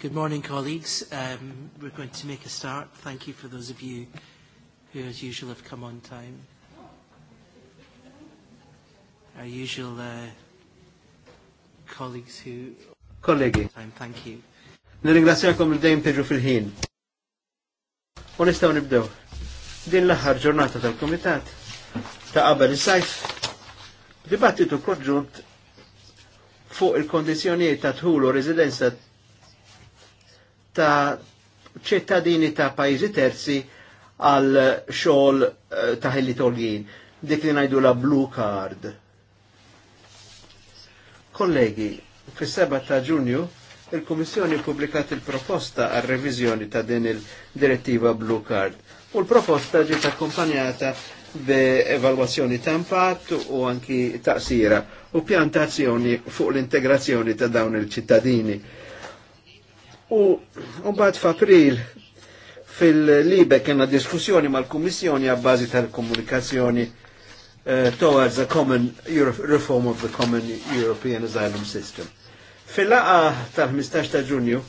Good morning, colleagues. Um, we're going to make a start. Thank you for those of you who, as usual, have come on time. Our usual uh, colleagues who... Kollegi. Time. Thank you. Nirringrazzjakom il-dejjem Pedro Filhin. ħin U nistgħu nibdew. Din l-aħħar ġurnata tal-Kumitat ta' qabel is-sajf dibattitu konġunt fuq il-kondizzjonijiet ta' tħulu residenza ta' ċittadini ta' pajzi terzi għal xogħol eh, ta' ħellitolgin. Dik li najdu la blue card. Kollegi, fis-7 ta' Ġunju il-Kummissjoni publikat il-proposta għal revizjoni ta' din il-direttiva Blue Card. U l-proposta ġiet akkompanjata b'evalwazzjoni ta' impatt u anki sira u pjantazzjoni fuq l-integrazzjoni ta' dawn il-ċittadini U mbagħad f'April fil-libe kena diskussjoni mal-Kummissjoni għabbażi tal-komunikazzjoni uh, towards a common Europe reform of the common European asylum system. Fil-laqa tal-15 ta' ġunju,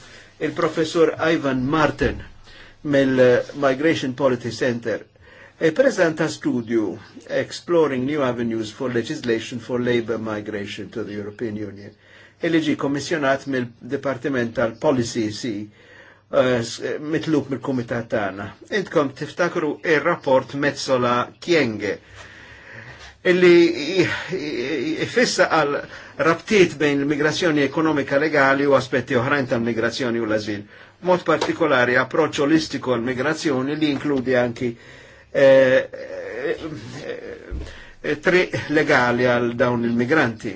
il professor Ivan Martin mill-Migration Policy Center e prezenta studju Exploring New Avenues for Legislation for Labour Migration to the European Union il ġi kommissjonat mill-Dipartiment tal-Policy eh, eh, mitlub mill-Kumitat tagħna. Intkom tiftakru ir-rapport Mezzola Kienge illi fissa għal rabtiet bejn l-migrazzjoni ekonomika legali u aspetti oħrajn tal-migrazzjoni u l-azil. Mod partikolari approċċ olistiku għal migrazzjoni li inkludi anki eh, tri legali għal dawn il-migranti.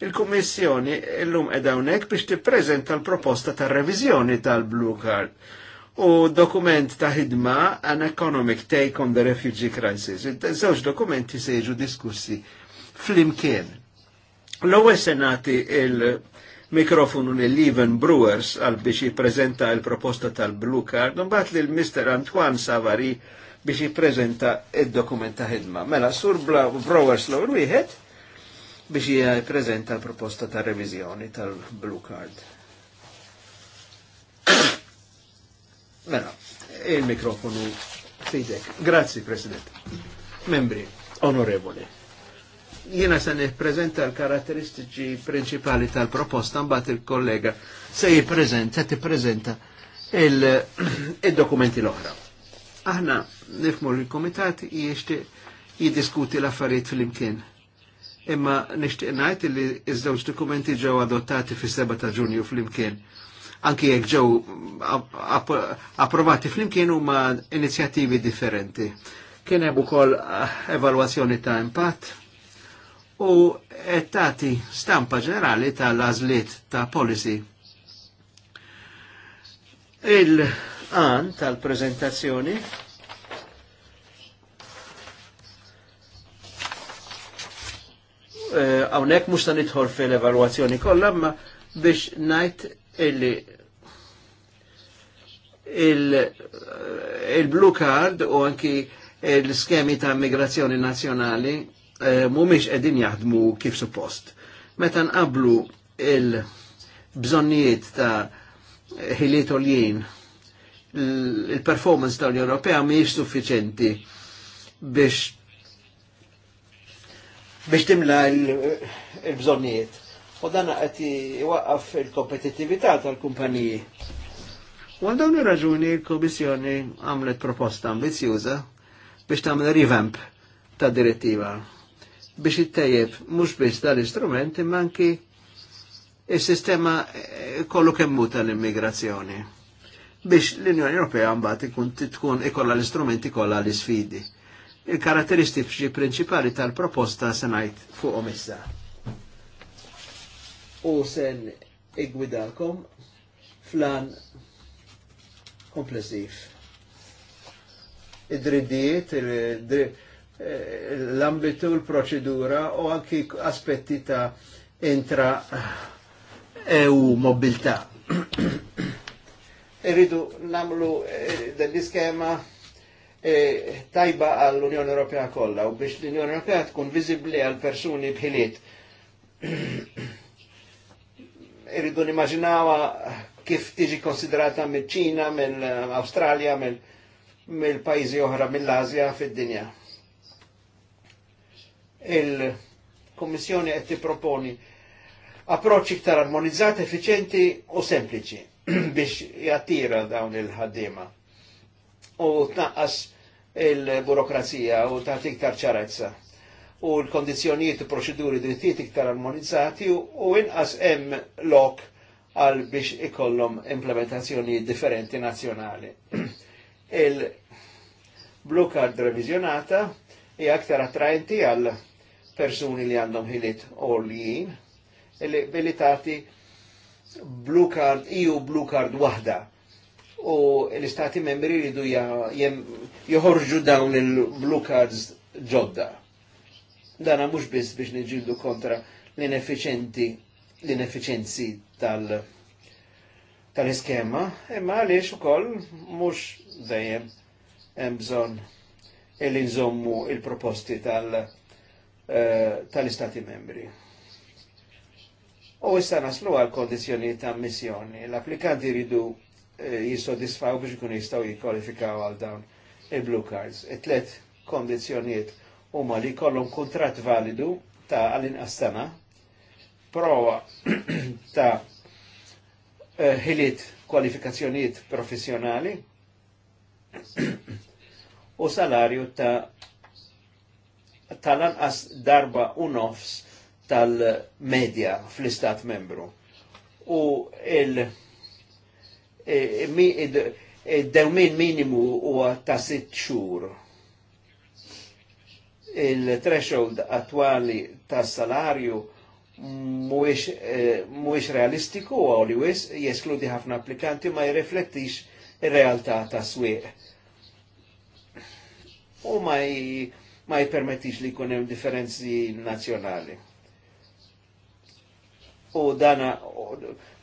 Il-Kummissjoni illum edha unek biex tippreżenta l-proposta ta' revizjoni tal-Blue Card u dokument ta' ħidma an economic take on the refugee crisis. Żewġ dokumenti se jiġu diskussi fl-imkien. L-ewwel senati il-mikrofonu li Leven Brewers għal biex jiprezenta l-proposta tal-Blue Card, li l Mr. Antoine Savary biex jiprezenta id-dokument ta' ħidma. Mela, sur Brewers l-ewwel wieħed biex hija l-proposta ta' revizjoni tal-Blue Card. Mela, il-mikrofonu fidek. Grazzi, President. Membri, onorevoli. Jiena se nippreżenta l-karatteristiċi principali tal-proposta mbagħad il-kollega se ti tippreżenta il-dokumenti l-oħra. Aħna nifmu l-komitat jishtiq jiddiskuti l-affarijiet fl-imkien imma nixtieq ngħid li iż-żewġ dokumenti ġew adottati fis-7 ta' Ġunju flimkien. Anki jekk ġew approvati flimkien huma inizjattivi differenti. Kien hemm ukoll eh, evalwazzjoni ta' impatt u qed tagħti stampa ġenerali tal-għażliet ta' policy. Il-għan tal-preżentazzjoni Eh, hawnhekk mhux ta' nidħol fil-evalwazzjoni kollha, ma biex ngħid illi eh, il-blue card u anki l-skemi ta' migrazzjoni nazzjonali eh, mhumiex qegħdin jaħdmu kif suppost. Meta nqablu il-bżonnijiet ta' ħiliet oljien il-performance tal-Europea mhijiex suffiċenti biex biex timla l-bżonnijiet. U dan għet iwaqqaf il kompetitività tal-kumpaniji. U għal raġuni il-Komissjoni għamlet proposta ambizjuża biex tagħmel revamp ta' direttiva biex ittejjeb mhux biss tal-istrument imma anki il-sistema eh, kollu kemmu tal-immigrazzjoni biex l-Unjoni Ewropea mbagħad ikun tkun ikolla l-istrumenti kollha l-isfidi il-karatteristiċi principali tal-proposta senajt fuqom issa. U sen igwidalkom flan komplessiv. Id-driddiet, l-ambitu, l-proċedura u anki aspetti ta' intra EU mobilta. Irridu namlu eh, dell-iskema E, tajba għall-Unjoni Ewropea kollha u biex l-Unjoni Ewropea tkun viżibbli għal persuni bħiliet. Irridu nimmaġinaw kif tiġi konsiderata mill-Ċina, mill-Awstralja, mill-pajjiżi oħra mill-Asja fid-dinja. Il-Kommissjoni qed tipproponi approċċi iktar armonizzati, efficienti u sempliċi biex jattira dawn il-ħaddiema u tnaqqas il-burokrazija u ta' iktar ċarezza. U l-kondizjonijiet u proċeduri drittijiet iktar armonizzati u inqas hemm lok għal biex ikollhom implementazzjoni differenti nazzjonali. Il-blue card revizjonata hija aktar attraenti għal persuni li għandhom ħiliet orlijin, il tagħti blue card, EU blue card wahda, u l-istati membri ridu joħorġu dawn il-blue cards ġodda. Dana mux biss biex neġildu kontra l-inefficienti, l-inefficienzi tal- tal-iskema, imma għaliex ukoll mhux dejjem hemm emżon il-inżommu il-proposti tal- eh, tal-istati membri. U issa naslu għal kondizjoni ta' missjoni. L-applikanti ridu Eh, jissodisfaw biex ikun jistaw jikwalifikaw għal dawn il-blue cards. It-tlet kondizjoniet huma li kollhom kontrat validu ta' għal-inqas sena, prova ta' eh, ħiliet kwalifikazzjonijiet professjonali u salarju ta' tal-anqas darba u nofs tal-medja fl-istat membru. U il- E, e, id-dewmin e, minimu u ta' sitt xhur. Il-threshold attwali ta' salarju mhuwiex realistiku u li jeskludi ħafna applikanti ma jirreflettix ir-realtà ta' swieq. U ma jippermettix li kunem differenzi nazzjonali u dana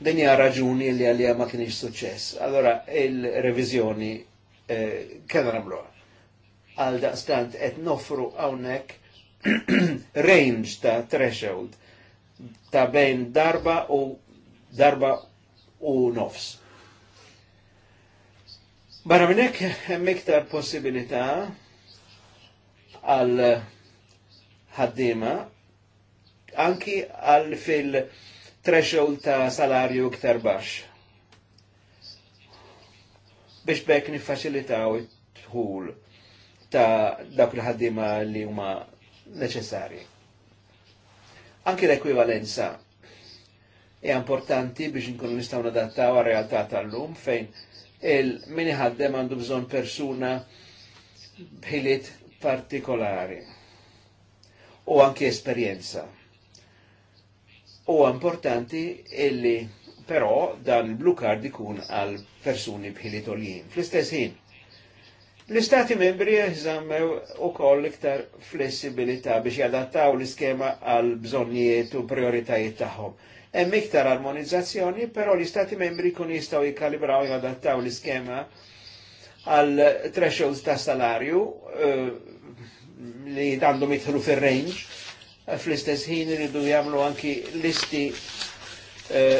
dinja raġuni li għalija ma kienx suċċess. Allora il-revizjoni eh, kena namlu għal Għal daqstant et nofru hawnhekk range ta' threshold ta' bejn darba u darba u nofs. Barra minnek hemm iktar possibilità għal ħaddima anki għal fil- threshold ta' salarju iktar baxx. Biex bekk nifaċilitaw it-tħul ta' dak l ħaddima li huma neċessarji. Anki l-ekwivalenza hija importanti biex nkunu nistgħu nadattaw għar-realtà tal-lum fejn il mini ħaddem għandu bżonn persuna bħiliet partikolari u anki esperjenza huwa importanti illi però dan il-blue card ikun għal persuni bħili toljien. Fl-istess ħin, L-istati membri jizammew u koll iktar flessibilità biex jadattaw l-iskema għal bżonnijiet u prioritajiet tagħhom. Hemm iktar armonizzazzjoni, però l-istati membri kun jistgħu jikkalibraw jadattaw l-iskema għal thresholds ta' salarju eh, li għandhom jitħlu fir-range fl-istess ħin iridu jagħmlu anki listi eh,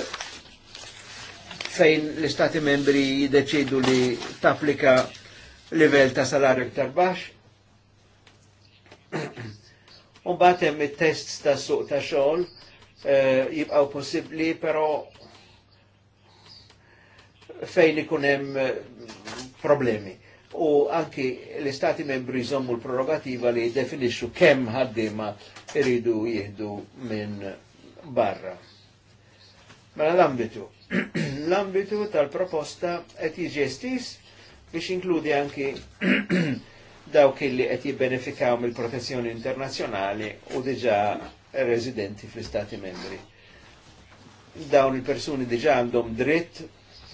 fejn l-istati membri jiddeċidu li tapplika livell ta' salarju iktar baxx. U mbagħad hemm it-tests ta' suq ta' xogħol eh, jibqgħu possibbli, però fejn ikun hemm eh, problemi u anki l-Istati membri jżommu l-prorogativa li jiddefinixxu kemm ħaddiema iridu jieħdu minn barra. Mela l-ambitu. l-ambitu tal-proposta qed jiġi estis biex inkludi anki dawk illi qed jibbenefikaw mill-protezzjoni internazzjonali u diġà residenti fl-Istati membri. Dawn il-persuni diġà għandhom dritt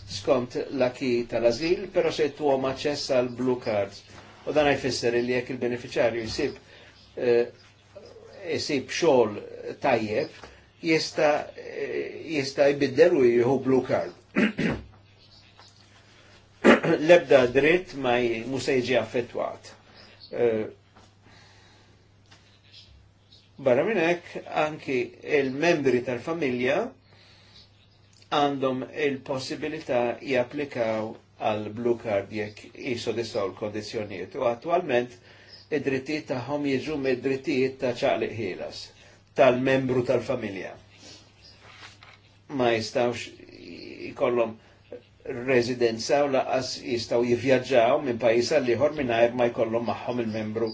skont l-aki tal-azil, pero se tu għom aċess għal blue cards. U dan għajfisser li jekk il-beneficjarju jisib eh, jisib xol tajjeb, jista eh, jista jbiddel jihu blue card. Lebda dritt ma musejġi affettwat. Eh, barra minnek anki il-membri tal-familja għandhom il-possibilità japplikaw għal blue card jekk jisodisaw l-kondizjoniet u attualment id-drittijiet tagħhom jiġu mid-drittijiet ta' ċaqliq ħielas tal-membru tal-familja. Ma jistawx jkollhom residenza u laqas jistaw jivvjaġġaw minn pajjiż għal ieħor mingħajr ma jkollhom magħhom il-membru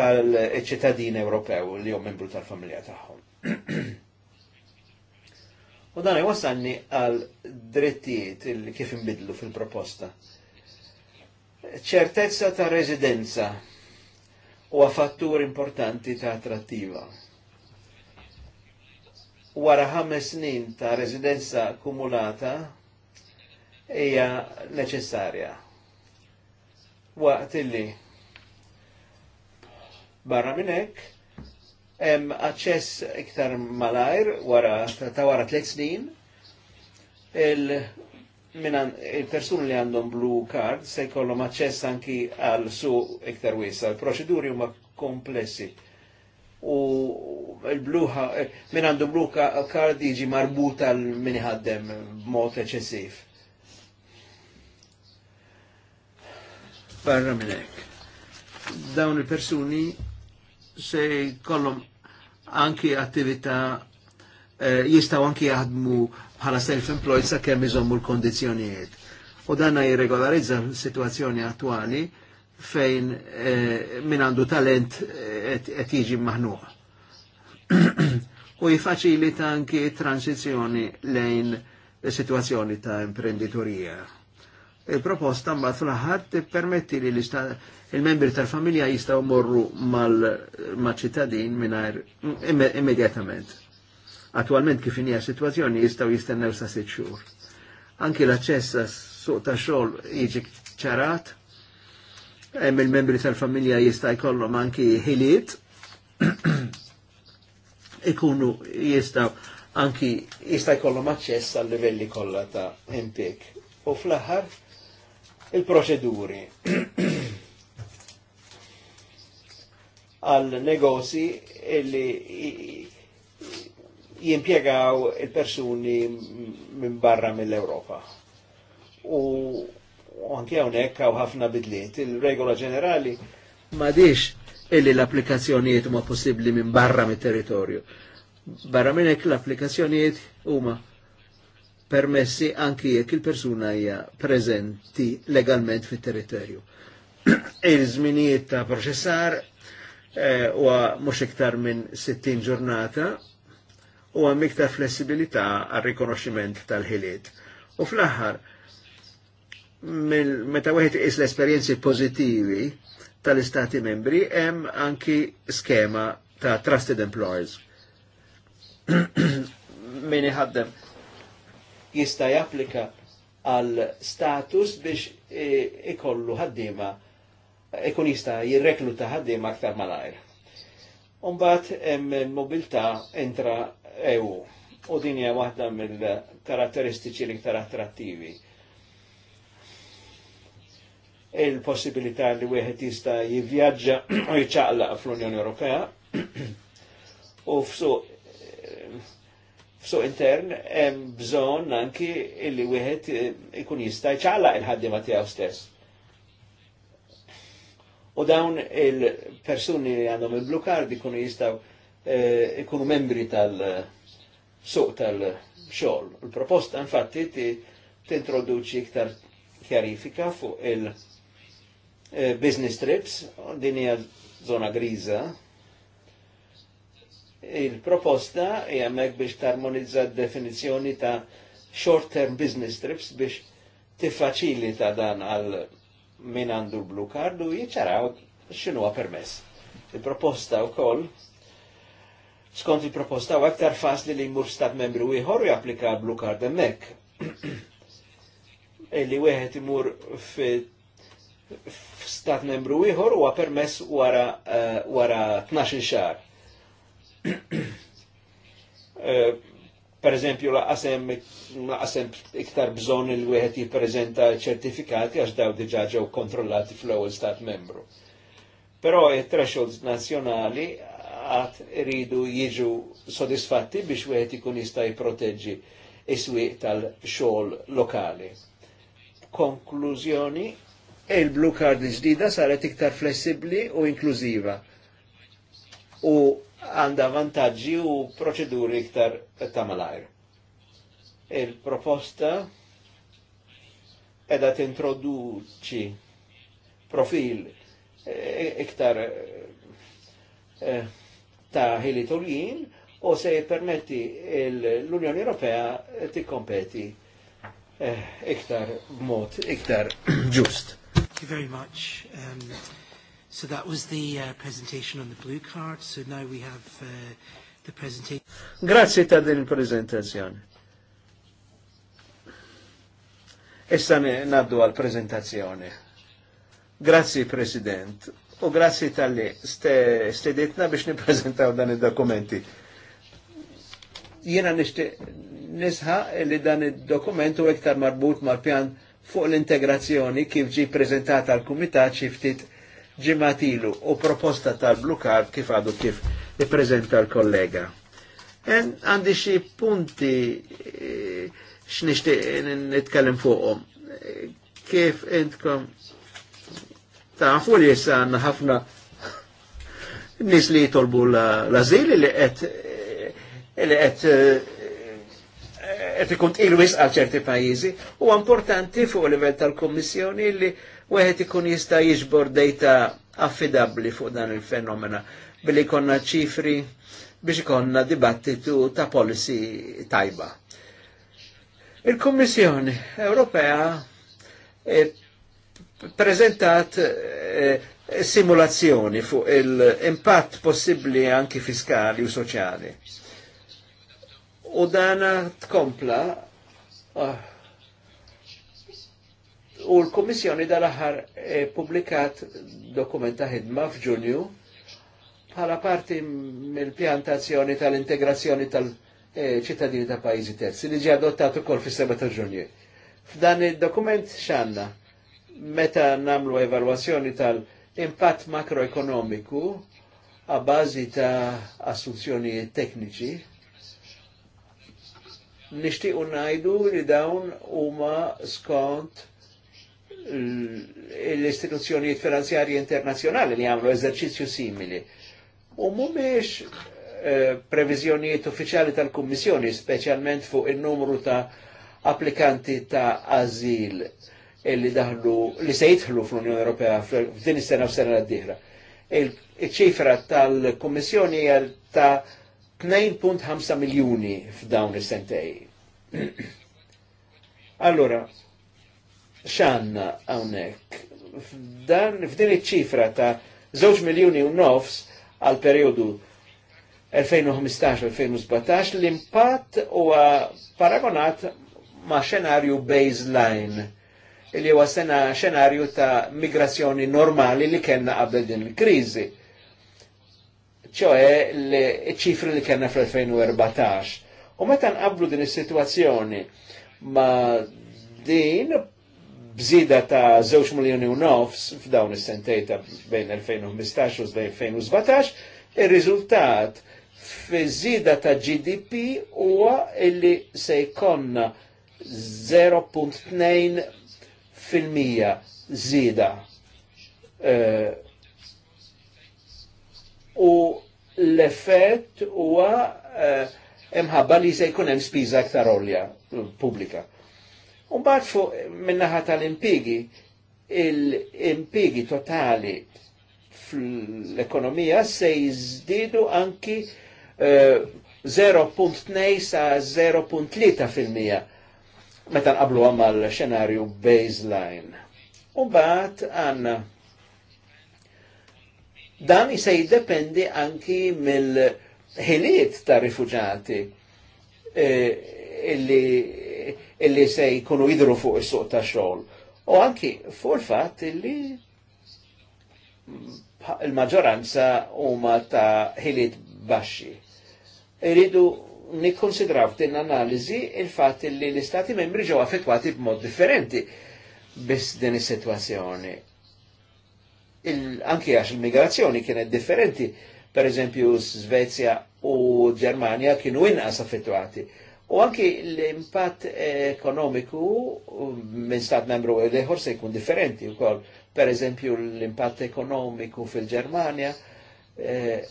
tal-ċittadin Ewropew li hu membru tal-familja tagħhom. U dan jwassalni għal drittijiet li kif imbidlu fil-proposta. ċertezza ta' residenza u' għafattur importanti ta' attrattiva. Wara ħames snin ta' residenza kumulata hija neċessarja. Waqt illi barra minn hemm aċċess iktar malajr wara ta' wara tliet snin. Il il-persuni li għandhom blue card se jkollhom aċċess anki għal su iktar wiesa. Il-proċeduri huma komplessi. U il-blue eh, min għandu blue card jiġi marbuta l ħaddem b'mod eċessiv. Barra minn hekk. Dawn il-persuni se jkollhom anki attività eh, jistaw anki jaħdmu bħala self-employed sa' kemm iżommu l-kondizjonijiet. U danna jirregolarizza l-situazzjoni attuali fejn eh, min għandu talent eh, qed jiġi maħnuħ. U jifaċilita anki transizjoni lejn situazzjoni ta' imprenditorija. Il-proposta mbagħad fl-aħħar tippermetti li l-istat il-membri tal-familja jistaw morru mal-ċittadin minar immediatament. Attualment kif inija situazzjoni jistaw jistennew sa' sitt Anki l-aċċess suq ta' xol jiġi ċarat, hemm il-membri tal-familja jista' jkollhom anki ħiliet, ikunu jistaw anki jista' jkollhom aċċess għal livelli kollha ta' impik. U fl-aħħar il-proċeduri. għal negozi illi jimpiegaw il-persuni minn barra mill-Europa. U anke hawnhekk hawn ħafna bidliet. Il-regola ġenerali m'għadix illi l-applikazzjonijiet huma possibbli minn barra mit-territorju. Barra minn hekk l-applikazzjonijiet huma permessi anki jekk il-persuna hija preżenti legalment fit-territorju. Il-żminijiet ta' proċessar Eh, u mux iktar minn 60 ġurnata u għam iktar flessibilità għal rikonoximent tal-ħiliet. U fl-aħħar, meta wieħed is l-esperjenzi pożittivi tal-istati membri, hemm anki skema ta' trusted employers. Min iħaddem jista' japplika għal status biex ikollu ħaddiema ikun jista jirrekluta ħaddiem aktar malajr. Umbat mobilta mobilità intra EU u dinja waħda mill-karatteristiċi l-iktar attrattivi il-possibilità li wieħed jista' jivvjaġġa u jċaqla fl-Unjoni Ewropea u f'su intern hemm bżonn anki li wieħed ikun jista' jċaqla il-ħaddiema tiegħu stess u dawn il-persuni li għandhom il-blu card ikunu jistaw eh, ikunu membri tal-suq eh, tal-xol. Il-proposta infatti ti introduċi iktar kjarifika fuq il-business eh, trips, din hija zona griża. Il-proposta hija biex tarmonizza d-definizzjoni ta' short-term business trips biex tiffaċilita dan għal min għandu blu kardu jiċċaraw xinu permess. Il-proposta u koll, skont il-proposta u aktar fas li jmur stat membru ieħor japplika blu kardu mek. Illi wieħed imur f'stat membru ieħor huwa permess wara eh, wara 12 xar. Eh, per eżempju laqasem laqasem iktar bżon il wieħed jippreżenta ċertifikati għax daw diġà ġew kontrollati fl-ewwel stat membru. Però it-thresholds nazzjonali għad iridu jiġu sodisfatti biex wieħed ikun jista' jipproteġġi is-swieq tal-xogħol lokali. Konklużjoni, il-blue card ġdida saret iktar flessibbli u inklużiva. U għanda vantaġġi u proċeduri iktar ta' malajr. Il-proposta edha t-introduċi profil eh, iktar eh, ta' ħilitolijin u se permetti l-Unjoni Ewropea t-kompeti eh, iktar mod iktar ġust. Thank you very much. Um... So that was the uh, presentation on the blue card. So now we have uh, the presentation. Grazie ta' din il-prezentazzjoni. Issa naddu għal prezentazzjoni. Grazie President u grazie tal-li stedetna biex niprezentaw dan il-dokumenti. Jena nisħa li dan il-dokumentu ektar marbut mal-pjan fuq l-integrazzjoni kif ġi prezentata għal-Kumitat xiftit ftit ġimatilu u proposta tal-blu card kif għadu kif ippreżenta l-kollega. Għandi xie punti eh, x'nixtieq nitkellem fuqom. Kif intkom tafu li jessa għanna ħafna nis li jitolbu l azili li għet eh, li għet qed eh, qed il-wis għal ċerti pajizi u importanti fuq livell tal-Kummissjoni li wieħed ikun jista' jiġbor data affidabli fuq dan il-fenomena billi konna ċifri biex ikonna dibattitu ta' policy tajba. Il-Kommissjoni Ewropea eh, prezentat eh, simulazzjoni fuq il-impatt possibbli anki fiskali u soċjali. U dana tkompla oh, U l-Komissjoni dal-aħħar e publikat dokumenta ħidma f'Ġunju bħala parti mill-pjantazzjoni tal-integrazzjoni tal-ċittadini ta' pajjiżi terzi li ġi adottat ukoll fis-7 ta' Ġunju. F'dan id-dokument xanna meta nagħmlu evalwazzjoni tal-impatt makroekonomiku a bażi ta' assunzjonijiet tekniċi nixtiequ ngħidu li dawn huma skont Eh, l-istituzzjonijiet finanzjarji internazjonali li għamlu eżerċizzju simili. U mumiex eh, previżjonijiet uffiċjali tal-Kummissjoni, speċjalment fuq il-numru ta' applikanti ta' azil li daħlu li se jidħlu fl-Unjoni Ewropea f'din is-sena f'sena d-dieħla. Il-ċifra tal-Kummissjoni hija ta' 2.5 miljuni f'dawn is-sentej. allora, xanna għawnek. Dan, f'din iċ-ċifra ta' żewġ miljuni u nofs għal periodu 2015-2017 l-impatt huwa paragonat ma' xenarju baseline li huwa sena xenarju ta' migrazzjoni normali li kellna qabel din il-kriżi. ċoe l-ċifri li kellna fl-2014. U meta nqablu din is-sitwazzjoni ma' din bżida ta' 2 miljoni u nofs f'dawn is-sentej ta' bejn 2015 u 2017, ir-riżultat f'żida ta' GDP huwa illi se jkonna 0.2 fil-mija żida. Uh, u l-effett huwa uh, imħabba li se jkun hemm spiża aktar olja pubblika. Umbat fuq minnaħa tal-impigi, il-impigi totali fl-ekonomija se jizdidu anki uh, eh, 0.2 sa 0.3 fil-mija meta għamma l xenarju baseline. bat għanna dan se jiddependi anki mill-ħiliet ta' rifugġati eh, illi illi se jkunu jidru fuq is-suq ta' xogħol. U anki fuq il-fatt illi il-maġġoranza huma ta' ħiliet baxxi. Iridu nikkonsidraw din analiżi il-fatt illi l-istati membri ġew affettwati b'mod differenti biss din is-sitwazzjoni. Anki għax il-migrazzjoni kienet differenti, per eżempju Svezja u Ġermanja kienu inqas affettwati. U anki l-impatt ekonomiku um, minn stat membru u li se jkun differenti u kol, Per eżempju, l-impatt ekonomiku fil-Germania eh,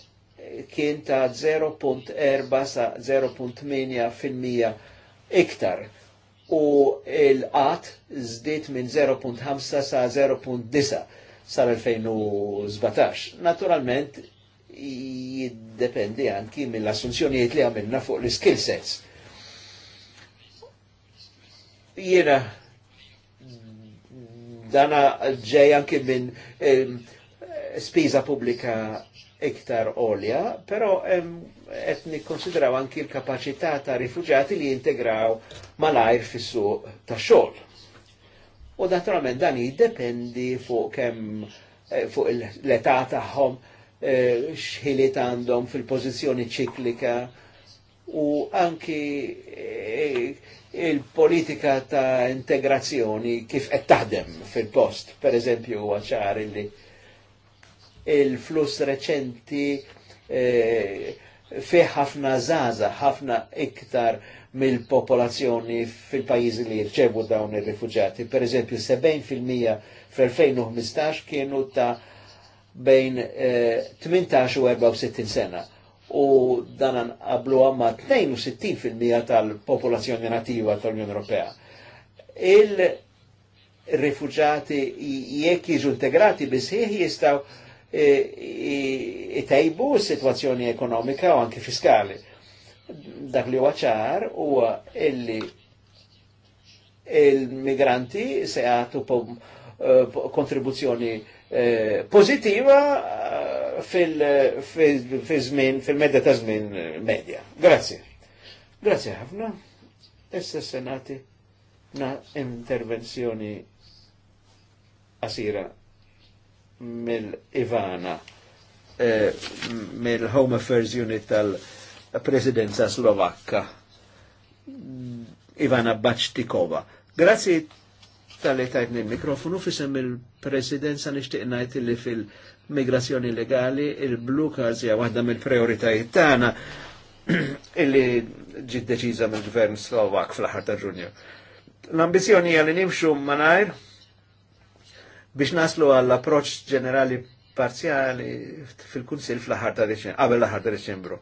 kien ta' 0.4 sa 0.8 fil iktar u l-qat zdit minn 0.5 sa 0.9 sal-2017. Naturalment, jiddependi anki mill-assunzjonijiet li għamilna fuq l-skill sets jena dana ġej anki minn spiża pubblika iktar olja, però qed nikkonsidraw anki l-kapaċità ta' rifuġjati li jintegraw malajr fis-suq tax-xogħol. U naturalment dan jiddependi fuq kemm eh, fuq l-età tagħhom eh, x'ħiliet għandhom fil-pożizzjoni ċiklika u anki eh, il-politika ta' integrazzjoni kif qed taħdem fil-post. Per eżempju, huwa ċar il-fluss reċenti eh, fi ħafna zaza, ħafna iktar mill-popolazzjoni fil-pajjiżi li jirċevu dawn ir-rifuġati. Per eżempju, 70% fl-2015 kienu ta' bejn 18 eh, u 64 sena u dan għablu għamma 62% tal-popolazzjoni nativa tal-Unjoni Ewropea. Il-rifuġati jekk jiġu integrati bisħieħ jistaw e, e, e, situazzjoni ekonomika u anki fiskali. Dak li waċar u illi il-migranti se għatu e, kontribuzzjoni eh, pozitiva fil-żmien, fil, fil-medda ta' żmien eh, medja. Grazie. Grazie ħafna. Issa senati na intervenzjoni asira mill-Ivana eh, mill-Home Affairs Unit tal-Presidenza Slovakka Ivana Baċtikova. Grazie tal-li tajtni il-mikrofonu fisem il-presidenza nishtiq najt li fil- migrazzjoni legali, il-blue cards hija waħda mill-prioritajiet tagħna illi ġid deċiża mill-gvern Slovak fl-aħħar ta' Ġunju. L-ambizzjoni hija li nimxu manajr biex naslu għall-approċċ ġenerali parzjali fil-Kunsil fl-aħħar ta' Deċembru, qabel l-aħħar ta' Deċembru.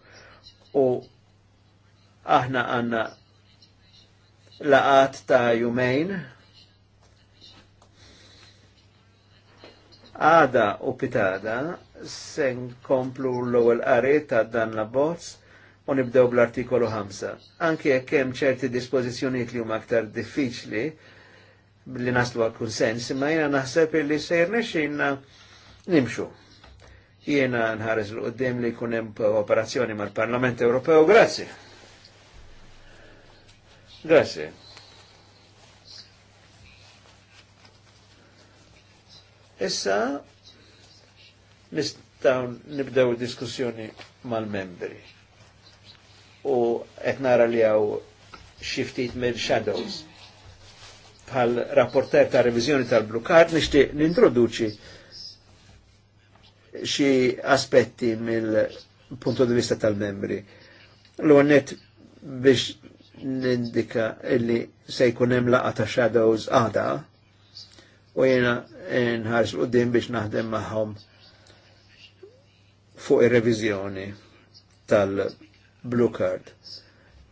U aħna għandna laqat ta' jumejn Għada u pitada se nkomplu l-ewwel qari ta' dan la bozz u nibdew bl-artikolu 5. Anke jekk hemm ċerti dispożizzjonijiet li huma aktar diffiċli li naslu għal kunsens, imma jiena naħseb li sejr nexxinna nimxu. Jiena nħares l qudiem li jkun hemm operazzjoni mal-Parlament Ewropew, grazzi. Grazie. Issa nistaw nibdew diskussjoni mal-membri. U etnara li għaw xiftit ftit mill-shadows. Pal rapporter ta' revizjoni tal-Blue Card nishti nintroduċi xie aspetti mill-punto di vista tal-membri. L-għonnet biex nindika illi se jkun hemm laqa ta' shadows għada, u jena nħarġ u din biex naħdem maħħom fuq ir-revizjoni tal-Blue Card.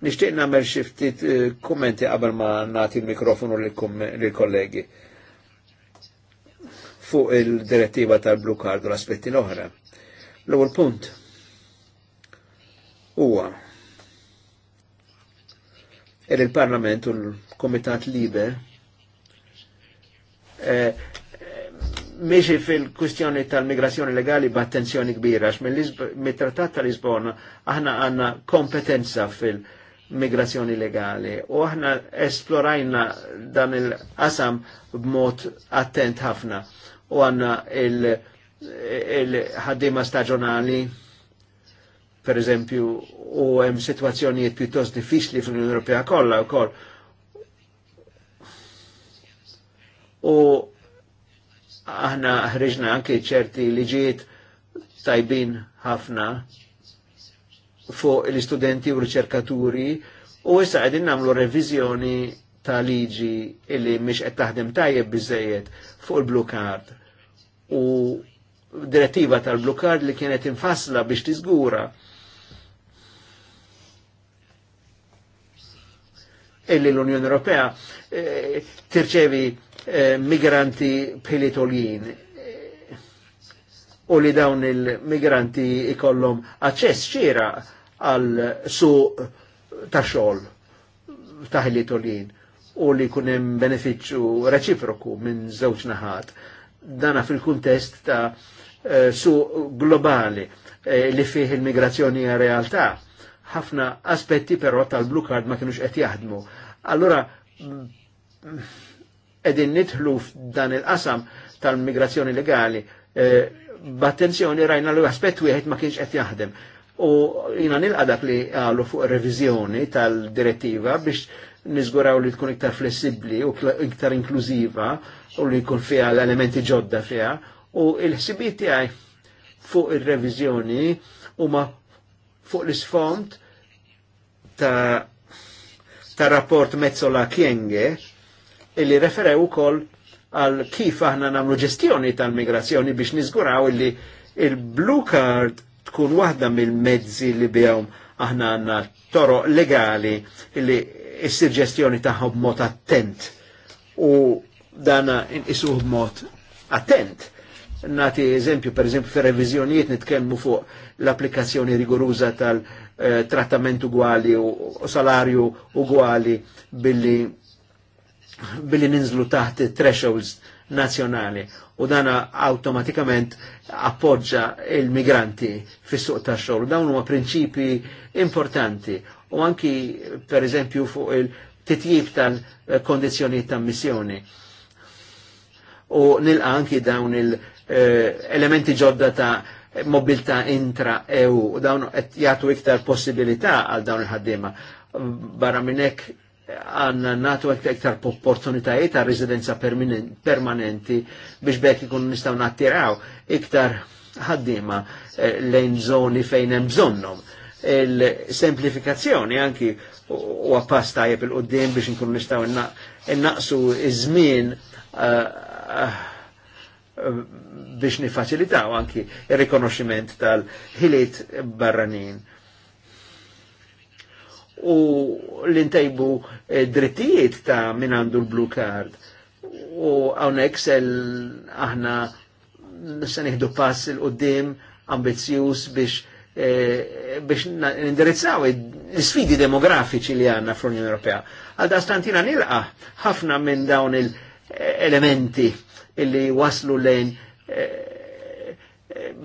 Nishtiq namer xiftit eh, kummenti qabel ma nati l-mikrofonu l-kollegi fuq il-direttiva tal-Blue Card u l-aspetti l-oħra. L-ewwel punt huwa il-Parlament u l-Komitat Liber Eh, eh, Meċi fil-kustjoni tal-migrazzjoni legali b'attenzjoni kbira, mit-trattat tal-Lisbona aħna għanna kompetenza fil-migrazzjoni legali u aħna esplorajna dan il-qasam b'mod attent ħafna u għanna il-ħaddima il staġjonali per eżempju u hemm situazzjonijiet pjuttost diffiċli fl-Unjoni Ewropea kollha wkoll u aħna ħriġna anke ċerti liġijiet tajbin ħafna fuq l-istudenti u l-ċerkaturi u issa għedin namlu revizjoni ta' liġi illi mhix qed taħdem tajjeb biżejjed fuq il-blue card u direttiva tal-blue card li kienet infasla biex tiżgura illi l-Unjoni Ewropea eh, tirċevi eh, migranti bħilitoljin u li dawn il-migranti ikollhom aċċess ċira għal su ta' xogħol ta' ħilitoljin u li kunem beneficju reċiproku minn żewġ naħat. Dana fil-kuntest ta' eh, su globali li fih il-migrazzjoni hija realtà ħafna aspetti però tal-blue card ma kienux qed jaħdmu. Allura edin nidħlu f'dan il-qasam tal-migrazzjoni legali eh, b'attenzjoni rajna l aspett wieħed ma kienx qed jaħdem. U jina nilqa dak li għalu fuq revizjoni tal-direttiva biex nizguraw li tkun iktar flessibli u iktar inklużiva u li jkun fiha l-elementi ġodda fiha u il-ħsibiet tiegħi fuq ir-reviżjoni huma fuq l-isfond ta' ta' rapport mezzola Kienge illi referew ukoll għal kif aħna namlu ġestjoni tal-migrazzjoni biex niżguraw illi il-blue card tkun waħda mill-mezzi li bihom aħna għanna toro legali illi issir ġestjoni tagħhom mod attent u dana inqisuh mod attent nati eżempju, per eżempju, fir revizjonijiet nitkellmu fuq l-applikazzjoni rigoruża tal-trattament eh, ugwali u salarju ugwali billi billi ninżlu taħt thresholds nazjonali u dana automatikament appoġġa il-migranti fis-suq ta' xogħol Dawn huma prinċipi importanti u anki per eżempju fuq il-titjib tal kondizjoni ta' missjoni. U nilqa anki dawn il- Eh, elementi ġodda ta' mobilta intra-EU u dawn qed jagħtu iktar possibilità għal dawn il-ħaddiema. Barra minn hekk għandna nagħtu iktar opportunitajiet ta' residenza permanenti biex bekk ikun nistgħu nattiraw iktar ħaddiema eh, lejn zoni fejn hemm bżonnhom. Il-semplifikazzjoni anki u għappas tajjeb il-qoddim biex nkun nistgħu innaqsu iż-żmien eh, Eh, biex nifacilitaw anki il-rikonoximent tal-ħiliet barranin. U l intajbu eh, drittijiet ta' min għandu l-blue card. U għawnek sel aħna s-saniħdu pass il-qoddim ambizjus biex eh, biex nindirizzaw l-sfidi demografiċi li għanna fl-Unjoni Ewropea. Għal da stantina nilqa ħafna minn dawn il-elementi illi waslu lejn eh, eh,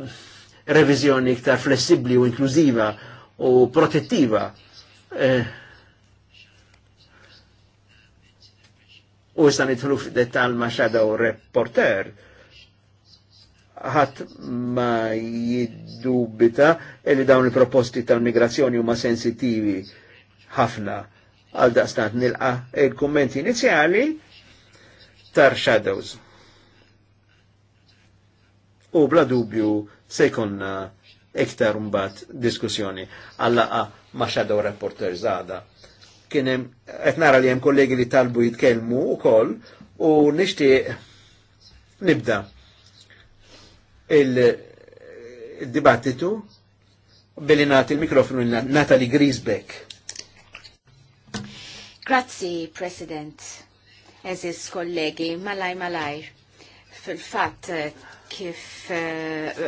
revizjoni iktar flessibli u inklużiva u protettiva. Eh, u issa nidħlu f'dettal ma' shadow reporter. Ħadd ma jiddubita li dawn il-proposti tal-migrazzjoni huma sensitivi ħafna għal daqstant nilqa' il kummenti inizjali tar shadows u bla dubju se jkonna iktar mbagħad diskussjoni għallaqa ma' shadow reporter żgħada. Kien hemm qed nara li hemm kollegi li talbu jitkellmu wkoll u nixtieq nibda il-dibattitu billi nagħti il-mikrofonu Natalie Griesbeck. Grazzi, President. Eżis kollegi, malaj malaj fil-fatt eh, kif eh,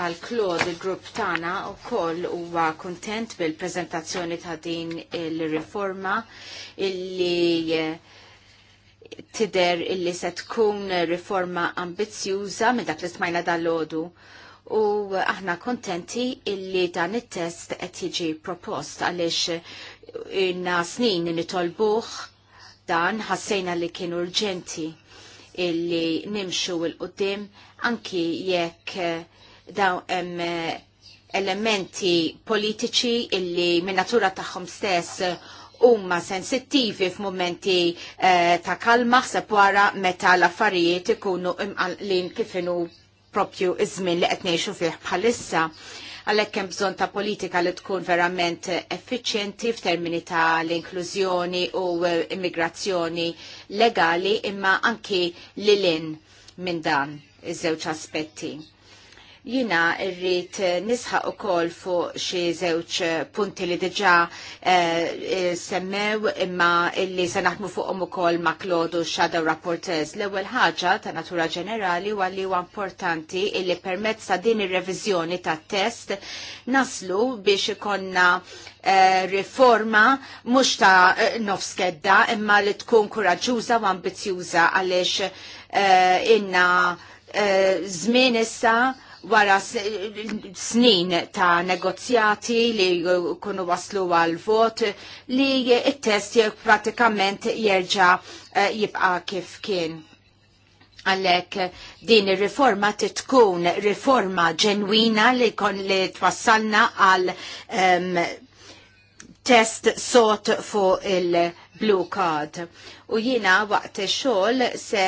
għal Claude il-grupp tana u koll huwa kontent bil-prezentazzjoni ta' din il-riforma illi eh, tider illi se tkun riforma ambizjuża minn dak li smajna dal-lodu u aħna kontenti illi dan it-test qed jiġi propost għaliex inna snin nitolbuh dan ħassejna li kien urġenti illi nimxu il-qoddim anki jekk eh, daw hemm eh, elementi politiċi illi minn natura tagħhom stess eh, huma sensittivi f'mumenti ta' kalma ħseb wara meta l-affarijiet ikunu imqalqlin kif inhu propju iż-żmien li qed ngħixu fih bħalissa għalhekk hemm bżonn ta' politika li tkun verament effiċjenti f'termini ta' l-inklużjoni u immigrazzjoni legali imma anki lilin minn dan iż-żewġ aspetti Jina rrit nisħaq u kol fuq xie zewċ punti li diġa eh, semmew imma illi se naħdmu fuqhom ukoll ma' Klodu Shadow Rapporteurs. L-ewwel ħaġa ta' natura ġenerali huwa li huwa importanti illi permezz ta' din ir-reviżjoni tat-test naslu biex ikonna eh, riforma mux ta' nofskedda imma li tkun kuraġuża u ambizjuża għaliex eh, inna zmin issa wara snin ta' negozjati li kunu waslu għal vot li il-test pratikament jerġa eh, jibqa kif kien. Għallek din il-riforma titkun riforma ġenwina li kon li twassalna għal um, test sot fuq il-blue card. U jina waqt xol se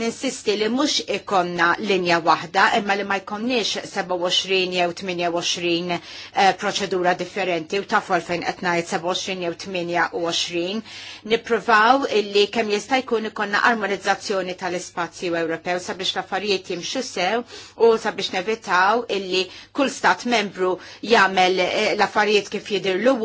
ninsisti li mhux ikonna linja waħda imma li ma jkonniex 27 jew 28 eh, proċedura differenti u tafu fejn qed ngħid 27 jew 28 nippruvaw illi kemm jista' jkun ikonna armonizzazzjoni tal-ispazju Ewropew sabiex l-affarijiet jimxu sew u sabiex nevitaw illi kull stat membru jagħmel eh, l-affarijiet kif jidirlu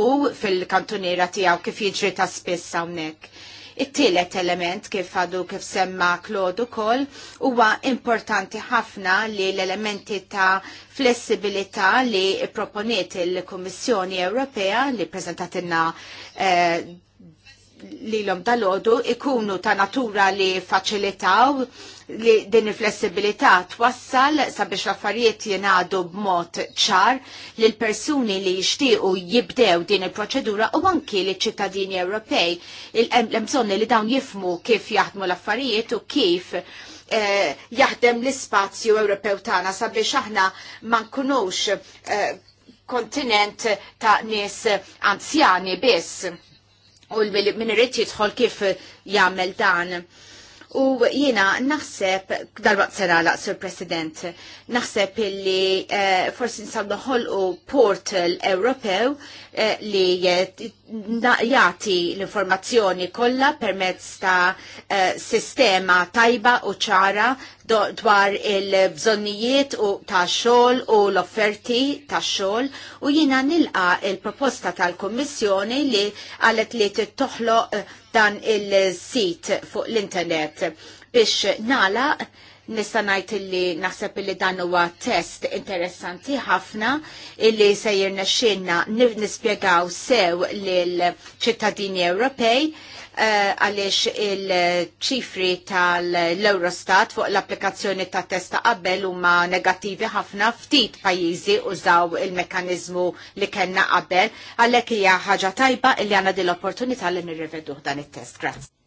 fil-kantuniera tiegħu kif jiġri ta' spiss hawnhekk It-tielet element kif għadu kif semma Klodu kol huwa importanti ħafna li l-elementi ta' flessibilità li proponiet il-Kommissjoni Ewropea li prezentatinna eh, lilhom dal-għodu ikunu ta' natura li faċilitaw li din il-flessibilità twassal sabiex l-affarijiet jingħadu b'mod ċar li l-persuni li jixtiequ jibdew din il-proċedura u anki li ċittadini Ewropej l-bżonni li dawn jifmu kif jaħdmu l-affarijiet u kif eh, jaħdem l-ispazju Ewropew tagħna sabiex aħna ma nkunux eh, kontinent ta' nies anzjani biss u minn irrid jidħol kif jagħmel dan. U jiena naħseb, darbaq serala, Sir President, naħseb illi uh, forsi nsabdu u portal Ewropew Eh, li eh, jati l-informazzjoni kollha permezz ta' eh, sistema tajba u ċara dwar il-bżonnijiet u ta' xogħol u l-offerti ta' xogħol u jiena nilqa il-proposta tal-Kummissjoni li qalet li tittoħloq dan il-sit fuq l-internet biex nala Nista' ngħid illi naħseb illi dan huwa test interessanti ħafna illi sejjer xinna nispjegaw sew lil ċittadini Ewropej eh, għaliex il-ċifri tal-Eurostat fuq l-applikazzjoni ta' testa qabel huma negattivi ħafna ftit pajjiżi użaw il-mekanizmu li kellna qabel għalhekk hija ħaġa tajba li għandna din l opportunità li nirreveduh dan it-test. Grazie.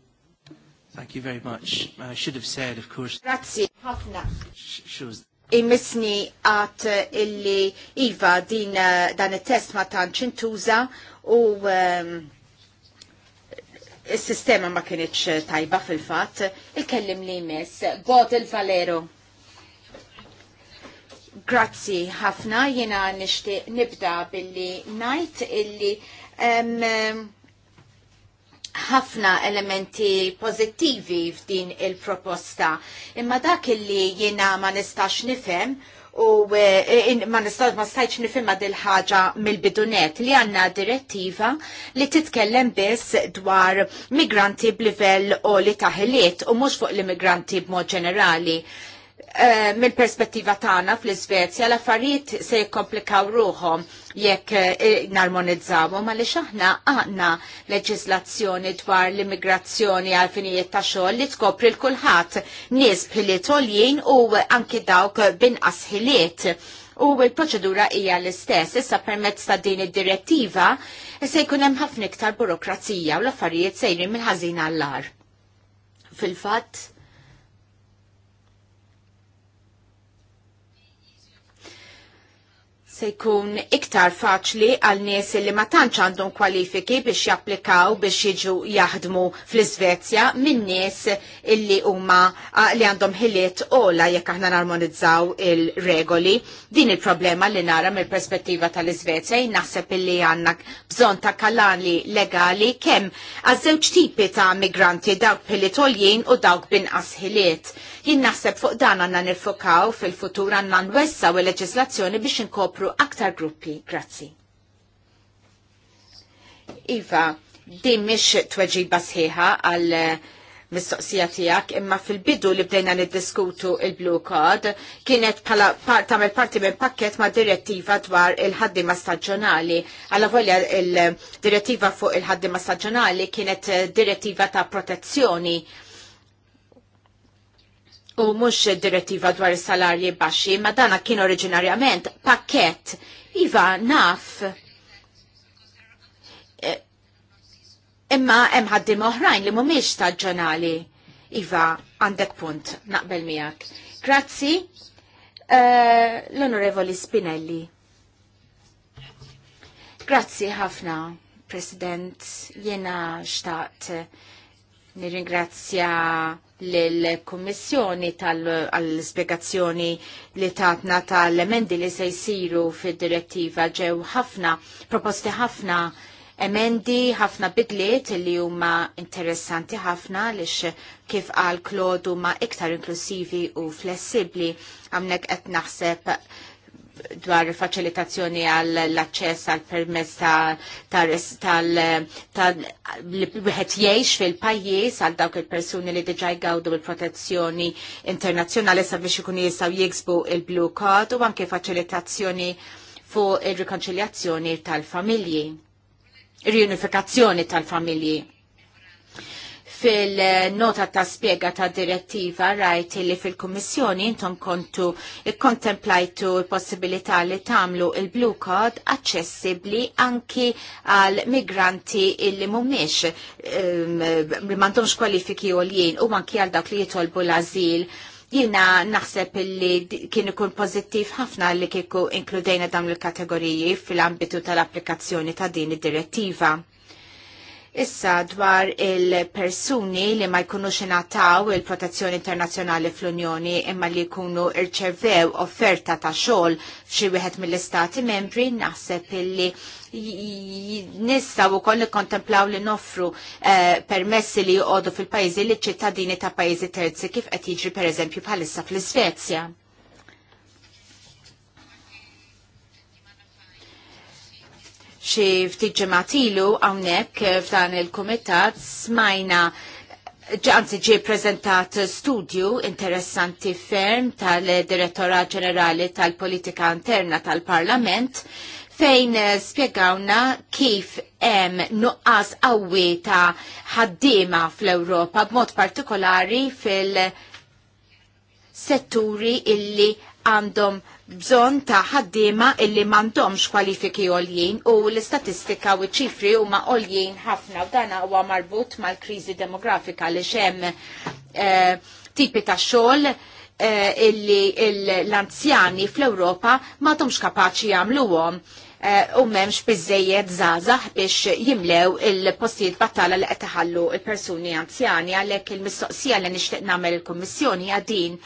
Thank you very much. I should have said, of course. Grazie, ħafna. Shows. Imisni għat illi Iva din eh, dan il-test ma tantx intuża u ehm, il-sistema ma kienieċ tajba fil-fat. Il-kellim li jmiss, God il-Valero. Grazzi ħafna, jena nishti nibda billi najt illi um, ħafna elementi pozittivi f'din il-proposta. Imma dak illi jiena ma nistax nifhem u e, e, ma nistax ma stajċ nifimma dil-ħaġa mill-bidunet li għanna direttiva li titkellem biss dwar migranti b'livell u li taħiliet u mux fuq l-immigranti b'mod ġenerali. Eh, mill-perspettiva tagħna fl-Iżvezja l-affarijiet se jikkomplikaw ruhom jekk uh, eh, narmonizzawhom għaliex aħna għandna leġislazzjoni dwar l-immigrazzjoni għal finijiet ta' xogħol li tkopri l kulħadd nies bħiliet għoljin u anki dawk binqas ħiliet. U l-proċedura hija l-istess, issa permezz ta' din id-direttiva se jkun hemm ħafna iktar burokrazija u l-affarijiet sejrin mill-ħażin għall-ar. Fil-fatt, se jkun iktar faċli għal nies li ma tantx għandhom kwalifiki biex japplikaw biex jiġu jaħdmu fl-Iżvezja minn nies illi huma li għandhom ħiliet ola jekk aħna narmonizzaw il-regoli. Din il-problema li nara mill-perspettiva tal-Iżvezja naħseb illi għandna bżonn ta' kalani legali kemm għaż-żewġ tipi ta' migranti dawk pilitoljen u dawk binqas ħiliet. Jien naħseb fuq dan għandna nifokaw fil-futur għandna nwessaw il-leġislazzjoni biex inkopru nafru aktar gruppi. Grazzi. Iva, din mhix tweġiba sħiħa għal eh, mistoqsija tiegħek, imma fil-bidu li bdejna niddiskutu il-Blue Card kienet pala par, tamel parti minn pakket ma' direttiva dwar il-ħaddima staġjonali. Alla volja il-direttiva fuq il-ħaddima staġjonali kienet eh, direttiva ta' protezzjoni u mux direttiva dwar salarji baxxi, ma dana kien oriġinarjament pakket. Iva, naf. E, imma hemm ħaddim oħrajn li mhumiex staġjonali. Iva, għandek punt, naqbel miegħek. Grazzi, e, l-Onorevoli Spinelli. Grazzi ħafna, President, jena xtaqt Nirringrazzja l-Kommissjoni tal-spiegazzjoni li tatna tal-emendi li se jisiru fil-direttiva ġew ħafna, proposti ħafna emendi, ħafna bidliet li huma interessanti ħafna lix kif għal Klodu ma iktar inklusivi u flessibli għamnek qed naħseb dwar facilitazzjoni għall-aċċess għal permess tal-wieħed jgħix fil-pajjiż għal dawk il-persuni li diġà jgawdu bil-protezzjoni internazzjonali sabiex ikun jistgħu jiksbu il-blue card u anke faċilitazzjoni fuq ir-rikonċiljazzjoni tal-familji, ir-riunifikazzjoni tal-familji. Fil-nota ta' spiega ta' direttiva rajt li fil-Kummissjoni intom kontu kontemplajtu l-possibilità li tamlu il-Blue Card aċċessibbli anki għal migranti illi mumiex ehm, li mandomx kwalifiki u l-jien u manki għal dak li jitolbu l-azil jina naħseb li kien ikun pozittiv ħafna li kieku inkludejna dawn il-kategoriji fil-ambitu tal-applikazzjoni ta' din id-direttiva. Issa dwar il-persuni li ma jkunux ingħataw il-protezzjoni internazzjonali fl-Unjoni imma li jkunu irċevew offerta ta' xogħol f'xi wieħed mill-istati membri naħseb illi nistaw u koll kontemplaw li noffru eh, permessi li jqodu fil-pajzi li ċittadini ta' pajzi terzi kif qed jiġri per eżempju bħalissa fl-Svezja. xi ftit ġematilu hawnhekk f'dan il-kumitat smajna anzi ġie prezentat studju interessanti ferm tal-Direttora Ġenerali tal-Politika Interna tal-Parlament fejn eh, spiegawna kif hemm nuqqas qawwi ta' ħaddiema fl-Ewropa b'mod partikolari fil-setturi illi għandhom bżon ta' ħaddiema illi mandomx kwalifiki oljien u l-istatistika u ċifri u ma' oljien ħafna u dana huwa marbut mal-krizi demografika li xem eh, tipi ta' xogħol eh, illi l-anzjani fl-Ewropa ma' kapaċi jagħmluhom għom eh, u memx bizzejed zazah biex jimlew il-postijiet battala li qed iħallu il-persuni anzjani għalhekk il-mistoqsija li nixtieq nagħmel il-Kummissjoni għadin din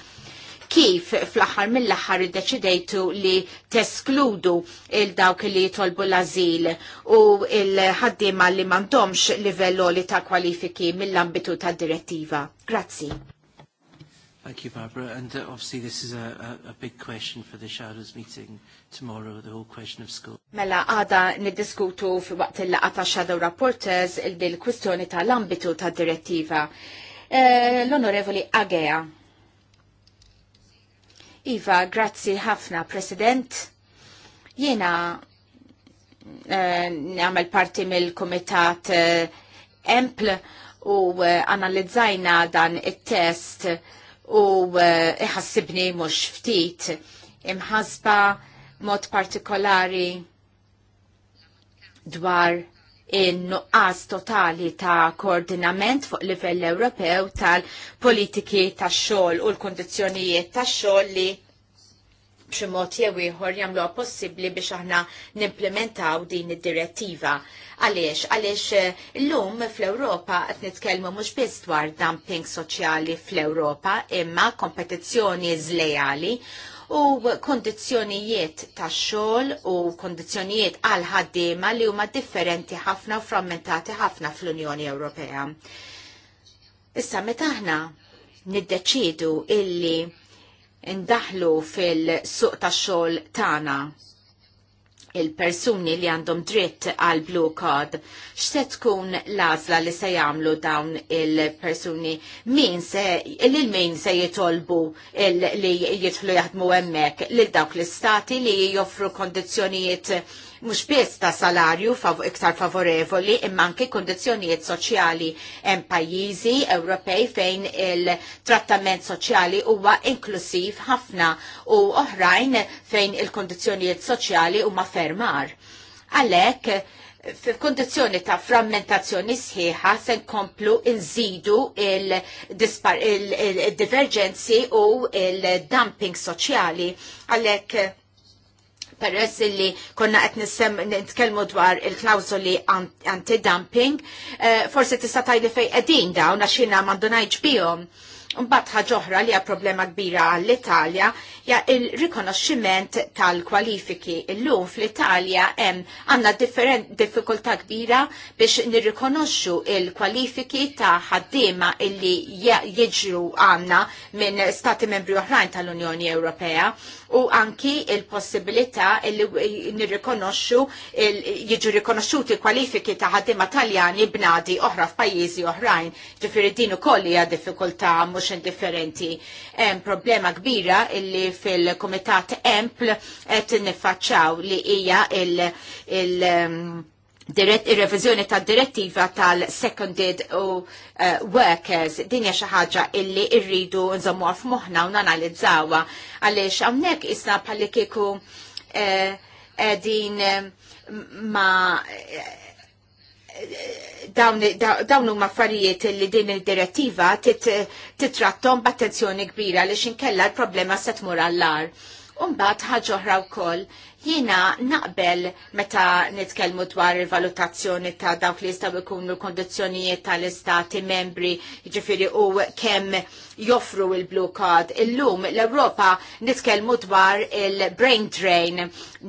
kif fl-aħħar mill-aħħar iddeċidejtu li teskludu il dawk li jitolbu l-azil u il-ħaddiema li m'għandhomx livello li ta' kwalifiki mill-ambitu ta' direttiva. Grazzi. Thank you, Barbara. And uh, obviously this is a, a, a big question for the Shadows meeting tomorrow, the whole question of school. Mela, għada niddiskutu fi waqt il-laqa ta' Shadow Rapporters il-kwistjoni tal-ambitu ta' direttiva. Eh, L-Onorevoli Agea. Iva, grazzi ħafna, President. Jena eh, għamil parti mill-Komitat eh, Empl u eh, analizzajna dan it-test u iħassibni mux ftit imħasba mod partikolari dwar in-nuqqas totali ta' koordinament fuq livell Ewropew tal-politiki tax xogħol u l kundizzjonijiet tax xogħol li b'xi mod jew ieħor jagħmlu possibbli biex aħna nimplementaw din id-direttiva. Għaliex, għaliex eh, llum fl-Ewropa qed nitkellmu mhux biss dwar dumping soċjali fl-Ewropa imma kompetizzjoni żlejali u kondizjonijiet ta' xogħol u kondizjonijiet għal ħaddiema li huma differenti ħafna u frammentati ħafna fl-Unjoni Ewropea. Issa meta aħna niddeċidu illi ndaħlu fil-suq ta' xogħol tagħna il-persuni li għandhom dritt għal Blue Card. x'se tkun l-għażla li se jagħmlu dawn il-persuni? Min se lil min se jitolbu li jitħlu jaħdmu hemmhekk lil dawk l-istati li joffru kondizzjonijiet mhux biss ta' salarju fav iktar favorevoli imma anke kondizzjonijiet soċjali hemm pajjiżi Ewropej fejn il-trattament soċjali huwa inklusiv ħafna u oħrajn fejn il kondizjonijiet soċjali huma fermar. Għalhekk f'kondizjoni ta' frammentazzjoni sħiħa se nkomplu nżidu il-divergenzi il il u il-dumping soċjali għalhekk peress li konna qed nitkellmu dwar il-klawżoli anti-dumping, eh, forsi tista' tajli fejn qegħdin dawn għax jiena m'għandunajx bihom. Mbagħad ħaġa oħra li hija problema kbira għall-Italja hija il-rikonoxximent tal-kwalifiki. Illum fl-Italja hemm għandna diffikultà kbira biex nirrikonoxxu il-kwalifiki ta' ħaddiema illi jiġru għandna minn stati membri oħrajn tal-Unjoni Ewropea u anki il-possibilità li nirrikonoxxu jiġu rikonoxxuti kwalifiki ta' ħaddiema taljani bnadi oħra f'pajjiżi oħrajn. Ġifieri din ukoll hija diffikultà mhux indifferenti. Hemm problema kbira illi fil-Kumitat Empl qed niffaċċaw li hija il-, il, il ehm, ir-reviżjoni tad direttiva tal-seconded u uh, uh, workers din hija xi ħaġa illi rridu nżommuha f'moħħna u nanalizzawha għaliex hawnhekk isna bħalli kieku uh, din um, ma uh, dawn huma affarijiet li din id-direttiva titrattom b'attenzjoni kbira li xinkella l-problema se tmur għall-ar. Umbat ħagħa oħra wkoll Jiena naqbel meta nitkellmu dwar il-valutazzjoni ta' dawk li jistgħu jkunu l-kondizzjonijiet tal-istati membri, ġifiri u kemm joffru il-blue card. Illum l-Ewropa nitkellmu dwar il-brain drain,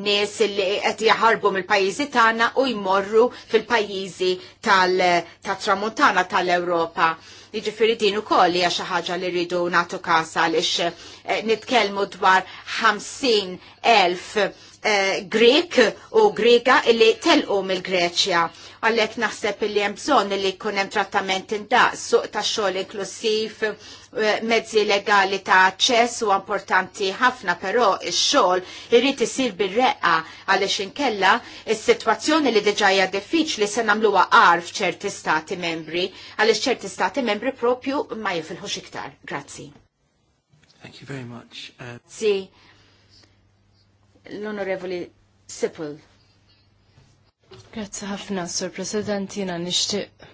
nies li qed jaħarbu mill-pajjiżi tagħna u jmorru fil-pajjiżi tal-tramuntana tal-Ewropa. tal tramontana tal europa tal tramuntana tal ewropa Jiġifieri din ukoll hija xi ħaġa li rridu nagħtu li għaliex eh, nitkellmu dwar 50.000 elf eh, Grek u Grega illi telqu mill-Greċja għalhekk naħseb li hemm bżonn li jkun hemm trattament indaqs suq ta' xogħol inklusiv eh, mezzi legali ta' aċċess u importanti ħafna però ix-xogħol irid isir bir-reqqa għaliex inkella is-sitwazzjoni li diġà hija diffiċli se nagħmluha qar f'ċerti stati membri għaliex ċerti stati membri propju ma jifilħux iktar. Grazzi. Thank you very much. Uh... Si, l-Onorevoli Sipple. Grazzi ħafna, Sur President, jina nishtiq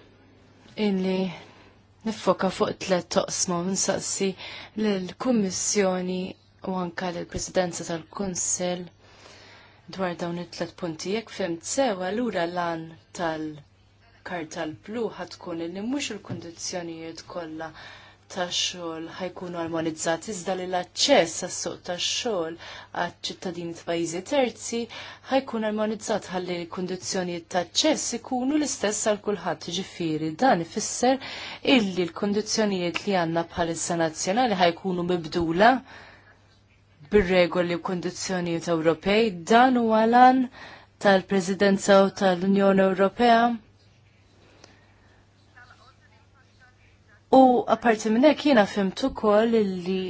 illi nifoka fuq tlet toqsma nsaqsi l-Kummissjoni u anka l-Presidenza tal-Kunsel dwar dawn it-tlet punti. Jekk fimt sew allura lan tal kartal blu ħatkun illi mhux il-kundizzjonijiet kollha tax-xogħol ħajkunu armonizzati iżda li l-aċċess għas-suq tax-xogħol għaċ-ċittadini ta' pajjiżi terzi ħajkun armonizzat ħalli l-kundizzjonijiet ta' aċċess ikunu l-istess għal kulħadd. Ġifieri dan ifisser illi l-kundizzjonijiet li għandna bħalissa nazzjonali ħajkunu mibdula bir-regoli u kundizzjonijiet Ewropej dan huwa lan tal-Presidenza u tal-Unjoni Ewropea U apparti minn hekk jiena fimt ukoll illi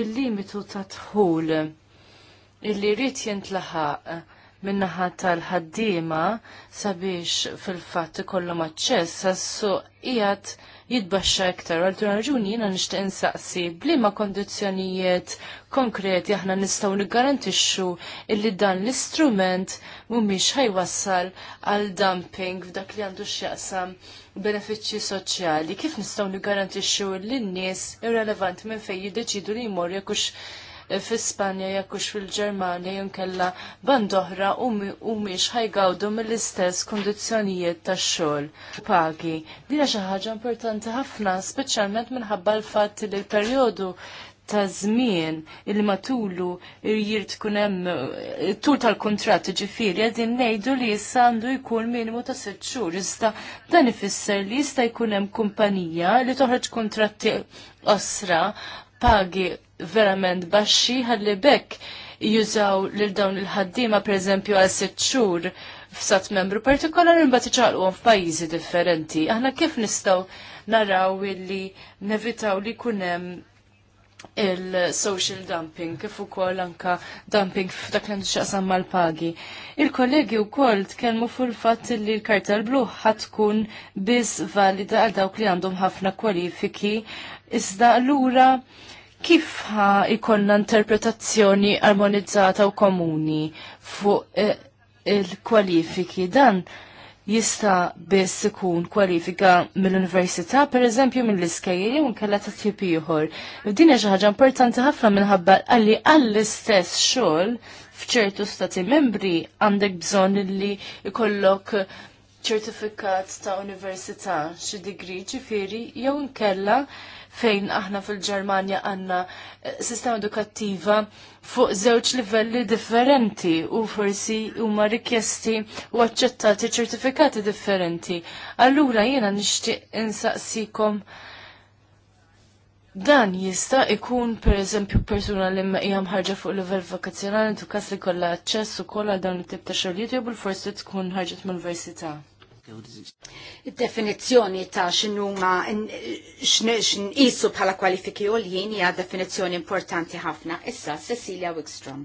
il-limitu ta' tħul illi rrid jintlaħaq minnaħa tal-ħaddiema sabiex fil-fatt ikollhom aċċess għas-suq jitbaxxa iktar. Għal raġuni jiena nixtieq insaqsi bliema kondizzjonijiet konkreti aħna nistgħu niggarantixxu illi dan l-istrument mhumiex ħajwassal għal dumping f'dak li għandu x'jaqsam benefiċċji soċjali. Kif nistgħu niggarantixxu lin-nies irrelevanti minn fejn jiddeċidu li jmorru jekux fil Spanja jekkux fil-Ġermanja jinkella band oħra u mhix ħajgawdu mill-istess kundizzjonijiet tax-xogħol pagi. Dina xi ħaġa importanti ħafna, speċjalment minħabba l-fatt li l-perjodu ta' żmien il matulu jrid tkun hemm eh, tul tal-kuntratt ġifieri qegħdin ngħidu li issa għandu jkun minimu ta' sitt xhur. Iżda dan ifisser li jista' jkun hemm kumpanija li toħroġ kuntratti osra pagi verament baxxi ħalli bekk jużaw lil dawn il-ħaddiema pereżempju għal sitt xhur f'sat membru partikolari mbagħad iċaqluhom f'pajjiżi differenti. Aħna kif nistgħu naraw illi nevitaw li hemm il-social dumping, kif ukoll anka dumping f'dak li xaqsam mal-pagi. Il-kollegi wkoll tkellmu fuq il-fatt li l-karta l-blu tkun biss valida għal dawk li għandhom ħafna kwalifiki, iżda allura kif ikonna interpretazzjoni armonizzata u komuni fuq eh, il-kwalifiki dan jista biss ikun kwalifika mill-università, per eżempju mill-iskejjeri u nkella ta' tip ieħor. Din hija xi ħaġa importanti ħafna minħabba għalli għall-istess xogħol f'ċertu stati membri għandek bżonn li jkollok ċertifikat ta' università xi digri ġifieri jew nkella fejn aħna fil-Ġermanja għanna eh, sistema edukattiva fuq żewġ livelli differenti u forsi huma rikjesti u aċċettati ċertifikati differenti. Allura jiena nixtieq insaqsikom Dan jista' ikun pereżempju persuna li hija ħarġa fuq livell vakazzjonali kas li kollha aċċess ukoll għal dawn it-tip ta' xogħlijiet jew bil-forsi tkun ħarġet mill-università. Id-definizzjoni ta' x'inhuma x'nqisu bħala kwalifiki jien hija definizzjoni importanti ħafna. Issa Cecilia Wikstrom.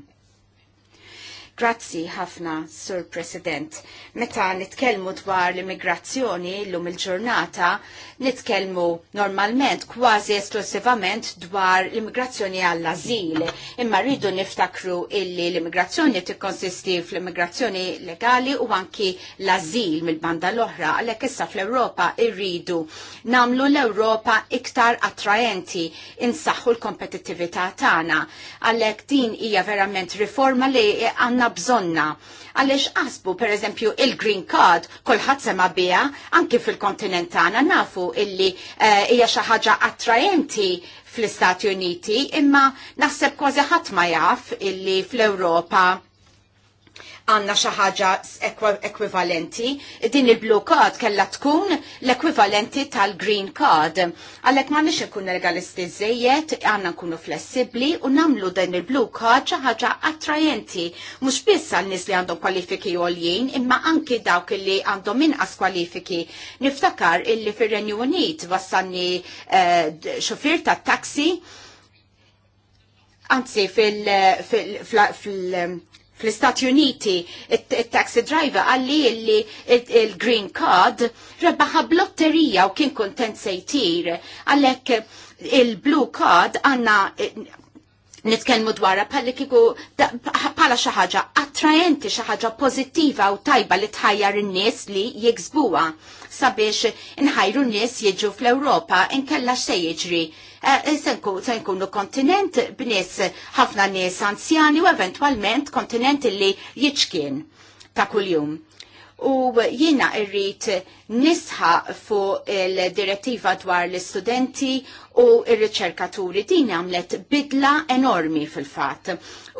Grazzi ħafna, Sur President. Meta nitkellmu dwar l-immigrazzjoni llum il-ġurnata, nitkellmu normalment kważi esklusivament dwar l-immigrazzjoni għall-azil. Imma rridu niftakru illi l-immigrazzjoni tikkonsisti fl-immigrazzjoni legali u anki l-azil mill-banda l-oħra, għalhekk issa fl-Ewropa irridu namlu l-Ewropa iktar attrajenti insaħħu l-kompetittività tagħna. Għalhekk din hija verament riforma li għandna bżonna. Għalix qasbu per eżempju il-Green Card kolħat sema bija anki fil kontinentana nafu illi eh, hija uh, xi ħaġa attrajenti fl-Istati Uniti imma naħseb kważi ħadd ma jaf illi fl-Ewropa għanna xaħġa ekwivalenti. Din il-blue card kella tkun l-ekwivalenti tal-green card. Għalek ma nix ikun legalisti zzejiet, għanna nkunu flessibli u namlu din il-blue card xaħġa attrajenti. Mux biss l nis li għandhom kwalifiki jien imma anki dawk li għandhom inqas kwalifiki. Niftakar illi fir-Renju Unit wassanni eh, xofir ta' taxi Anzi, fil fl-Istati Uniti il-taxi driver għalli illi il-green card rebbaħa blotterija u kien kontent sejtir għallek il-blue card għanna eh, nitkelmu dwarra palli kiku pala xaħġa attraenti xaħġa pozittiva u tajba li tħajjar in-nies li jiksbuha sabiex nħajru n-nies jiġu fl-Ewropa inkella se jiġri Eh, eh, se nkunu kontinent b'nies ħafna nies anzjani u eventwalment kontinent illi jiċkien ta' kuljum u jina irrit nisħa fuq il-direttiva dwar l-studenti u il-riċerkaturi din għamlet bidla enormi fil-fat.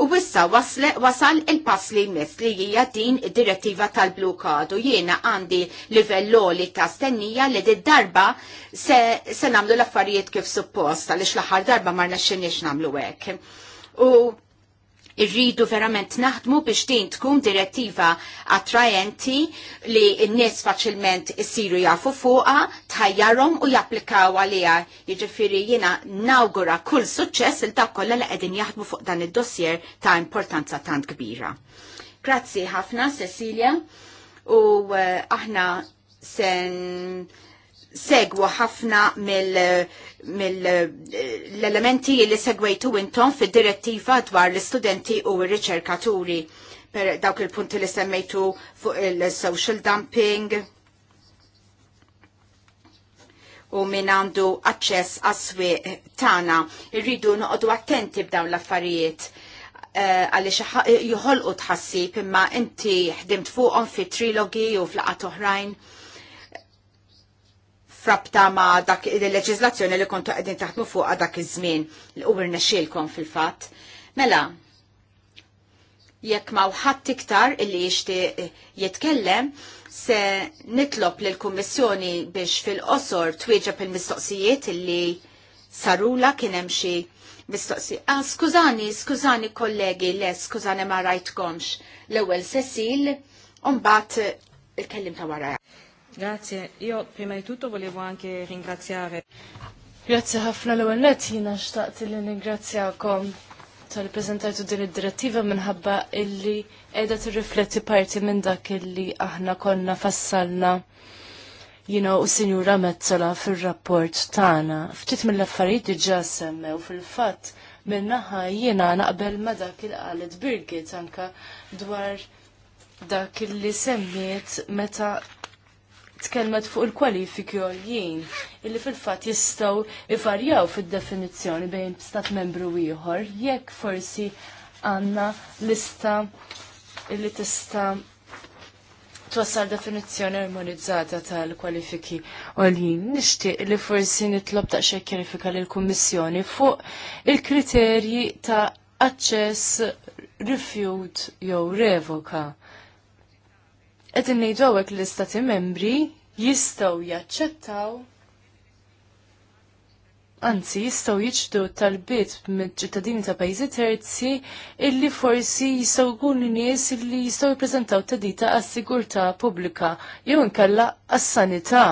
U wissa wasal il-pass li mis li hija din direttiva tal-Blue u jiena għandi livelloli ta' stennija li di darba se, se namlu l-affarijiet kif supposta li xlaħar darba marna xinix namlu għek. U irridu verament naħdmu biex din tkun direttiva attrajenti li n-nies faċilment issiru jafu fuqa, tħajjarhom u japplikaw għaliha. Jiġifieri jiena nawgura kull suċċess il ta kollha li qegħdin jaħdmu fuq dan id-dossier ta' importanza tant kbira. Grazzi ħafna Cecilia u eh, aħna sen segwu ħafna mill- uh, mill-elementi li segwejtu intom fid-direttiva dwar l-istudenti u r-riċerkaturi per dawk il-punti li semmejtu fuq il-social dumping u min għandu access għaswi tana. Irridu noqdu attenti b'dawn l-affarijiet eh, għalli eh, juħolqu tħassib imma inti ħdimt fuqhom fi trilogi u fl-qat oħrajn frabta ma dak il-leġizlazzjoni li kontu għedin taħdmu fuq dak iż-żmien li u xilkom fil-fatt. Mela, jekk ma uħat iktar illi jixti jitkellem, se nitlob l kummissjoni biex fil-qosor twieġeb il-mistoqsijiet illi sarula kien hemm xi mistoqsi. Ah, skużani, skużani kollegi, le, skużani ma rajtkomx. L-ewwel Cecil, u mbagħad il-kellim ta' wara. Grazie, io prima di tutto volevo anche ringraziare. Grazie ħafna l-ewwel jina xtaqt li ningrazzjakom tal-prezentajtu din id-direttiva minħabba illi qiegħda tirrifletti parti minn dak illi aħna konna fassalna you know, u sinjura Mezzola fil-rapport tagħna. Ftit mill-affarijiet diġà semmew fil-fatt minnaħa jiena naqbel ma dak il-qalet Birgit anka dwar dak li semmiet meta tkellmet fuq il-kwalifiki għoljien illi fil-fat jistaw ivarjaw fil-definizjoni bejn stat membru ieħor jekk forsi għanna lista illi tista twassal definizjoni armonizzata tal-kwalifiki għoljien. Nishtiq li forsi nitlob ta' xej kjerifika l-Kummissjoni fuq il-kriterji ta' aċċess refute jew revoka qed ngħidu hawnhekk l-istati membri jistgħu jaċċettaw anzi jistgħu tal talbiet mid ċittadini ta' pajjiżi terzi illi forsi jistgħu jkunu nies illi jistgħu jippreżentaw tadita għas-sigurtà pubblika jew inkella għas-sanità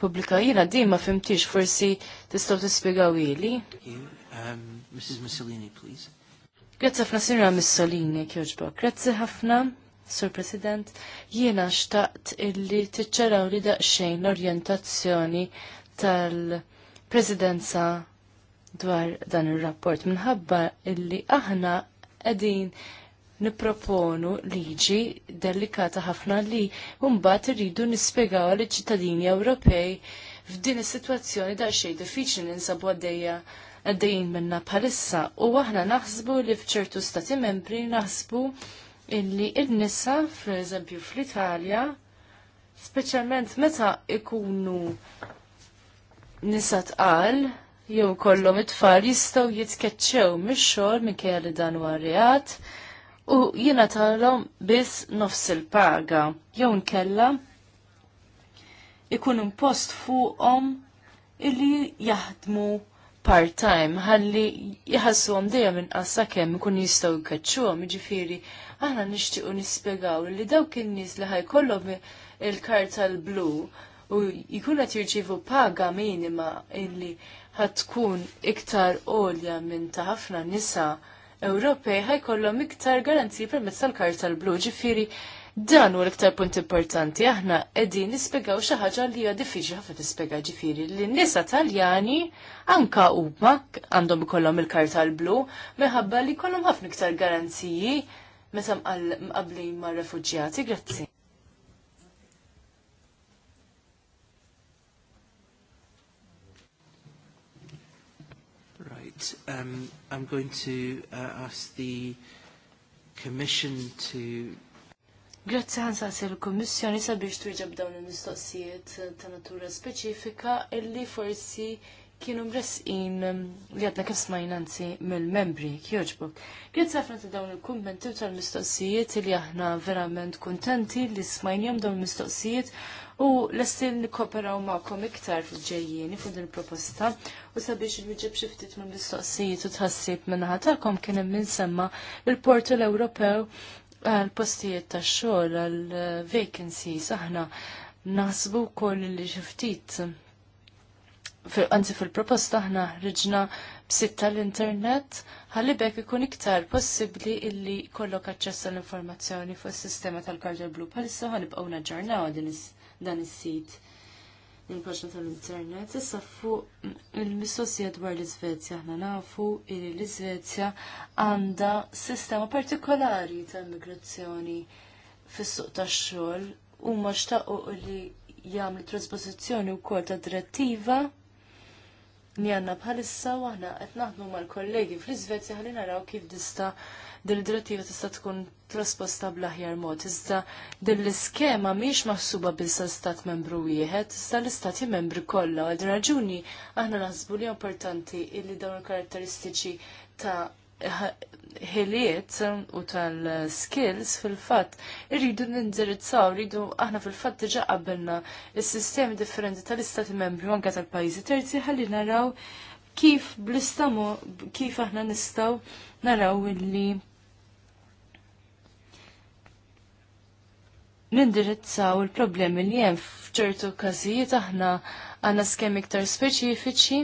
pubblika. Jiena din ma fimtix forsi tistgħu tispjegaw ili. Um, Mrs. Mussolini, please. Grazzi ħafna Sinra Mussolini, kjoġbok. Grazzi ħafna. Sur President, jiena xtaqt illi tiċċaraw li daqsxejn l-orjentazzjoni tal-Presidenza dwar dan ir-rapport minħabba illi aħna qegħdin nipproponu liġi delikata ħafna li mbagħad irridu nispjegaw liċ ċittadini Ewropej f'din is-sitwazzjoni daqsxejn diffiċli ninsabu għaddejja għaddejjin minna bħalissa u aħna naħsbu li fċertu stati membri naħsbu illi il-nisa, fl-eżempju fl-Italja, speċjalment meta ikunu nisa tqal, jew kollom it-tfal jistgħu jitkeċċew mix-xogħol minkejja li dan huwa reat u jiena tagħhom biss nofs il-paga jew nkella ikun impost fuqhom illi jaħdmu part-time ħalli jħassuhom dejjem inqas sakemm ikun jistgħu jkeċċuhom jiġifieri aħna nixtiequ nispjegaw li dawk in-nies li ħajkollhom il-karta l-blu u jkun qed jirċievu paga minima illi ħatkun iktar għolja minn ta' ħafna nisa Ewropej ħajkollhom iktar garanziji permezz tal-karta l-blu ġifieri dan u l-iktar punt importanti aħna qegħdin nispjegaw xi ħaġa li hija diffiċli ħafna tispjega ġifieri li n-nisa Taljani anka huma għandhom ikollhom il-karta l-blu minħabba li jkollhom ħafna iktar garanziji għal mqablin ma' refuġjati. Grazzi. Right, um, I'm going to uh, ask the Commission to Grazzi ħansa sir kommissjoni sabiex twieġeb dawn il-mistoqsijiet ta' natura specifika illi forsi kienu mresqin um, li għadna kif smajna mill-membri kjoġbuk. Grazzi għafna ta' dawn il-kummenti u tal-mistoqsijiet li aħna verament kontenti li smajnjom dawn il-mistoqsijiet u l-estil nikoperaw ma'kom iktar fil-ġejjieni fuq din proposta u sabiex il mġib xiftit minn mistoqsijiet u tħassib minn ħatakom kien hemm insemma il-Portal Ewropew għal-postijiet tax-xogħol għal-vacancies aħna naħsbu wkoll li xiftit anzi fil-proposta aħna riġna b'sitta l-internet, ħalli bekk ikun iktar possibbli illi kollok aċċess l-informazzjoni fuq s sistema tal-Kartel Blu. Bħalissa ħanibqgħu naġġornaw dan is-sit il-paġna tal-internet. Issa fuq il-mistoqsija dwar l-Iżvezja aħna nafu li l-Iżvezja għandha sistema partikolari ta' immigrazzjoni fis-suq tax-xogħol huma xtaqgħu li jagħmlu trasposizzjoni wkoll ta' direttiva li għanna bħalissa u aħna qed naħdmu mal-kollegi fl-Iżvezja għalina naraw kif tista' din id-direttiva tista' tkun trasposta bl-aħjar mod. Iżda din l-iskema mhix maħsuba bilsa stat membru wieħed, iżda l-istati membri kollha. U din raġuni aħna naħsbu li importanti illi dawn il-karatteristiċi ta' ħiliet u tal-skills fil-fatt irridu nindirizzaw, irridu aħna fil-fatt diġa qabbelna il sistemi differenti tal-istati membri u anke tal-pajjiżi terzi ħalli naraw kif blistamu kif aħna nistgħu naraw illi nindirizzaw il-problemi li hemm f'ċertu każijiet aħna għandna skemi iktar speċifiċi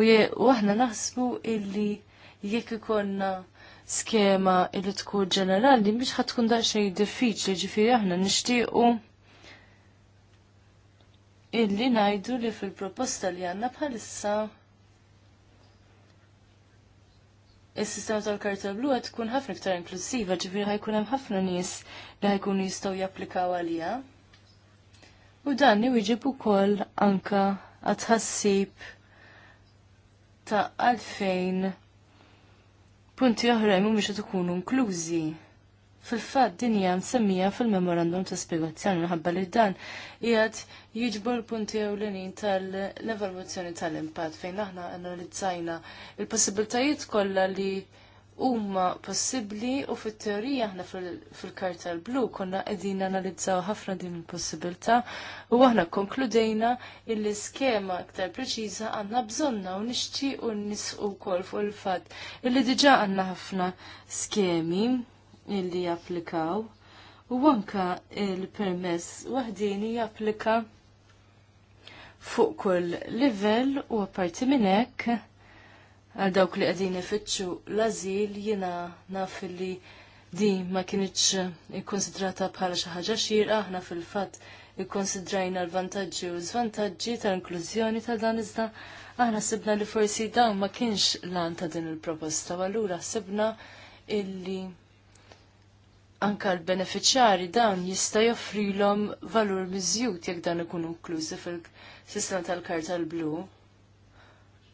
u aħna naħsbu illi jekk ikonna skema li tkun ġenerali biex ħatkun daqsxejn diffiċli ġifieri aħna nixtiequ illi ngħidu li fil-proposta li għandna bħalissa is-sistema tal-karta blu qed tkun ħafna iktar inklusiva, ġifieri ħajkun hemm ħafna nies li ħajkunu jistgħu japplikaw għaliha. U dan jwieġib ukoll anka għat ħassib ta' għalfejn punti oħrajn mhumiex qed ikunu inklużi. Fil-fatt din hija msemmija fil-memorandum ta' spjegazzjoni minħabba li dan qiegħed jiġbu l-punti ewlenin tal-evalwazzjoni tal-impatt fejn aħna analizzajna il-possibiltajiet kollha li huma possibbli u fit-teorija aħna fil-karta l-blu konna qegħdin analizzaw ħafna din il-possibilità u aħna konkludejna illi skema aktar preċiża għandna bżonna u nixtiequ nisqu wkoll fuq il-fatt illi diġà għandna ħafna skemi illi japplikaw u anka il-permess waħdini japplika fuq kull livell u apparti minn hekk għal dawk li għadin ifittxu l-azil jina naf li di ma kienieċ ikkonsidrata bħala xi ħaġa xira aħna fil-fatt ikkonsidrajna l-vantaġġi u żvantaġġi tal-inklużjoni ta' dan iżda aħna sibna li forsi dawn ma kienx lan ta' din il-proposta u allura sibna illi anka l-beneficjari dan jista' joffrilhom valur miżjud jekk dan ikun inklużi fil-sistema tal-karta l-blu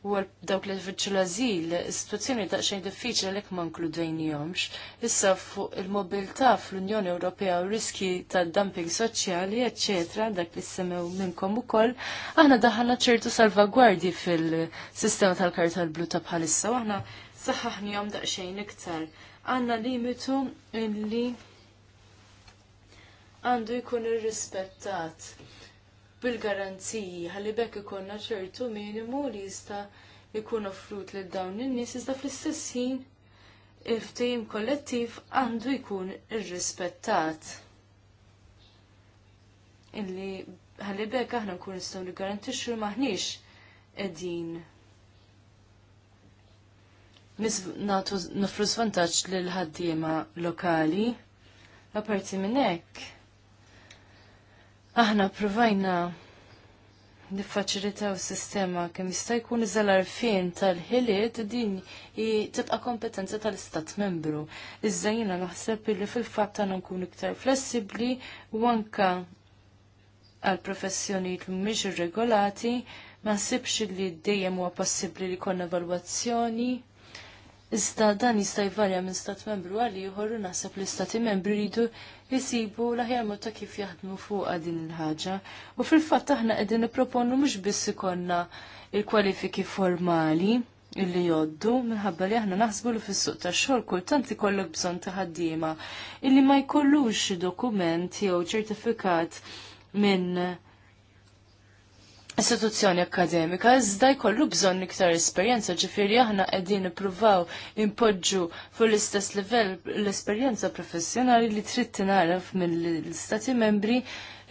u għal dawk li fitxu l-azil, situazzjoni ta' xejn diffiċli ek ma nkludejnijomx. Issa fuq il mobilta fl-Unjoni Ewropea u riski ta' dumping soċjali, eccetera, dak li semmew minnkom ukoll, aħna daħna ċertu salvagwardji fil-sistema tal-karta l-blu ta' bħalissa, u aħna saħħaħnijom daqxejn iktar. Għanna limitu illi għandu jkun ir-rispettat bil-garanziji ħalli bekk ikonna ċertu minimu li jista' jkun offrut lil dawn in-nies iżda fl-istess ħin il-ftehim kollettiv għandu jkun irrispettat. Illi ħalli bekk aħna nkun nistgħu niggarantixxu li maħniex qegħdin Mis natu svantaġġ lil ħaddiema lokali, apparti minn hekk Aħna provajna diffaċilitaw s-sistema kemm jista' jkun iżal arfien tal-ħiliet din tibqa' kompetenza tal-Istat membru. Iżda jiena naħseb li fil-fatt għandna nkun iktar flessibbli u anke għal professjonijiet li mhumiex irregolati ma nsibx li dejjem huwa possibbli li konna evalwazzjoni Iżda dan jista' jvarja minn stat membru għal ieħor u naħseb li stati membri jridu jisibu l-aħjar mod ta' kif jaħdmu fuq din il-ħaġa. U fil-fatt aħna qegħdin nipproponu mhux biss ikollna il-kwalifiki formali illi joddu minħabba li aħna naħsbu li fis-suq tax-xogħol kultant ikollok bżonn ta' ħaddiema illi ma jkollux dokument jew ċertifikat minn istituzzjoni akademika, iżda jkollu bżonn iktar esperjenza, ġifiri aħna qegħdin nippruvaw impoġġu fuq l-istess livell l-esperjenza professjonali li trid tinaraf mill-istati membri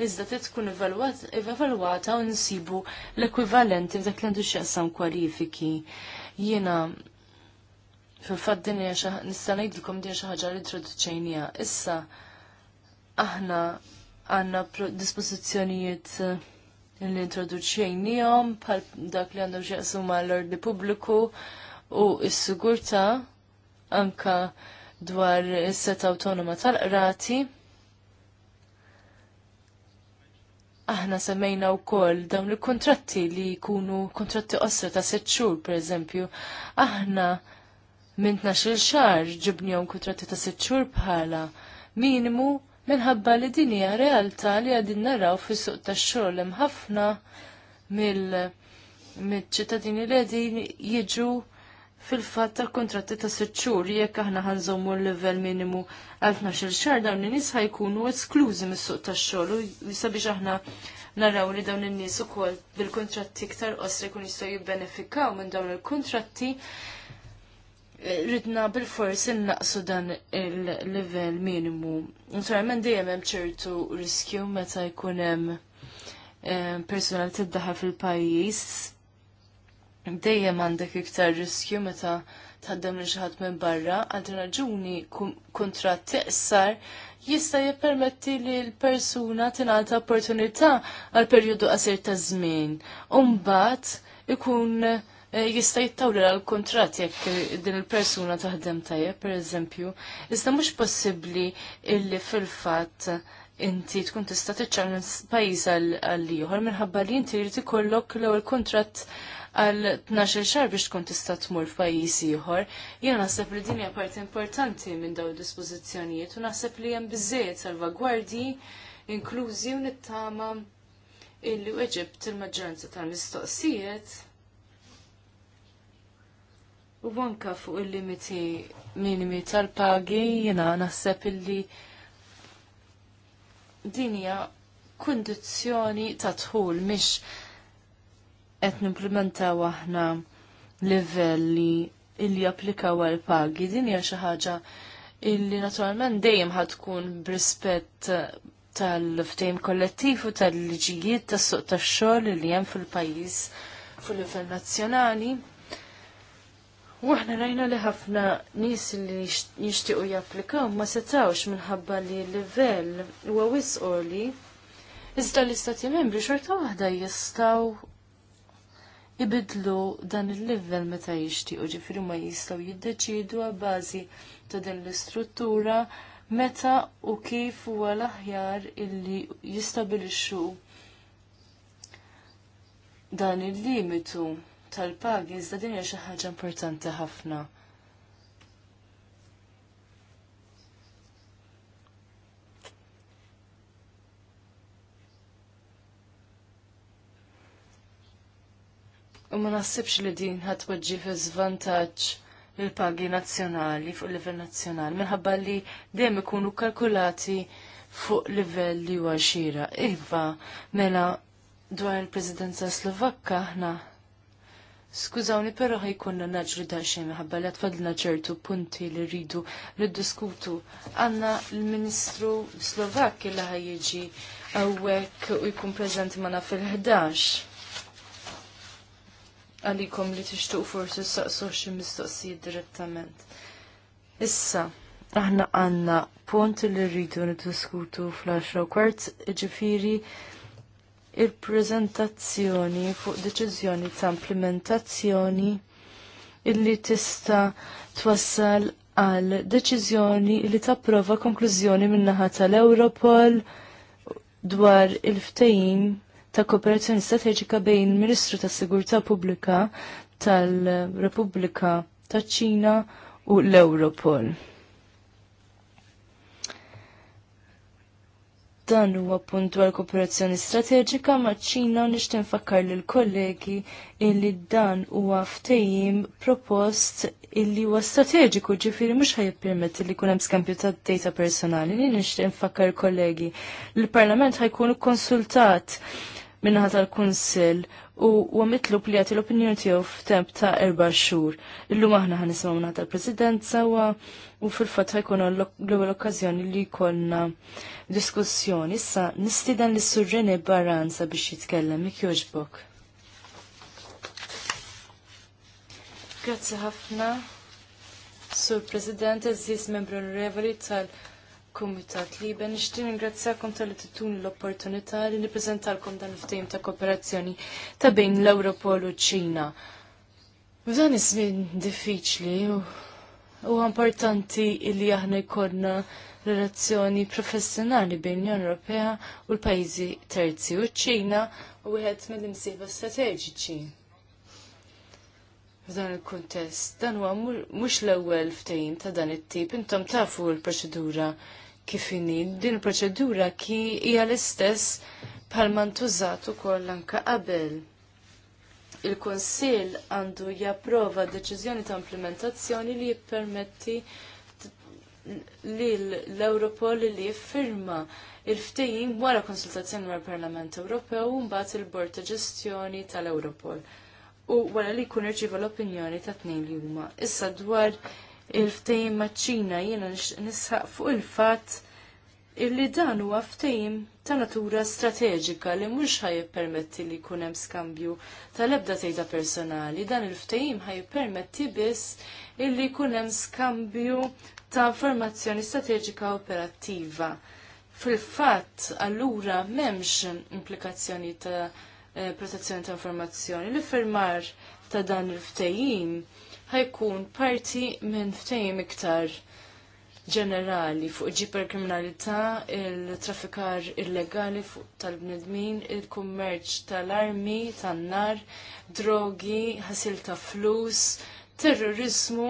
iżda trid tkun evalwata u nsibu l-ekwivalenti f'dak li għandu x'jaqsam kwalifiki. Jiena fil-fatt din hija nista' ngħidlkom din xi ħaġa li introduċejnija. Issa aħna għandna dispożizzjonijiet l-introduċejnijom pal dak li għandhom ma l ordi pubbliku u s-sigurta anka dwar is-set autonoma tal-qrati. Aħna semmejna wkoll dawn il-kontratti li jkunu kontratti osra ta' setxur, xhur pereżempju. Aħna minn 12 xahar ġibnihom kontratti ta' sitt xhur bħala minimu minħabba li din hija realtà li għadin naraw fis-suq tax-xogħol hemm ħafna mill ċittadini li qegħdin jiġu fil-fatt tal-kontratti ta' sitt jekk aħna ħanżommu l-livell minimu għal 12 xahar dawn in-nies ħajkunu esklużi mis-suq tax-xogħol u sabiex aħna naraw li dawn in-nies ukoll bil-kontratti iktar qosra jkun jistgħu jibbenefikaw minn dawn il-kontratti ridna bil forsi innaqsu dan il-level minimu. Naturalment dejjem hemm ċertu riskju meta jkun hemm eh, personal tiddaħa fil-pajjiż dejjem għandek iktar riskju meta taħdem li xaħat minn barra, għad raġuni kontrat tiqsar jista' jippermetti li l-persuna tingħata opportunità għal perjodu qasir ta' żmien. Umbagħad ikun Eh, jista' jittawli l kontrat jekk din il-persuna taħdem tajjeb pereżempju. Iżda mhux possibbli illi fil-fatt inti tkun tista' tiċċar minn pajjiż għal ieħor minħabba li inti jrid ikollok l-ewwel kontratt għal 12 xar biex tkun tista' tmur f'pajjiż ieħor. Jena naħseb li din hija parti importanti minn dawn dispozizjonijiet dispożizzjonijiet u naħseb li hemm biżejjed salvagwardji inklużi u nittama illi u Eġibt il-maġġoranza tal-mistoqsijiet U anka fuq il-limiti minimi tal-pagi jena naħseb illi dinja kondizjoni ta' tħul mish qed nimplementaw aħna livelli illi applikaw għal pagi dinja xi ħaġa illi naturalment dejjem ħad tkun brispett tal-ftehim kollettiv u tal-liġijiet tas-suq tax-xogħol li hemm fil-pajjiż fil-livell nazzjonali. U aħna rajna li ħafna nies li jixtiequ japplikaw ma setawx minħabba li l-livell huwa li Iżda l-istati membri xorta waħda jistgħu ibidlu dan il-livell meta jixtiequ ġifieri ma jistgħu jiddeċidu għabbażi ta' din l-istruttura meta u kif u l-aħjar illi jistabilixxu dan il-limitu. il limitu tal-pagi, iżda din hija xi ħaġa importanti ħafna. U ma nasibx li din ħadd poġġi fi żvantaġġ il-pagi nazzjonali fuq livell nazzjonali minħabba li dejjem ikunu kalkulati fuq livell li huwa xira. Iva, mela dwar il-Presidenza Slovakka aħna Skużawni, pero ħajkunna naġru dan xejn ħabba li għatfadlna ċertu punti li rridu niddiskutu. Għanna l-Ministru Slovak li jiġi għawek u jkun prezenti mana fil-11. Għalikom li tixtuq forsi saqsu xie mistoqsi direttament. Issa, aħna għanna punti li rridu niddiskutu fl-10 kwart, ġifiri il-prezentazzjoni fuq deċiżjoni ta' implementazzjoni illi tista' twassal għal deċiżjoni li tapprova konklużjoni min-naħa tal-Europol dwar il-ftehim ta' kooperazzjoni strateġika bejn Ministru tas Sigurtà Pubblika tal-Repubblika taċ-Ċina u l-Europol. Dan huwa punt dwar kooperazzjoni strateġika ma' ċina nixtieq nfakkar l kollegi illi dan huwa ftehim propost illi huwa strateġiku ġifieri mhux ħajjippermetti li jkun hemm skambju ta' data personali. Li nixtieq nfakkar kollegi l-Parlament ħajkun konsultat minnaħa tal-Kunsill u huwa mitlub li jagħti l-opinjoni tiegħu f'temp ta' erba' xhur. Illum aħna ħan nisimgħu minnaħa tal-Presidenza u fil-fatt ħajkun l-ewwel okkażjoni li jkollna diskussjoni. Issa nistieden li surreni Baranza biex jitkellem jekk jogħġbok. Grazzi ħafna, Sur President, eżis membru onorevoli tal- Kumitat Liben, nixtieq ningrazzjakom tal-li titun l-opportunità li nippreżentalkom dan il-ftehim ta' kooperazzjoni ta' bejn l-Ewropol u ċina F'dan iż-żmien diffiċli u importanti li aħna jkollna relazzjoni professjonali bejn l-Unjoni Ewropea u l-pajjiżi terzi u ċ-Ċina u wieħed mill-imsieba strateġiċi. F'dan il-kuntest, dan huwa mhux l-ewwel ftehim ta' dan it-tip, intom tafu l-proċedura kifini. Din il-proċedura ki hija l-istess bħal mantużat ukoll anke qabel. Il-Kunsill għandu japprova deċiżjoni ta' implementazzjoni li jippermetti li l-Europol li jiffirma il-ftejjim wara konsultazzjoni mal parlament Ewropew u mbagħad il-Bord ta' Ġestjoni tal-Europol. U wara li jkun irċieva l-opinjoni ta' tnejn li huma. Issa dwar il-ftejim maċ-Ċina jiena nisħaq fuq il-fatt illi dan huwa ftehim ta' natura strateġika li mhux ħajippermetti li jkun hemm skambju tal-ebda tgħida personali. Dan il-ftehim ħajippermetti biss illi jkun hemm skambju ta' informazzjoni strateġika operattiva. Fil-fatt allura m'hemmx implikazzjoni ta' eh, protezzjoni ta' informazzjoni. Li firmar ta' dan il-ftehim ħajkun parti minn ftejim iktar ġenerali fuq ġiper kriminalità, il-traffikar illegali fuq tal-bnedmin, il-kummerċ tal-armi, tan-nar, drogi, ħasil ta' flus, terrorizmu,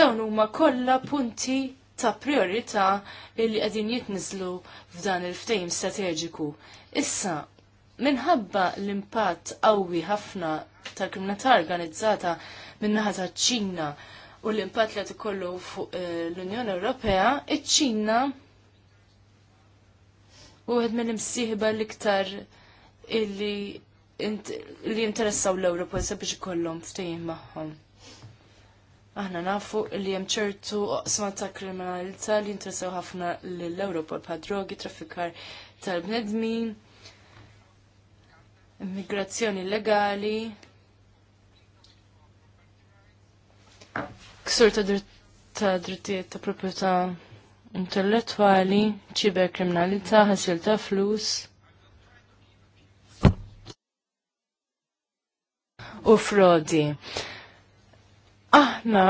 dawn huma kollha punti ta' priorità li qegħdin jitniżlu f'dan il-ftehim strateġiku. Issa, minħabba l-impatt qawwi ħafna tal-kriminalità organizzata minnaħa ta' ċina u l impat li tikollu fuq eh, l-Unjoni Ewropea, iċ-Ċina u għed mill-imsiħba l-iktar illi li jinteressaw l-Ewropa sabiex ikollhom ftehim magħhom. Aħna nafu li hemm ċertu oqsma ta' kriminalità li jinteressaw ħafna l-Ewropa bħal drogi, traffikar tal-bnedmin, immigrazzjoni legali, ksur ta' drittijiet ta' proprjetà intellettwali, ċiber kriminalità, ħasil ta' flus. U frodi. Aħna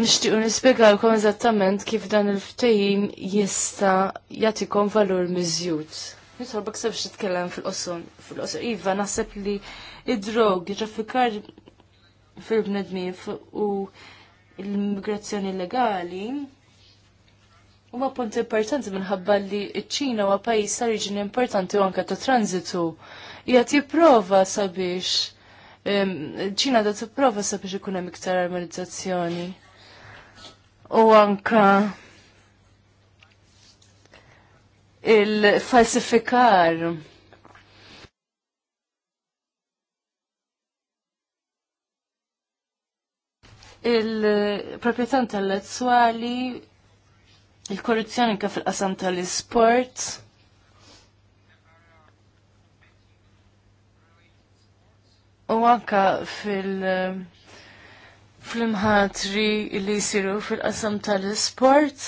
nixtiequ nispjegawkom eżattament kif dan il-ftehim jista' jagħtikom valur miżjud. Nitolbok sabx titkellem fil-qosor. Fil-qosor iva naħseb li id-drogi traffikar fil-bnedmin u l-immigrazzjoni legali huma punt importanti minħabba li ċ-Ċina huwa pajjiż ta' riġini importanti u anke ta' transitu. Qiegħed jipprova sabiex ċina da tipprova sabiex ikun hemm iktar armonizzazzjoni. U anka il-falsifikar il-proprietà intellettuali, il-korruzzjoni kif il-qasam tal-isport, u anka fil- fl-imħatri li jisiru fil-qasam tal-isport,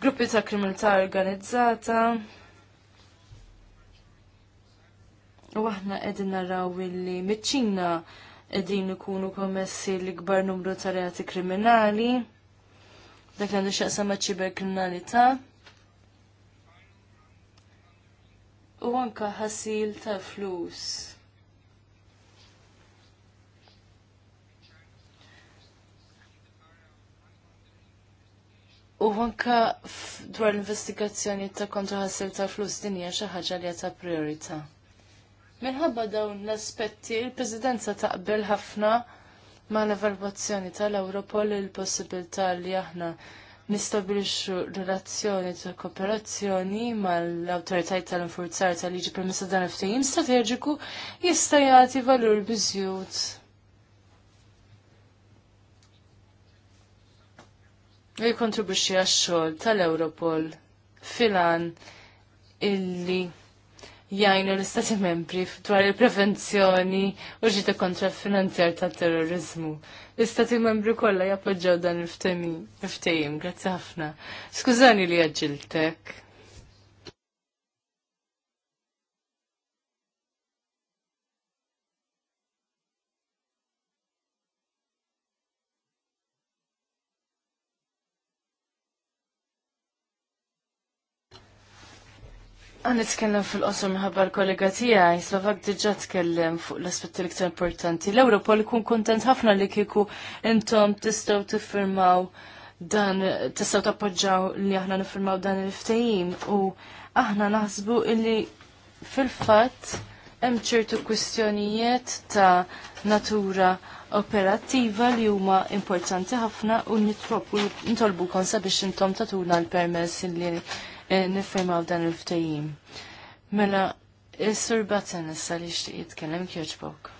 gruppi ta' kriminalità organizzata, u aħna qegħdin naraw illi miċ edin ikunu kommessi l-ikbar numru ta' reati kriminali, dak li għandu xaqsa ma' ċiber kriminalità. U anka ħasil ta' flus. U anka dwar l-investigazzjoni ta' ħassil ta' flus dinja xi ħaġa li ta' priorita'. Minħabba dawn l-aspetti, il-Presidenza taqbel ħafna ma l-evalvazzjoni tal-Europol il-possibilità li aħna nistabilixxu relazzjoni ta' kooperazzjoni mal autoritajt tal-infurzar tal-liġi permessa dan ftehim strateġiku jista' jagħti valur bizjut. Li kontribuxxi għax-xogħol tal-Europol filan illi Jajnu l-Istati membri dwar il-prevenzjoni u ġita kontra finanzjar ta' terrorizmu. L-Istati membri kollha jappoġġaw dan il ftejim grazzi ħafna. Skużani li għagġiltek. Għan nitkellem fil-qosor minħabba l-kollega tiegħi, Slovak diġà tkellem fuq l-aspetti l-iktar importanti. L-Ewropol ikun kuntent ħafna li kieku intom tistgħu tiffirmaw dan tistgħu tappoġġaw li aħna niffirmaw dan il-ftehim u aħna naħsbu illi fil-fatt hemm ċertu kwistjonijiet ta' natura operattiva li huma importanti ħafna u nitolbu konsa biex intom tuna l-permess li Eh, għal dan il ftajim Mela, is-sur eh, Batten issa li jixtieq jitkellem kjoċbok.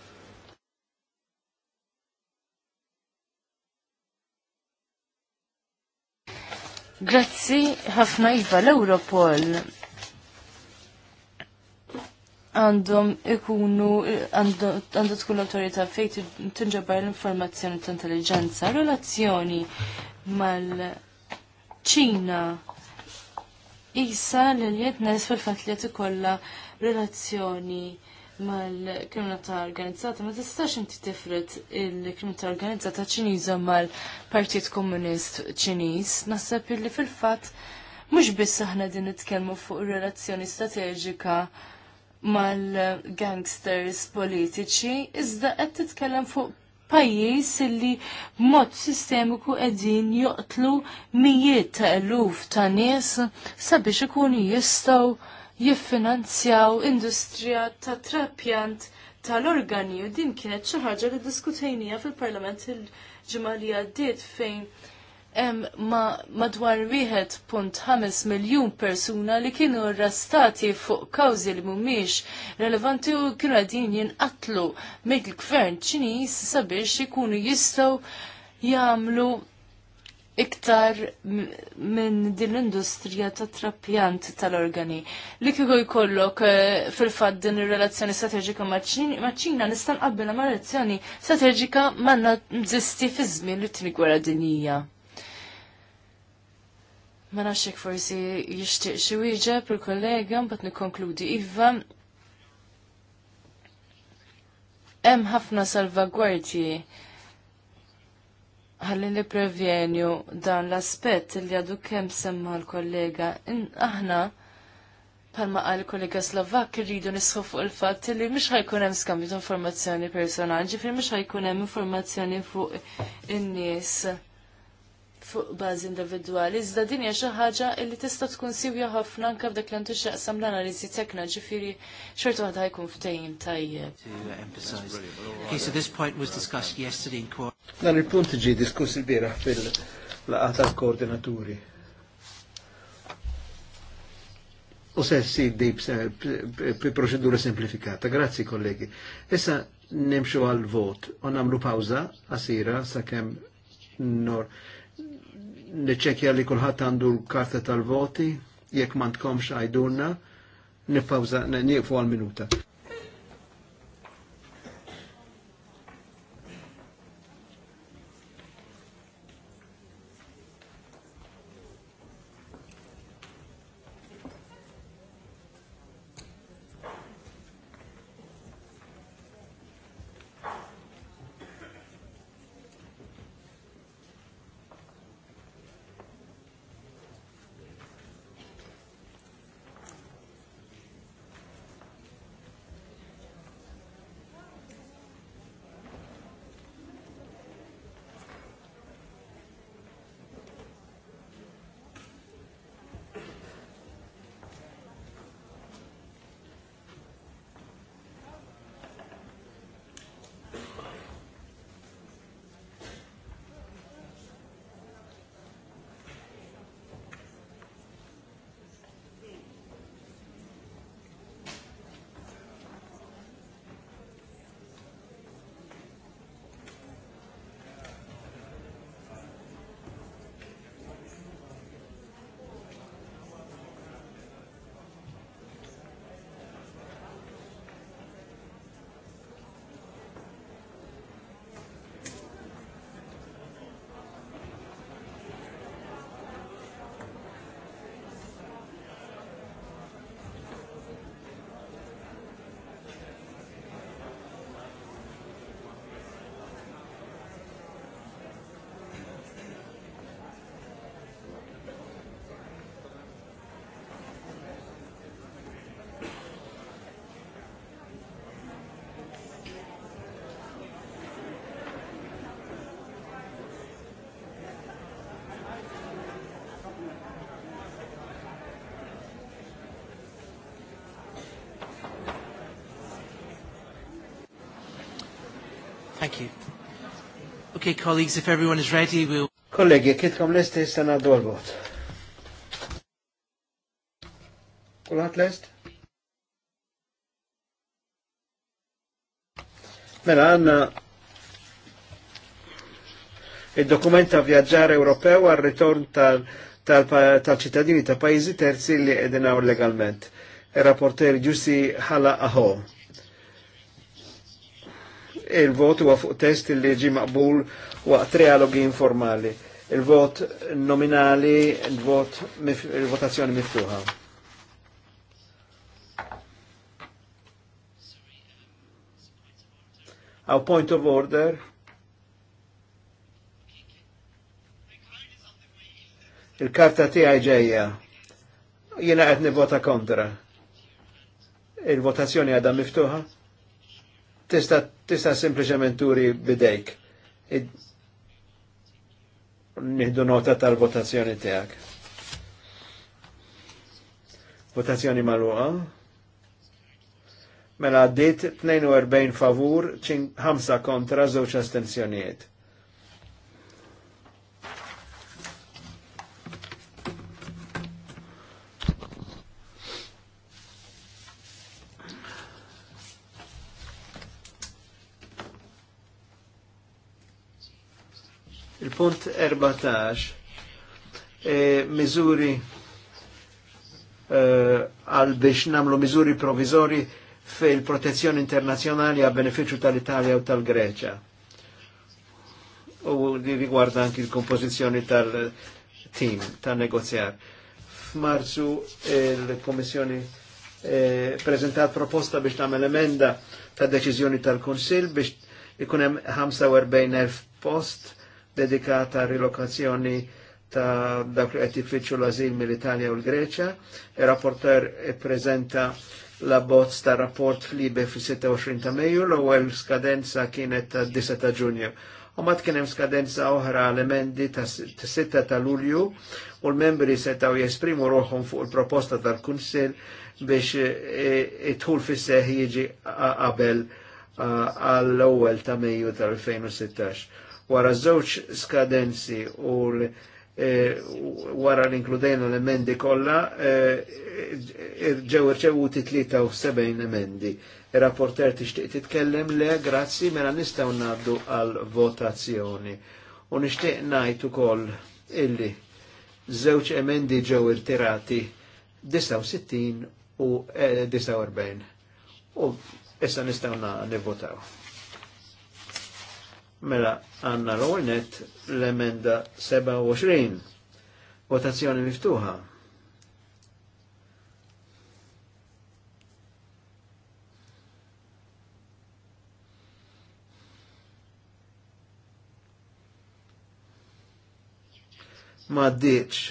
Grazzi ħafna iva l-Europol għandhom ikunu għandhom tkun l autorita fej tinġabar l-informazzjoni ta' intelligenza, relazzjoni mal-ċina li l-jednes fil-fat li tikolla relazzjoni mal-kriminalità organizzata, ma tistax inti tifrit il-kriminalità organizzata ċiniża mal-Partit Komunist ċiniż. Naħseb li fil-fatt mhux biss aħna din nitkellmu fuq relazzjoni strateġika mal-gangsters politiċi, iżda qed titkellem fuq pajjiż li mod sistemiku qegħdin joqtlu mijiet ta' eluf ta' nies sabiex ikunu jistgħu jiffinanzjaw industrija ta' trapjant tal-organi u din kienet xi ħaġa li diskutejnija fil-Parlament il-ġimgħa li għaddiet fejn hemm madwar wieħed punt ħames miljun persuna li kienu arrestati fuq kawżi li mhumiex relevanti u kienu qegħdin jinqatlu mill-gvern Ċiniż sabiex ikunu jistgħu jagħmlu iktar minn din l-industrija ta' trappjant tal-organi. Li kieku jkollok eh, fil fad din ir-relazzjoni strateġika ma' ċina nistan qabbina ma' relazzjoni strateġika ma' nazisti fi żmien li t gwerra dinija. Ma nafx hekk forsi jixtieq xi wieġeb il-kollega mbagħad nikkonkludi iva. Hemm ħafna salvagwardji ħalli li dan l-aspett li għadu kemm semma l-kollega. Aħna palma qal kollega Slovak rridu nisħu fuq il-fatt li mhux ħajkun hemm skambju informazzjoni personali, ġifieri mhux ħajkun hemm informazzjoni fuq in-nies. in nies fuq bażi individwali, iżda din hija xi ħaġa li tista' tkun sivja ħafna anke f'dak li għandu x'jaqsam l-analiżi tekna, ġifieri xorta waħda jkun ftehim tajjeb. Uh, okay, so this point was discussed yesterday in court. Dan il-punt ġi diskuss il-bieraħ fil-laqgħa tal-koordinaturi. U se si ssiddi proċedura semplifikata. Grazzi kollegi. Issa nimxu għal-vot u namlu pawza għasira kem nor niċċekja li kulħadd għandu l-karta tal-voti, jekk ma tkomx għajdurna, nipawza, nieqfu għal-minuta. Thank you. Okay, colleagues, if everyone is ready, we'll... Kollegi, kitkom lest jistan għaddu għal-vot. Kulħat lest? Mela, għanna il dokument ta' vjaġġar Ewropew għal-ritorn tal-ċittadini ta' pajizi terzi li edinaw legalment. Il-rapporter Giussi Hala Aho il-vot huwa fuq test il-liġi maqbul waqt trialogi informali. Il-vot nominali, il-vot il-votazzjoni miftuħa. Our point of order. Il-karta tiegħi ġejja. Jiena qed nivvota kontra. Il-votazzjoni għadha miftuħa? tista' tista' sempliċement turi bidejk. Nieħdu nota tal-votazzjoni tiegħek. Votazzjoni magħluqa. Mela għaddiet 42 favur, 5 kontra, żewġ astensjonijiet. Punt 14. E, mizuri e, għal biex namlu mizuri provizori fil-protezzjoni internazjonali għal beneficju tal-Italja u tal-Greċa. U li rigwarda anki l kompozizjoni tal team tal-negozjar. F'Marzu il-Komissjoni e, prezentat proposta biex tagħmel emenda ta' deċizjoni tal konsil biex ikunem 45,000 post dedikata rilokazzjoni ta' dak li qed jiffiċċju l-azil mill-Italja u l-Greċja. Ir-rapporter ippreżenta la bozz ta' rapport flibe fis-26 ta' Mejju, l-ewwel skadenza kienet ta' 10 ta' Ġunju. U mat kien hemm skadenza oħra l-emendi ta' 6 ta' Lulju u l-membri setgħu jesprimu ruħhom fuq il-proposta tal-Kunsill biex idħul fis-seħ jiġi qabel għall-ewwel ta' Mejju tal-2016 wara żewġ skadenzi u e, wara l-inkludejna l-emendi kollha e, e, ġew irċevuti 73 emendi. Ir-rapporter tixtieq titkellem le grazzi mela nistgħu ngħaddu għal votazzjoni. U nixtieq ngħid ukoll illi żewġ emendi ġew irtirati 69 u 49. U issa nistgħu nivvotaw. Mela, għanna l net l-emenda 27. Votazzjoni miftuħa. Ma ddiċ.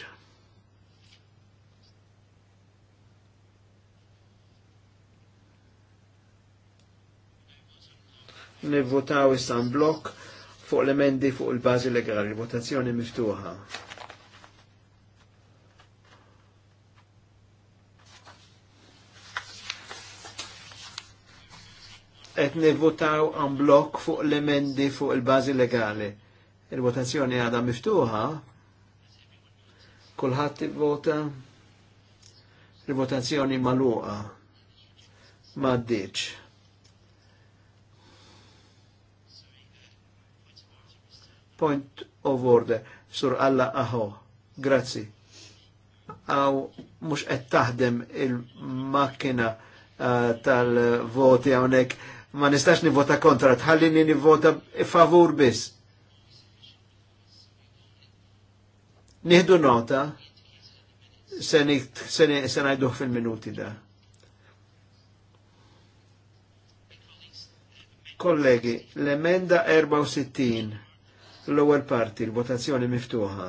nivvotaw issan blok fuq l-emendi fuq il-bazi legali, votazzjoni miftuħa. Et nivvotaw għan blok fuq l-emendi fuq il-bazi legali. Il-votazzjoni għada miftuħa, Kulħat vota il-votazzjoni maluqa ma' d-dieċ. Point of order, sur Alla aħo, grazzi. Għaw mux qed taħdem il-makkina uh, tal-voti għonek, ma nistax nivota kontra, tħallini nivota favur biss. Nihdu nota, se najduħ fil-minuti da. Kollegi, l-emenda 64 L-ewwel parti, l-votazzjoni miftuħa.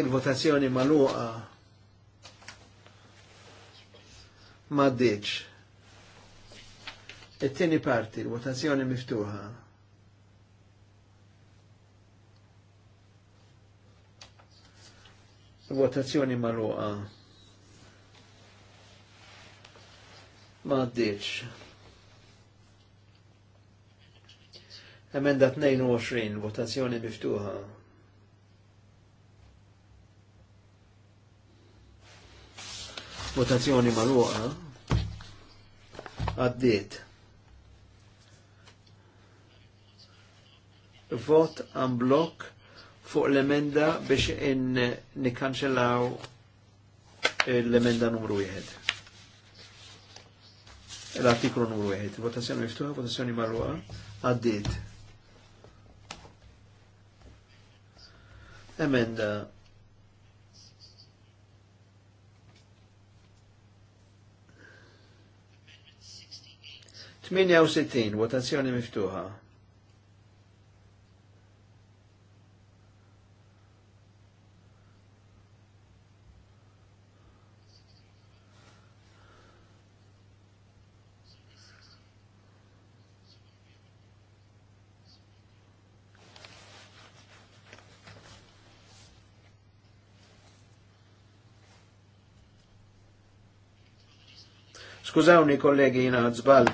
Il-votazzjoni maluqa ma' diċ. It-tieni parti, l-votazzjoni miftuħa. Votazzjoni marruqa Ma għaddiċ. Emenda 22, votazzjoni biftuħa. Votazzjoni marruqa għaddiċ. Vot għan blok fuq l-emenda biex in nikanċellaw l-emenda numru 1. L-artiklu numru 1. Votazzjoni miftuħa, votazzjoni marruqa, għaddit. Emenda Tminja u sittin, votazzjoni miftuħa. Skużawni kollegi jina għadżbal,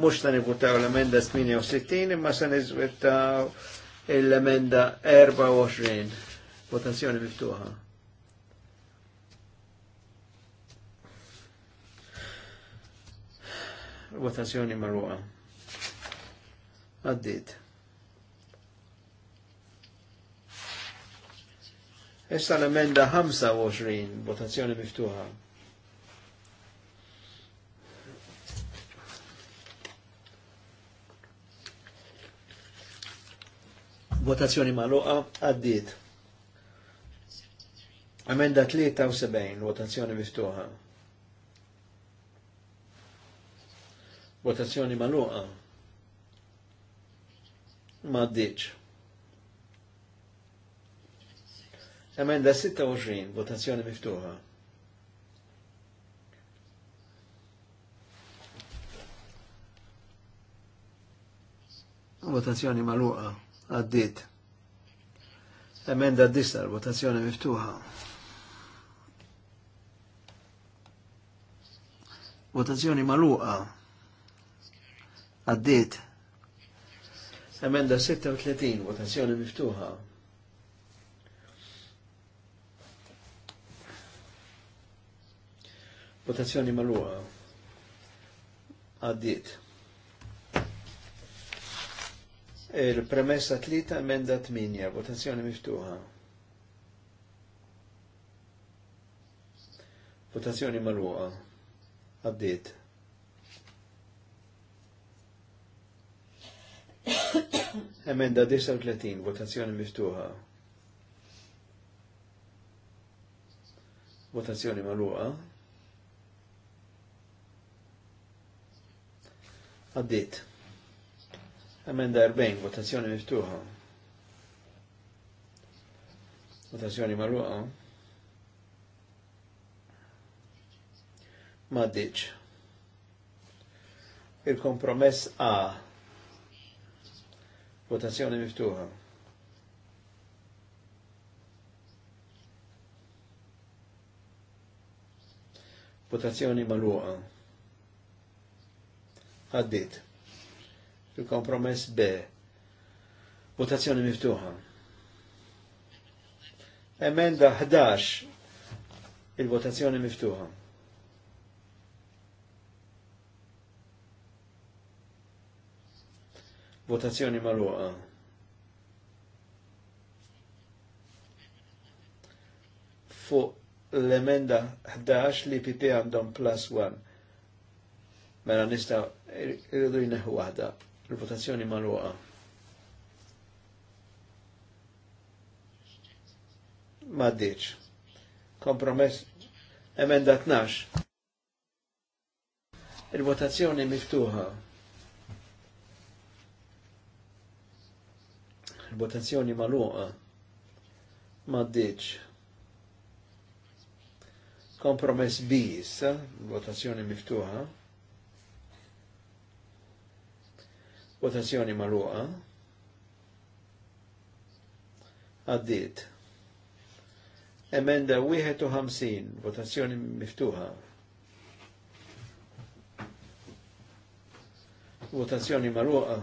mux ta' nibutaw l-emenda 68, imma se nizvitaw l-emenda 24. Votazzjoni miftuħa. Votazzjoni marruqa. Għaddit. Issa l-emenda 25, votazzjoni miftuħa. Votazzjoni maluqa għaddiet. Amenda 73, votazzjoni miftuħa. Votazzjoni maluqa. Ma għaddiċ. Amenda 26, votazzjoni miftuħa. Votazzjoni maluqa għaddit. Emenda disa, votazzjoni miftuħa. Votazzjoni maluqa. Għaddit. Emenda 36, votazzjoni miftuħa. Votazzjoni maluqa. Għaddit. Il-premessa tlita emenda tminja. votazzjoni miftuħa. Votazzjoni marruqa. Abdiet. Emenda 39, votazzjoni miftuħa. Votazzjoni maluqa. Abdiet. Emenda 40, votazzjoni miftuħa. Votazzjoni marruqa. Maddiċ. Il-kompromess A. Votazzjoni miftuħa. votazzjoni maluqa. Għaddit. Il-kompromess B. Votazzjoni miftuħa. Emenda 11. Il-votazzjoni miftuħa. Votazzjoni marruqa. Fuq l-emenda 11 li PP għandhom plus 1. Mela nista' irridu jneħu waħda. Il-votazzjoni maluqa. Maddiċ. Kompromess. Emenda 12. Il-votazzjoni miftuħa. Il-votazzjoni maluqa. Maddiċ. Kompromess B il votazzjoni miftuħa. Votazzjoni marruqa. Għaddit. Emenda 51, votazzjoni miftuħa. Votazzjoni marruqa.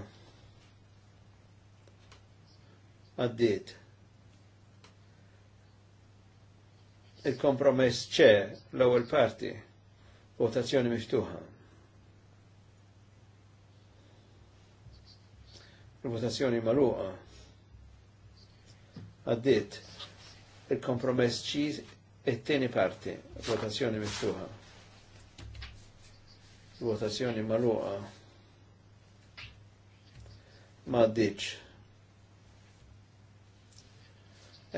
Għaddit. Il-kompromess ċe l-ewwel parti. Votazzjoni miftuħa. Reputazzjoni votazzjoni Għaddit il-kompromess ċiż it-tieni parti, votazzjoni miftuħa. Votazzjoni maluqa. Ma għaddit.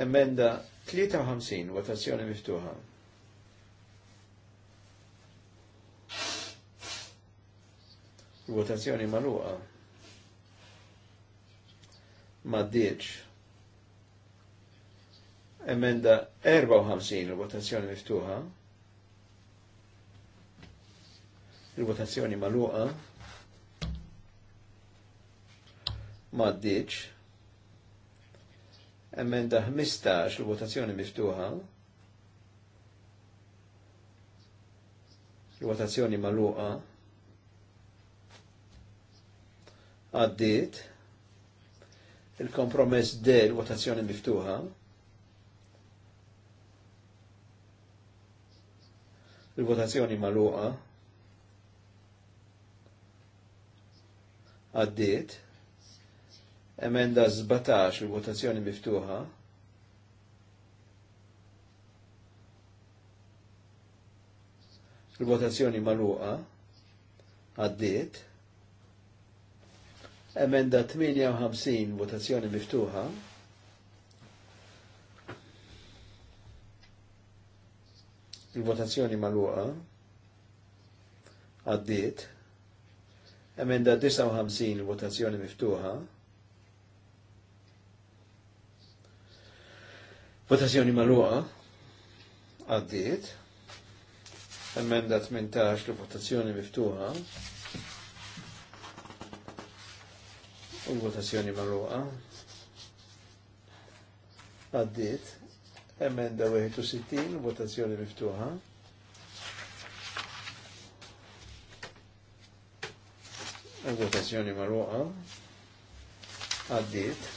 Emenda 53, votazzjoni miftuħa. Votazzjoni maluqa ma d-dieċ. Emenda 54 il-votazzjoni miftuħa. Il-votazzjoni maluqa. Ma d-dieċ. Emenda 15 il-votazzjoni miftuħa. Il-votazzjoni maluqa. Għaddit il-kompromess de l-votazzjoni miftuħa. Il-votazzjoni maluqa. Għaddiet. Emenda 17 il-votazzjoni miftuħa. Il-votazzjoni maluqa. Għaddiet. Emenda 58, votazzjoni miftuħa. Il-votazzjoni maluqa. Għaddiet. Emenda 59, votazzjoni miftuħa. Votazzjoni maluqa. Għaddiet. Emenda 18, votazzjoni miftuħa. U l-votazzjoni marruqa. Għaddit. Emenda 61, votazzjoni miftuħa. votazzjoni marruqa għaddit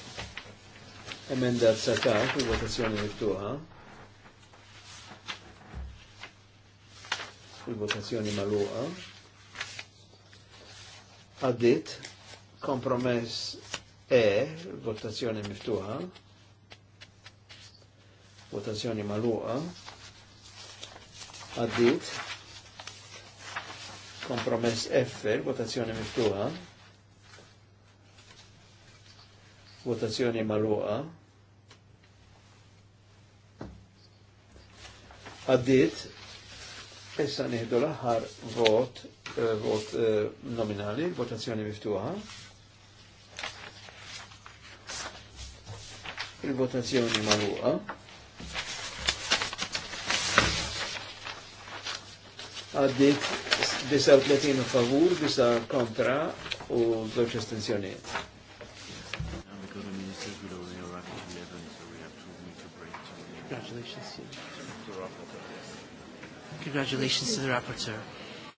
emenda 19 votazzjoni miftuħa il-votazzjoni marruqa għaddit Kompromess E, votazzjoni miftuħa, votazzjoni maluqa, għaddit, kompromess F, votazzjoni miftuħa, votazzjoni maluqa, għaddit, issa nieħdu l-aħħar vot, eh, vot eh, nominali, votazzjoni miftuħa, il-votazzjoni magħluqa. Għaddi 39 favur, 9 kontra u 2 estensjoniet. Congratulations. to the rapporteur. Congratulations to the rapporteur.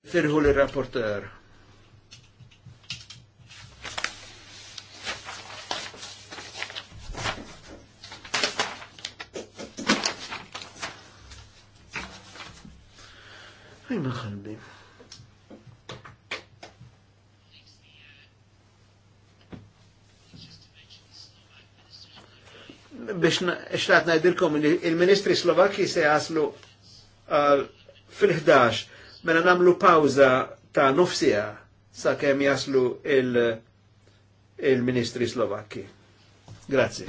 Firhu l-rapporteur. Prima qalbi. biex xtaqt najdilkom il-ministri Slovakki se jaslu uh, fil-11 mela namlu pauza ta' nofsija sa' kem jaslu il-ministri Slovakki. Grazie.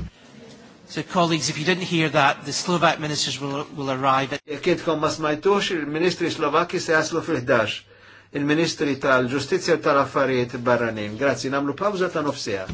So colleagues, if you didn't hear that, the Slovak ministers will, will arrive at... kom ma smajtux, il-ministri Slovakki se jaslu fil-11, il-ministri tal-ġustizja tal-affarijiet barranin. Grazie. namlu pawza ta' nofsija.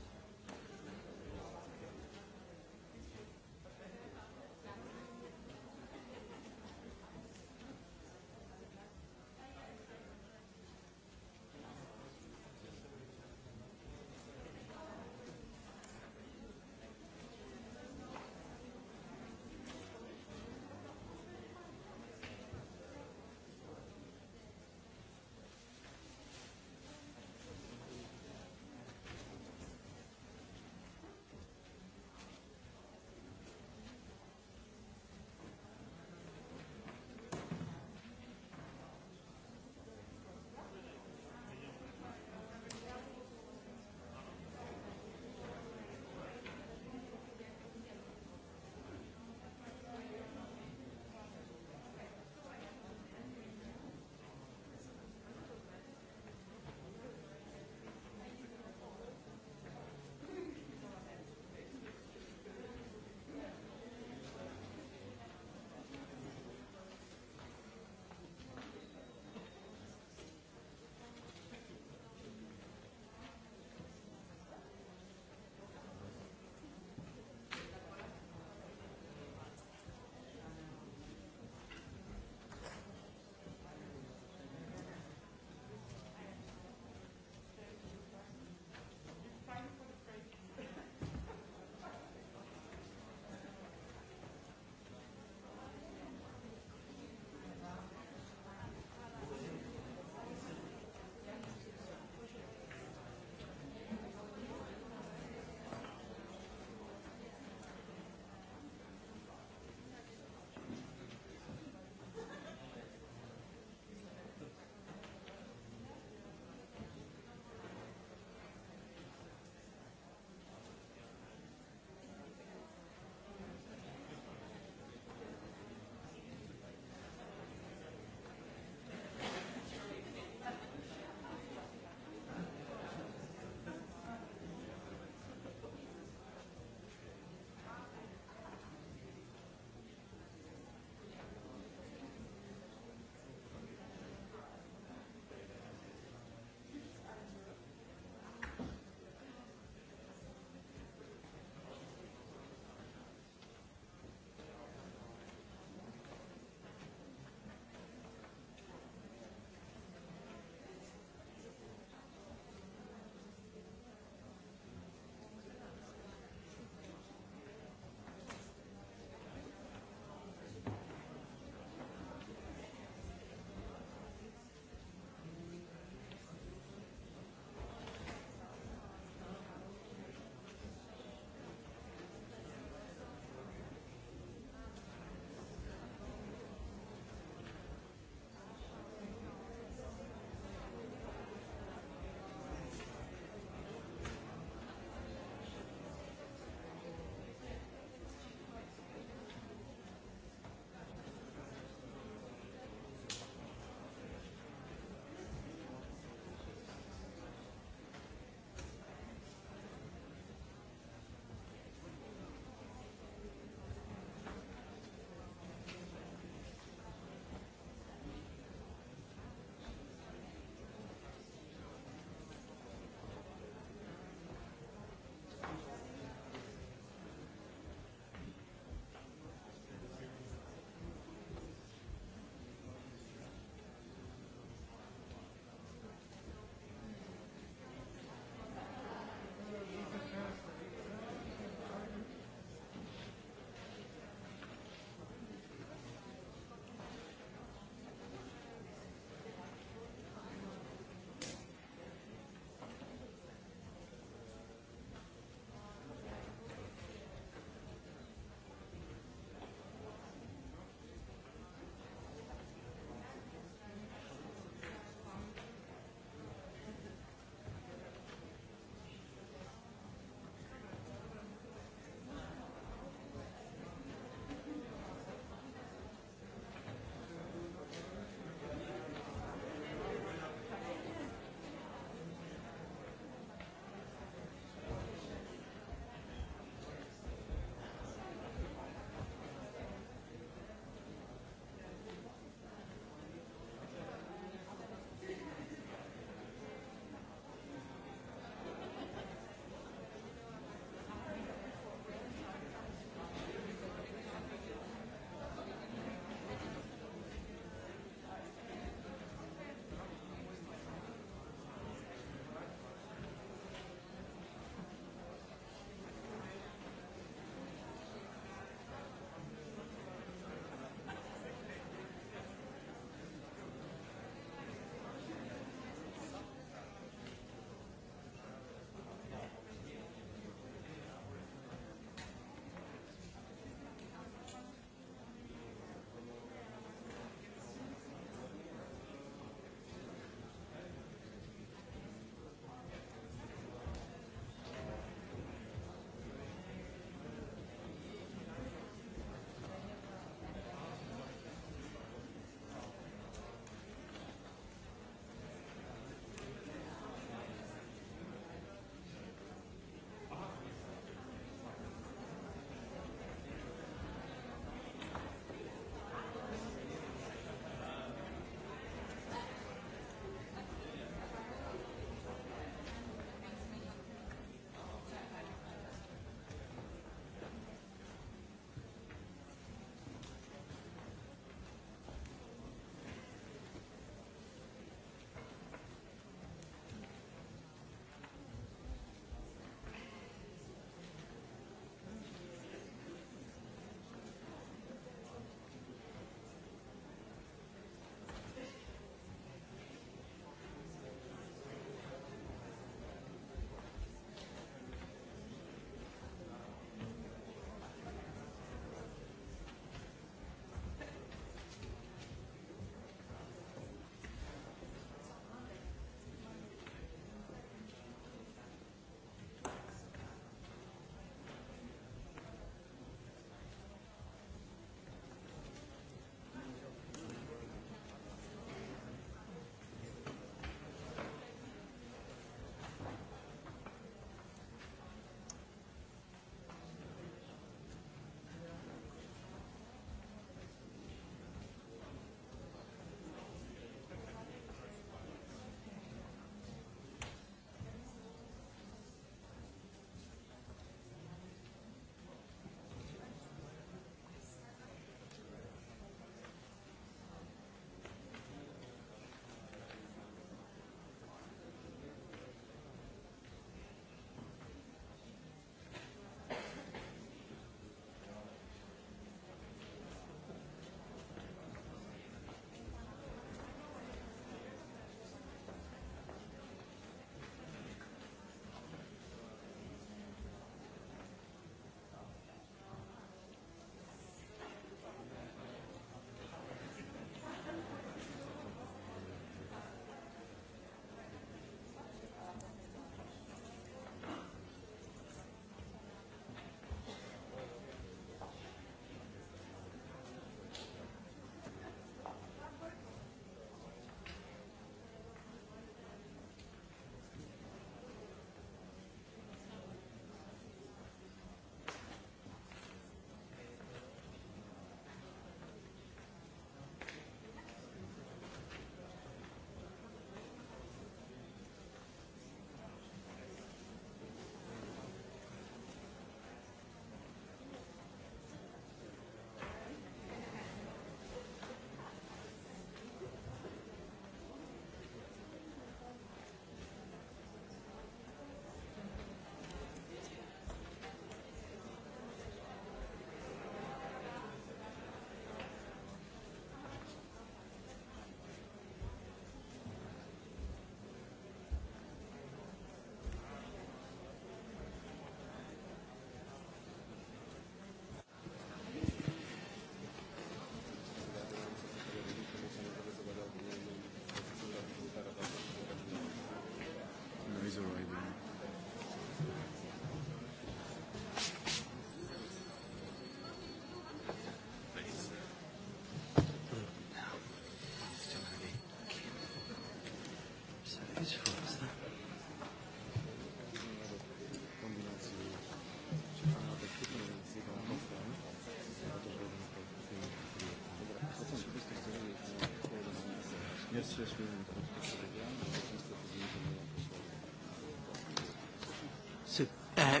Uh,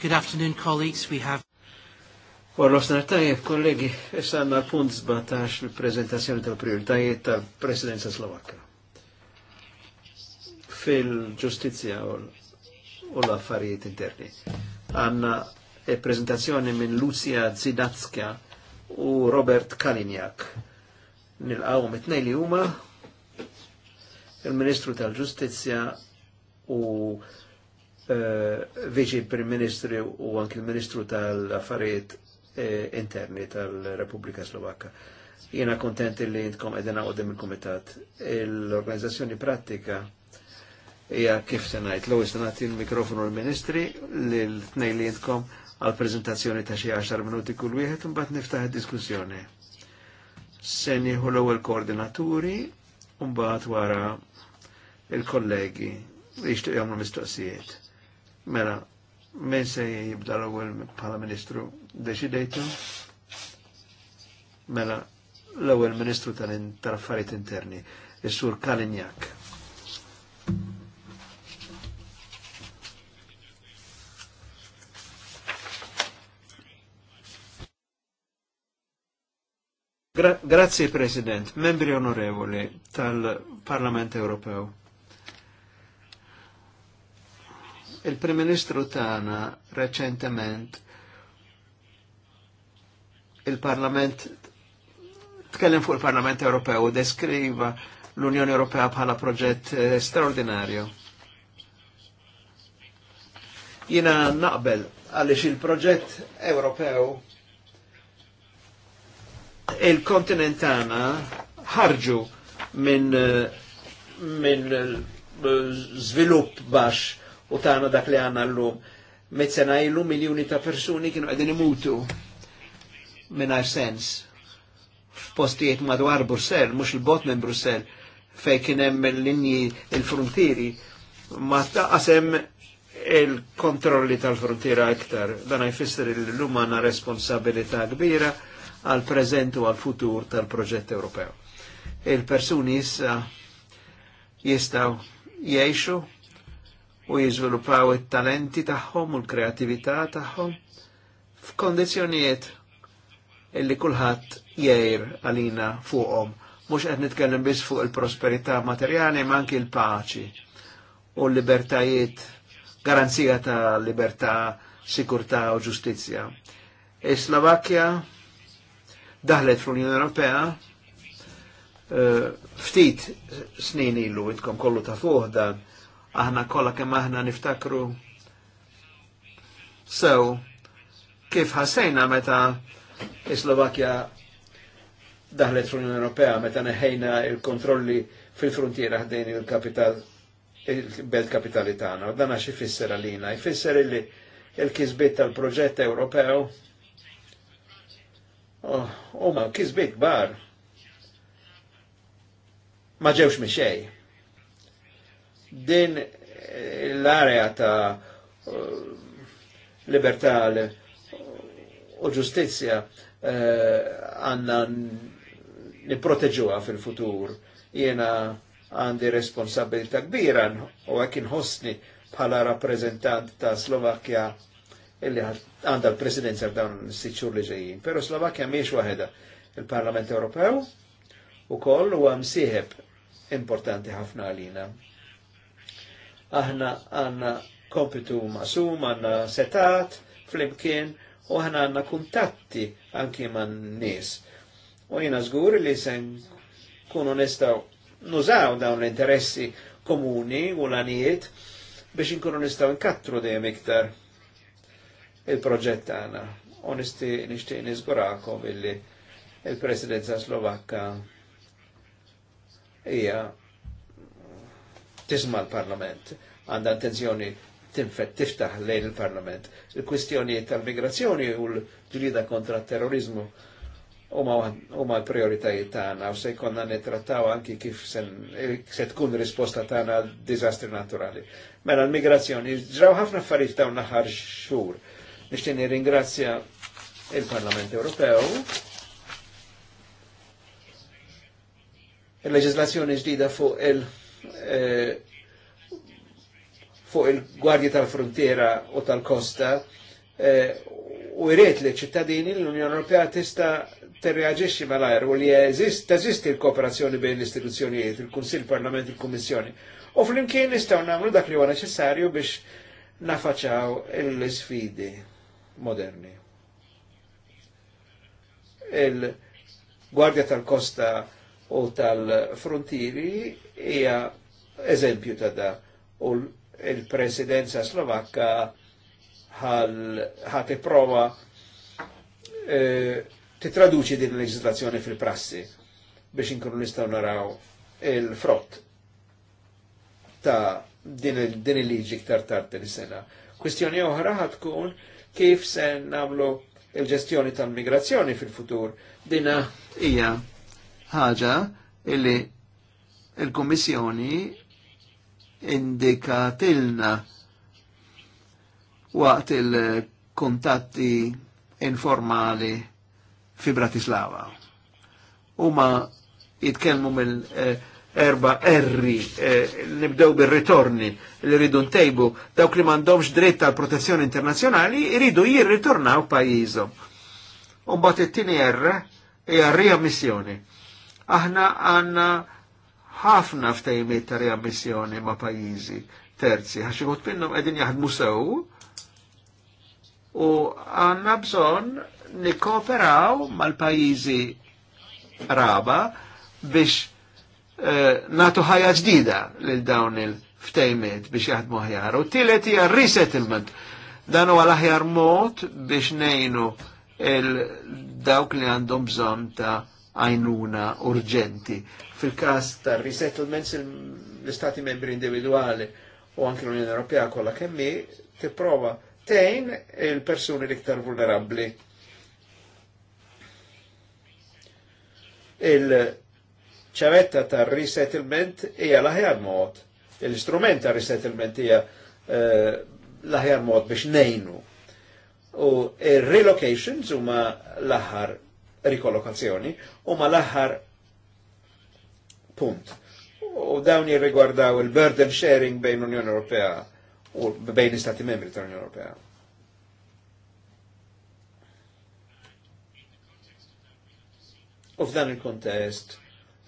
good afternoon, colleagues. We have Warros nartajef, kollegi, issa għanna punt 17 l-prezentazzjoni tal-prioritajiet tal-presidenza slovakka. Fil-ġustizja u l-affarijiet interni. Għanna e prezentazzjoni minn Lucia Zidatska u Robert Kalinjak Nilqaw it li huma il-Ministru tal-Ġustizzja u eh, Viċi Prim Ministri u anki il-Ministru tal-Affarijiet eh, Interni tal-Repubblika Slovakka. Jiena kontent li jintkom edena għodim il-Komitat. L-organizzazzjoni pratika hija kif se ngħid l se nagħti l-mikrofonu l-Ministri lil tnej li jintkom għal prezentazzjoni ta' xi 10 minuti kull wieħed imbagħad niftaħ id-diskussjoni se nieħu l-ewwel koordinaturi u mbagħad wara il-kollegi li jixtieq jagħmlu mistoqsijiet. Mela, min se jibda l-ewwel bħala Ministru deċidejtu? Mela, l-ewwel Ministru tal-Affarijiet Interni, is-Sur Kalinjak. Gra Grazie President, membri onorevoli tal Parlamento Europeo. il Primo Ministro tana recentemente il Parlamento tkellem fuq il-Parlament Ewropew deskriva l-Unjoni Ewropea bħala proġett straordinarju. Jina naqbel għaliex il-proġett Ewropew il-kontinentana ħarġu minn eh, min eh, zvilupp bax u tagħna dak li għandna llum. Mezzena ilu miljuni ta' persuni kienu qegħdin imutu minn sens f'postijiet madwar Brussell, mhux il-bot minn Brussell fej kien hemm l-linji il-frontieri ma taqasem il-kontrolli tal-frontiera iktar. Dan jfisser il-lum għandna responsabilità kbira għal prezent u għal futur tal-proġett Ewropew. Il-persuni jissa jistaw jiexu u jizvilupaw il talenti taħħom u l-kreatività tagħhom f'kondizzjonijiet illi kulħadd jgħir għalina fuqom. Mux għed nitkellem bis fuq il-prosperità materjali ma anki il paċi u l-libertajiet, garanzija ta' libertà, sikurta' u ġustizja. Is-Slovakkja e daħlet fl-Unjoni Ewropea eh, ftit snin ilu idkom kollu ta' fuq dan aħna kollha kemm aħna niftakru sew kif ħassejna meta Slovakja daħlet fl-Unjoni Ewropea meta neħejna il-kontrolli fil-frontiera ħdejn il-kapital il-belt kapitali tagħna. Dan għax ifisser għalina, ifisser illi il-kisbiet tal-proġett Ewropew oh ma kizbit bar ma ġewx mixej. Din eh, l-area ta' eh, libertà u ġustizja eh, għanna niproteġuha fil-futur. Jena għandi responsabilità kbira u għakin inħossni bħala rappresentant ta' Slovakkja illi għanda l-presidenza f'dawn s-sitxur li ġejjin. Pero Slovakja miex waħeda il-Parlament Ewropew u koll u għam siħeb importanti ħafna għalina. Aħna għanna kompitu masum, għanna setat, flimkien, u aħna għanna kuntatti anki man nis. U jina zgur li sen kun nistaw nużaw dawn l-interessi komuni u l-anijiet biex nkunu nistaw nkattru dejjem iktar il-proġett għana. Onesti nishtiq nizgurakom illi il-Presidenza Slovakka hija tisma l-Parlament, għanda intenzjoni tinfet tiftaħ lejn il-Parlament. Il-kwistjoni tal-migrazzjoni u l-ġlida kontra terrorizmu u ma l-prioritajiet tagħna u se jkollna nittrattaw anki kif se tkun risposta tagħna għal diżastri naturali. Mela l-migrazzjoni ġraw ħafna affarijiet dawn naħar xhur Nixtieni ringrazzja il-Parlament Ewropew. Il-leġislazzjoni ġdida fuq il- eh, fuq il-Gwardji tal-Frontiera u tal-Kosta eh, u jriet li ċittadini l-Unjoni Ewropea tista' terreagġiexi mal-ajr u li teżisti il kooperazzjoni bejn l-istituzzjonijiet, il-Kunsil, il-Parlament, il kommissjoni U fl-imkien nistaw namlu dak li huwa neċessarju biex nafaċaw l-sfidi moderni. Il-Gwardja tal-Kosta u tal frontiri hija eżempju ta' da u il-presidenza slovakka ħat prova e, titraduċi din l legislazzjoni fil-prassi biex inkunu nistaw naraw il-frott ta' din il-liġi ktar tard din is-sena. Kwistjoni oħra ħatkun tkun kif se namlu il-ġestjoni tal-migrazzjoni fil-futur. Dina hija ħaġa illi il kommissjoni indikatilna waqt il-kontatti informali fi Bratislava. Huma jitkellmu mill- eh, erba erri, eh, nibdew bil-ritorni li rridu ntejbu dawk li mandomx dritta għal protezzjoni internazjonali rridu jirritornaw pajizom. Umbat it-tini erra hija riammissjoni. Aħna għanna ħafna ftejmiet ta' riammissjoni ma' pajizi terzi, għaxi ikut minnhom għedin jaħdmu sew u għanna bżon nikkooperaw mal-pajizi raba biex Eh, natu ħajja ġdida lil dawn il-ftejmiet biex jaħdmu ħjar. U tielet hija resettlement. Dan huwa l-aħjar mod biex nejnu dawk li għandhom bżonn ta' għajnuna urġenti. Fil-kas ta' resettlements l-istati membri individuali u anke l-Unjoni Ewropea kollha kemm hi tipprova tgħin il-persuni l-iktar vulnerabbli ċavetta ta' resettlement hija l-aħjar mod. L-istrument ta' resettlement hija eh, l-aħjar mod biex nejnu. U relocations huma l-aħħar rikolokazzjoni huma l-aħħar punt. U dawn jirrigwardaw il-burden sharing bejn l-Unjoni Ewropea u bejn istati membri tal-Unjoni Ewropea. U f'dan il-kontest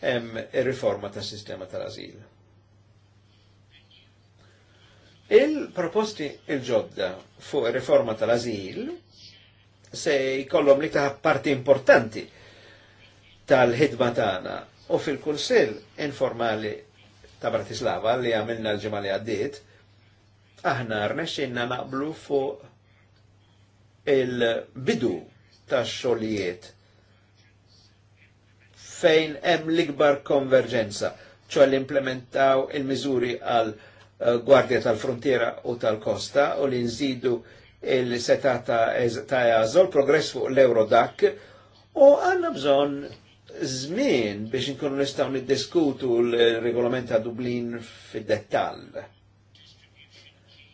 hemm ir-riforma tas sistema tal-azil. Il-proposti il-ġodda fuq ir-riforma tal-azil se jkollhom li taħ parti importanti tal-ħidma tagħna u fil-kunsill informali ta' Bratislava li għamilna l-ġimgħa li għaddiet, aħna rnexxinna naqblu fuq il-bidu tax xogħlijiet fejn hemm l-ikbar konverġenza, ċo l-implementaw il mizuri għal eh, Gwardja tal-Frontiera u tal-Kosta u li nżidu il-setata ta' jazol, progress fuq l-Eurodac u għanna bżon zmin biex nkunu nistgħu niddiskutu l-regolament ta' Dublin fid-dettall.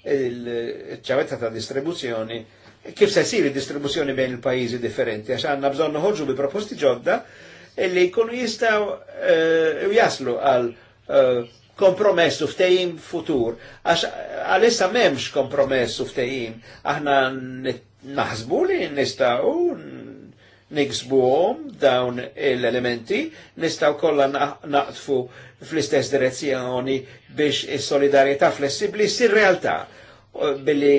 Il-ċavetta ta' distribuzzjoni kif se jsir id-distribuzzjoni bejn il pajizi differenti għax għandna bżonn noħorġu bi proposti ġodda illi kunu jistaw uh, jaslu għal uh, kompromess u ftejim futur. għalissa memx kompromessu ftejim, aħna naħsbu li nistaw niksbuhom dawn l-elementi, nistaw kollha naqtfu fl-istess direzzjoni biex is solidarieta flessibbli sir realtà billi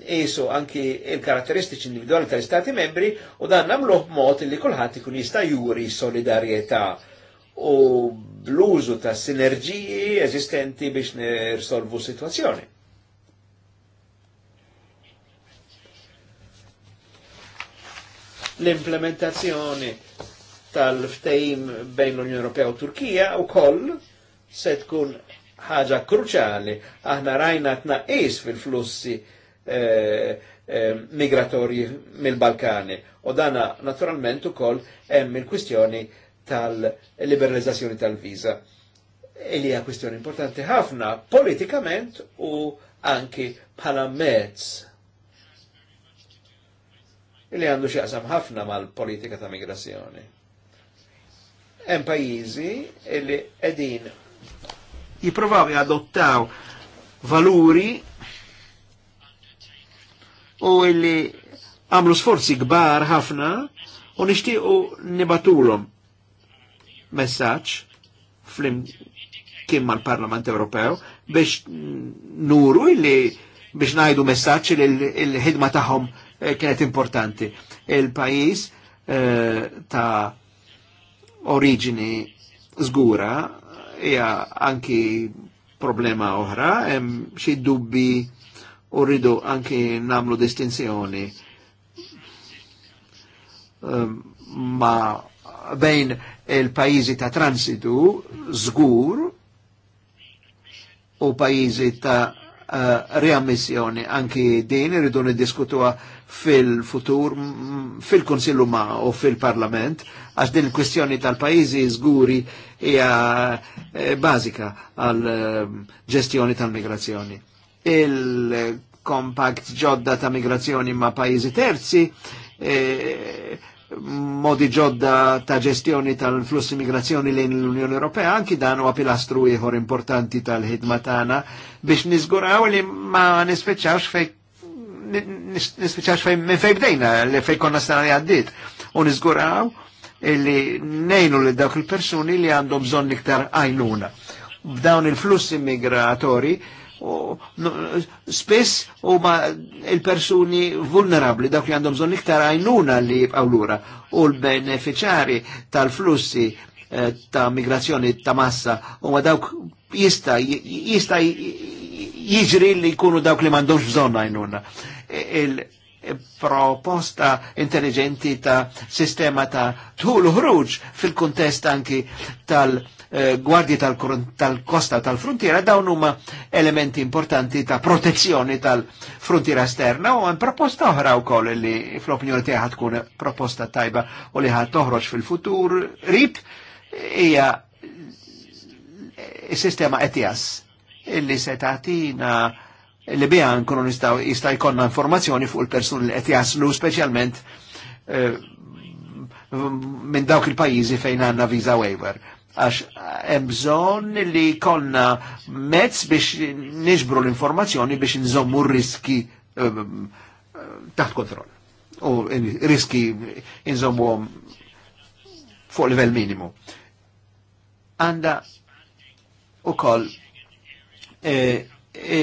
nqisu anki il karakteristiċi individuali tal-Istati membri u dan nagħmluh b'mod li kullħat ikun jista' juri solidarjetà u bluzu ta' sinerġiji eżistenti biex nirsolvu situazzjoni. L-implementazzjoni tal ftejm bejn l-Unjoni Ewropea u Turkija u koll se tkun ħaġa kruċali. Aħna rajna tnaqis fil-flussi Eh, eh, migratorji mill-Balkani. U dana naturalment ukoll hemm il-kwistjoni tal-liberalizzazzjoni tal-viża. E Ilija kwistjoni importanti ħafna politikament u anki bħala mezz. Ili e għandu xaqsam ħafna mal-politika ta' migrazzjoni. Hemm pajjiżi li qegħdin jippruvaw jadottaw valuri u illi għamlu sforzi gbar ħafna u nishtiqu nibatulom messaċ flim kien mal-Parlament Ewropew biex nuru illi biex najdu messaċ li l-ħidma taħom eh, kienet importanti. Il-pajis eh, ta' oriġini zgura hija anki problema oħra, hemm xi dubbi u rridu anki namlu distinzjoni ehm, ma bejn il-pajizi ta' transitu zgur u pajizi ta' uh, riammissjoni anki din irridu diskutua fil-futur fil-Konsillu ma' u fil-Parlament għax din il-kwestjoni tal-pajizi zguri hija e, bażika għal ehm, ġestjoni tal-migrazzjoni il-kompakt ġodda ta' migrazzjoni ma' pajizi terzi, e, modi ġodda ta' ġestjoni tal-flussi migrazzjoni lejn l-Unjoni Ewropea, anki dan huwa pilastru ieħor importanti tal-ħidma tagħna biex niżguraw li ma nispiċċawx fej nispeċax fej minn fej bdejna, li fej konna stana li għaddit. U nizguraw li nejnu li dawk il-persuni li għandhom bżonn iktar għajnuna. B'dawn il-flussi migratori spess u ma il-persuni vulnerabli dak li għandhom bżonn iktar għajnuna li jibqaw lura u l-beneficjari tal-flussi eh, ta' migrazzjoni ta' massa u ma dawk jista jista jiġri li jkunu dawk li m'għandhomx bżonn għajnuna. proposta intelligenti ta' sistema ta' tħul ħruġ fil kontest anki tal- Eh, gwardji tal-kosta tal-frontiera dawn huma elementi importanti ta' protezzjoni tal-frontiera esterna u għan proposta oħra wkoll li fl-opinjoni tiegħek tkun proposta tajba u li ħad toħroġ fil-futur rib hija sistema ETIAS illi se tagħtina li bija nkunu nistaw jista' jkollna informazzjoni fuq il-persuni li qed jaslu speċjalment eh, minn dawk il-pajjiżi fejn għandna visa waiver għax eh, emżon li konna mezz biex nġbru l-informazzjoni biex nżommu riski eh, taħt kontroll. U riski nżommu fuq livell minimu. Għanda u koll e, e,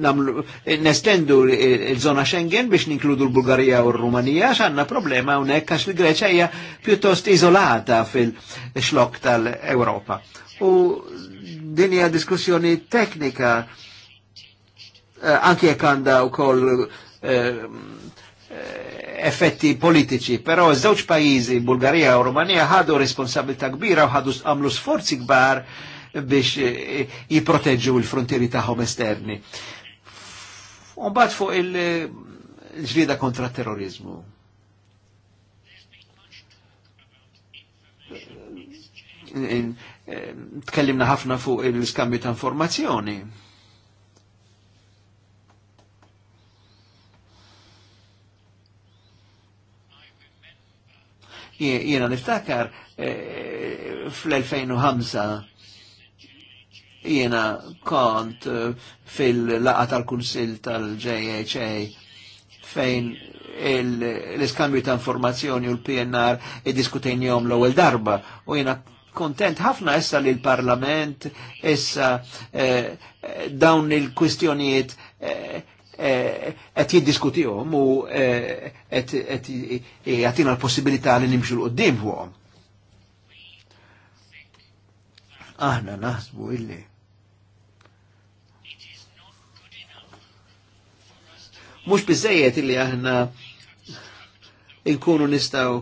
namlu, nestendu il-zona Schengen biex ninkludu l-Bulgarija u l-Rumanija, xanna problema unek għax il-Greċa hija pjuttost izolata fil-xlok tal-Europa. U din hija diskussjoni teknika eh, anki jekk u wkoll eh, eh, effetti politiċi, però żewġ pajjiżi, Bulgarija u Rumanija, ħadu responsabilità kbira u ħadu għamlu sforzi kbar biex eh, eh, jiproteġu l-frontieri tagħhom esterni. Umbagħad fuq eh, il-ġlieda kontra terrorizmu. Tkellimna ħafna fuq il-skambju ta' informazzjoni. Jiena niftakar fl-2005 Jiena kont eh, fil-laqa tal-Kunsil tal-JHA fejn l-iskambju ta' informazzjoni u l-PNR id-diskutejn jom l-ewwel darba u jiena kontent ħafna issa li l-Parlament issa eh, dawn il-kwistjonijiet eh, eh qed jiddiskutihom u eh, qed jagħtina l-possibilità li nimxu l qoddim fuqhom. Aħna naħsbu illi mux bizzejiet illi aħna nkunu nistaw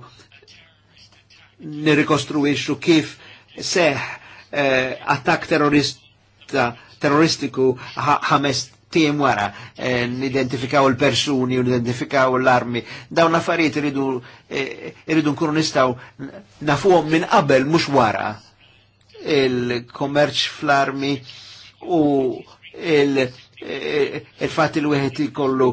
nirrikostruixxu kif seħ eh, attak terrorista terroristiku ħames tiem wara eh, nidentifikaw il-persuni u nidentifikaw l-armi dawn affarijiet iridu eh, iridu nkunu nistaw nafuhom minn qabel mhux wara il-kommerċ fl-armi u il- il-fat il-wieħed jkollu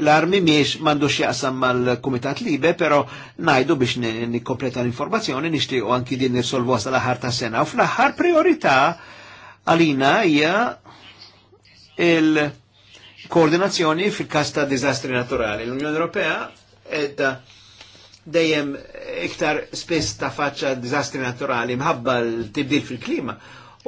l-armi miex mandu jaqsam mal-Kumitat Libe, pero najdu biex nikompleta l-informazzjoni nishti u anki din nirsolvu għasal ħar ta' sena. U fl ħar priorita għalina hija il-koordinazzjoni fil-kas ta' dizastri naturali. L-Unjoni Ewropea edda dejjem iktar spess ta' faċċa dizastri naturali mħabba l-tibdil fil-klima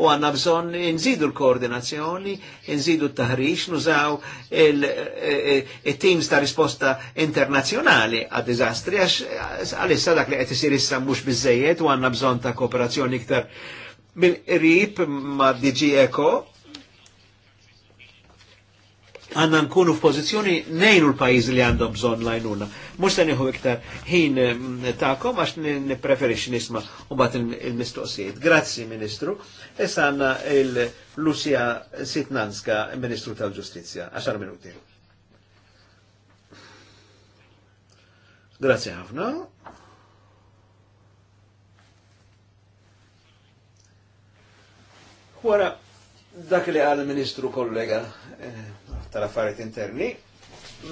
u għanna bżon nżidu l-koordinazzjoni, nżidu t-taħriċ, nużaw il-teams eh, eh, ta' risposta internazjonali għad dizastri għax eh, għalissa dak li għet isir issa mux bizzejiet u għanna bżon ta' kooperazzjoni iktar mill-rib ma' DG Eco għanna nkunu f-pozizjoni nejnu l pajiz li għandhom bżon lajnuna. Mux ta' nieħu iktar ħin mm, ta'kom għax nipreferix nisma u bat il-mistoqsijiet. Grazzi, Ministru. Issa għanna il-Lucia Sitnanska, Ministru tal-Ġustizja. 10 minuti. Grazzi ħafna. Wara dak li għal-Ministru kollega, eh, tal-affarijiet interni.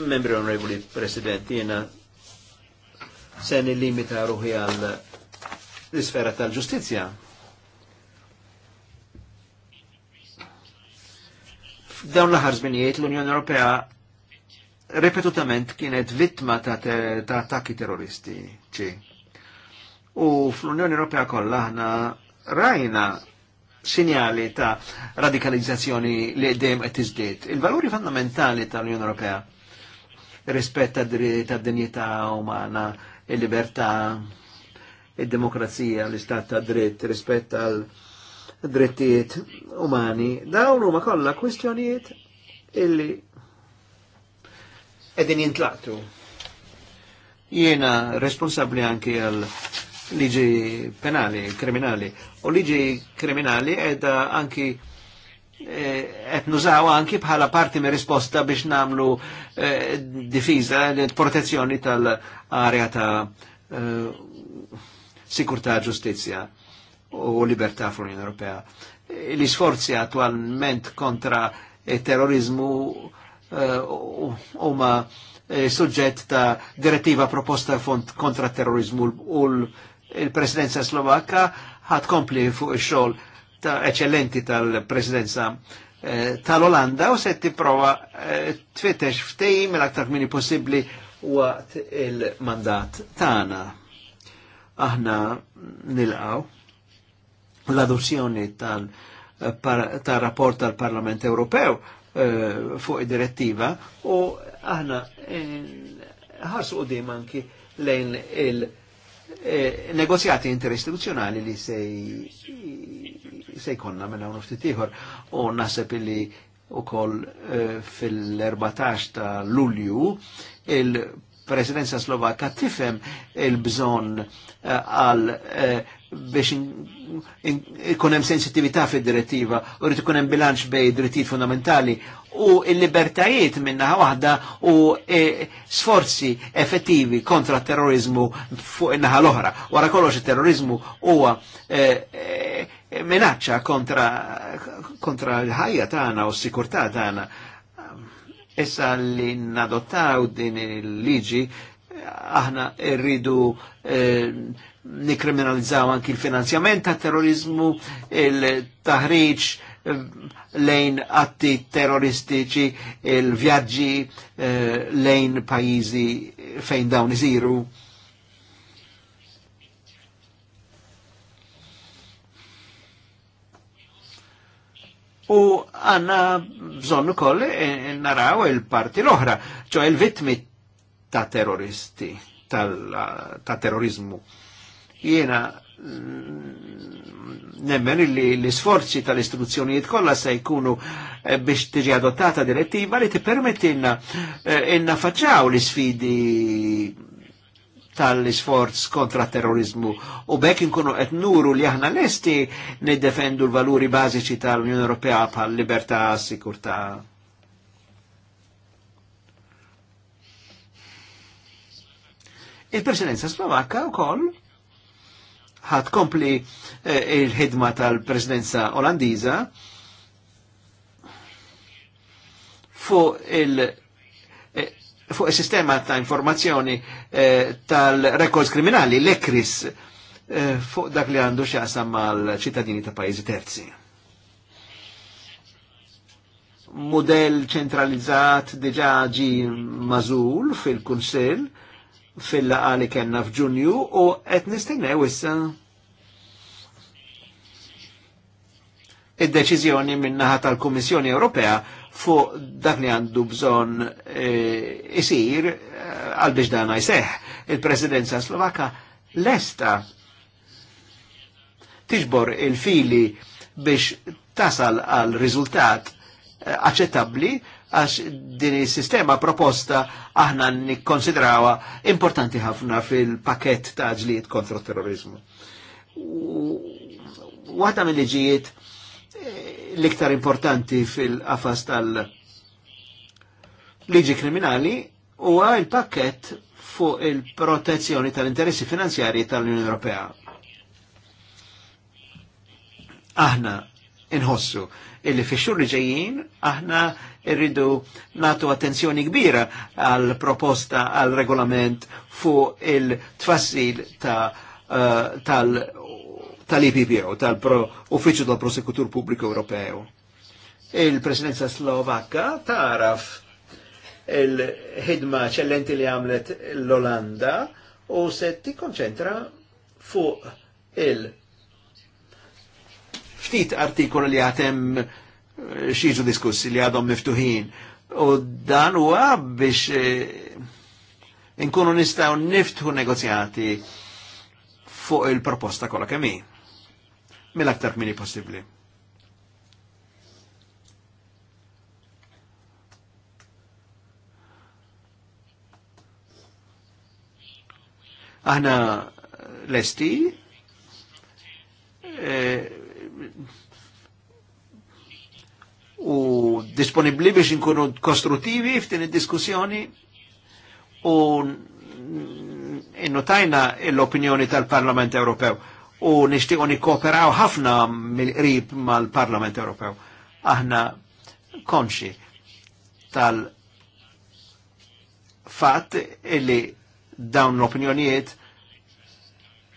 Membri onorevoli presidenti, jena sen il-limita ruħi għal l-isfera tal-ġustizja. Dawn l-ħar żminijiet l-Unjoni Ewropea ripetutament kienet vittma ta' te, ta attakki terroristi U fl-Unjoni Ewropea kollha aħna rajna sinjali ta' radikalizzazzjoni li dejjem qed tiżdied. Il-valuri fondamentali tal-Unjoni Ewropea rispett ta' dinjità umana, il-libertà, il demokrazija l-istat ta' dritt, rispett għal drittijiet umani, dawn ma kollha kwistjonijiet illi qegħdin jintlaqtu. Jena responsabli anki għal liġi penali, kriminali. U liġi kriminali edha anki eh, et nużaw anki bħala parti me risposta biex namlu eh, difiza, eh, protezzjoni tal-area ta' sikurta ġustizja u libertà fl-Unjoni Ewropea. L-isforzi attualment kontra terrorizmu huma eh, suġġett ta' direttiva proposta kontra terrorizmu u l- il-presidenza slovakka ħat kompli fuq il-xol ta' eccellenti tal-presidenza eh, tal-Olanda u se tipprova eh, tfittex ftejim l-aktar mini possibli waqt il-mandat tagħna. Aħna nilqaw l-adozzjoni tal-rapport tal-Parlament Ewropew eh, fuq id-direttiva u aħna ħarsu u anki lejn il- eh, negozjati interistituzjonali li sej sej konna minna mela un uftitiħor u naħseb illi u eh, fil-14 ta' Lulju il-Presidenza Slovakka tifem il bżon eh, għal eh, biex ikun hemm sensitività fid-direttiva u rrid ikun hemm bilanċ bej drittijiet fundamentali u l-libertajiet minnaħa waħda u e, sforzi effettivi kontra terrorizmu fuq in-naħa l-oħra. Wara kollox terrorizmu huwa e, e, minaccia kontra, kontra l-ħajja tagħna u s-sikurtà tagħna. Issa li nadottaw din il-liġi aħna rridu eh, nikriminalizzaw anki l-finanzjament ta' terrorizmu, il-taħriġ eh, lejn atti terroristiċi, il-vjaġġi eh, lejn pajizi fejn dawn iżiru. U għanna bżonnu koll naraw il-parti l-oħra, ċo il-vitmi ta' terroristi, ta' terrorizmu. Jena mm, nemmen li l-isforzi tal-istituzzjonijiet kollha se jkunu eh, biex tiġi adottata direttiva li tippermettilna eh, inna faċċaw l-isfidi tal-isforz kontra terrorizmu u bekk inkunu qed nuru li aħna lesti niddefendu l-valuri bażiċi tal-Unjoni Ewropea bħal libertà, sikurtà Il-presidenza slovakka wkoll ħat kompli eh, il-ħidma tal-presidenza Olandiza fuq il- eh, fuq il-sistema ta' informazzjoni eh, tal-rekords kriminali, l-ekris, eh, fuq dak li għandu xaqsam mal-ċittadini ta' pajizi terzi. Modell ċentralizzat diġa ġi mażul fil-Kunsel, fil-laqa li kena f'Ġunju u qed nistennew issa id-deċiżjoni minnaħa tal-Kummissjoni Ewropea fuq dak li għandu bżon e, isir e, għal biex dan jseħ. Il-presidenza slovaka lesta tiġbor il-fili biex tasal għal riżultat e, aċċettabbli għax din is-sistema proposta aħna nikkonsidrawa importanti ħafna fil-pakett ta' ġlijiet kontra terrorizmu. Waħda mill-liġijiet eh, l-iktar importanti fil-qafas tal-liġi kriminali huwa il-pakket fuq il-protezzjoni tal-interessi finanzjarji tal-Unjoni Ewropea. Aħna inħossu illi fi xur li ġejjin aħna irridu natu attenzjoni kbira għal proposta għal regolament fuq il-tfassil ta' uh, tal tal-IPPO, tal-Uffiċċju tal-Prosekutur Pubbliku Ewropew. Il-Presidenza Slovakka taraf il-ħidma ċellenti li għamlet l-Olanda u se konċentra fuq il- ftit artikolu li għatem eh, xieġu diskussi li għadhom miftuħin. U dan huwa biex inkunu eh, nistaw niftħu negozjati fuq il-proposta kolla kemmi. Mill-aktar kmini possibli. Aħna lesti, e, u disponibli biex inkunu kostruttivi f'din id-diskussjoni u innotajna l-opinjoni tal-Parlament Ewropew u nishtiqo nikkooperaw ħafna mill-qrib mal-Parlament Ewropew. Aħna konxi tal-fat illi dawn l-opinjonijiet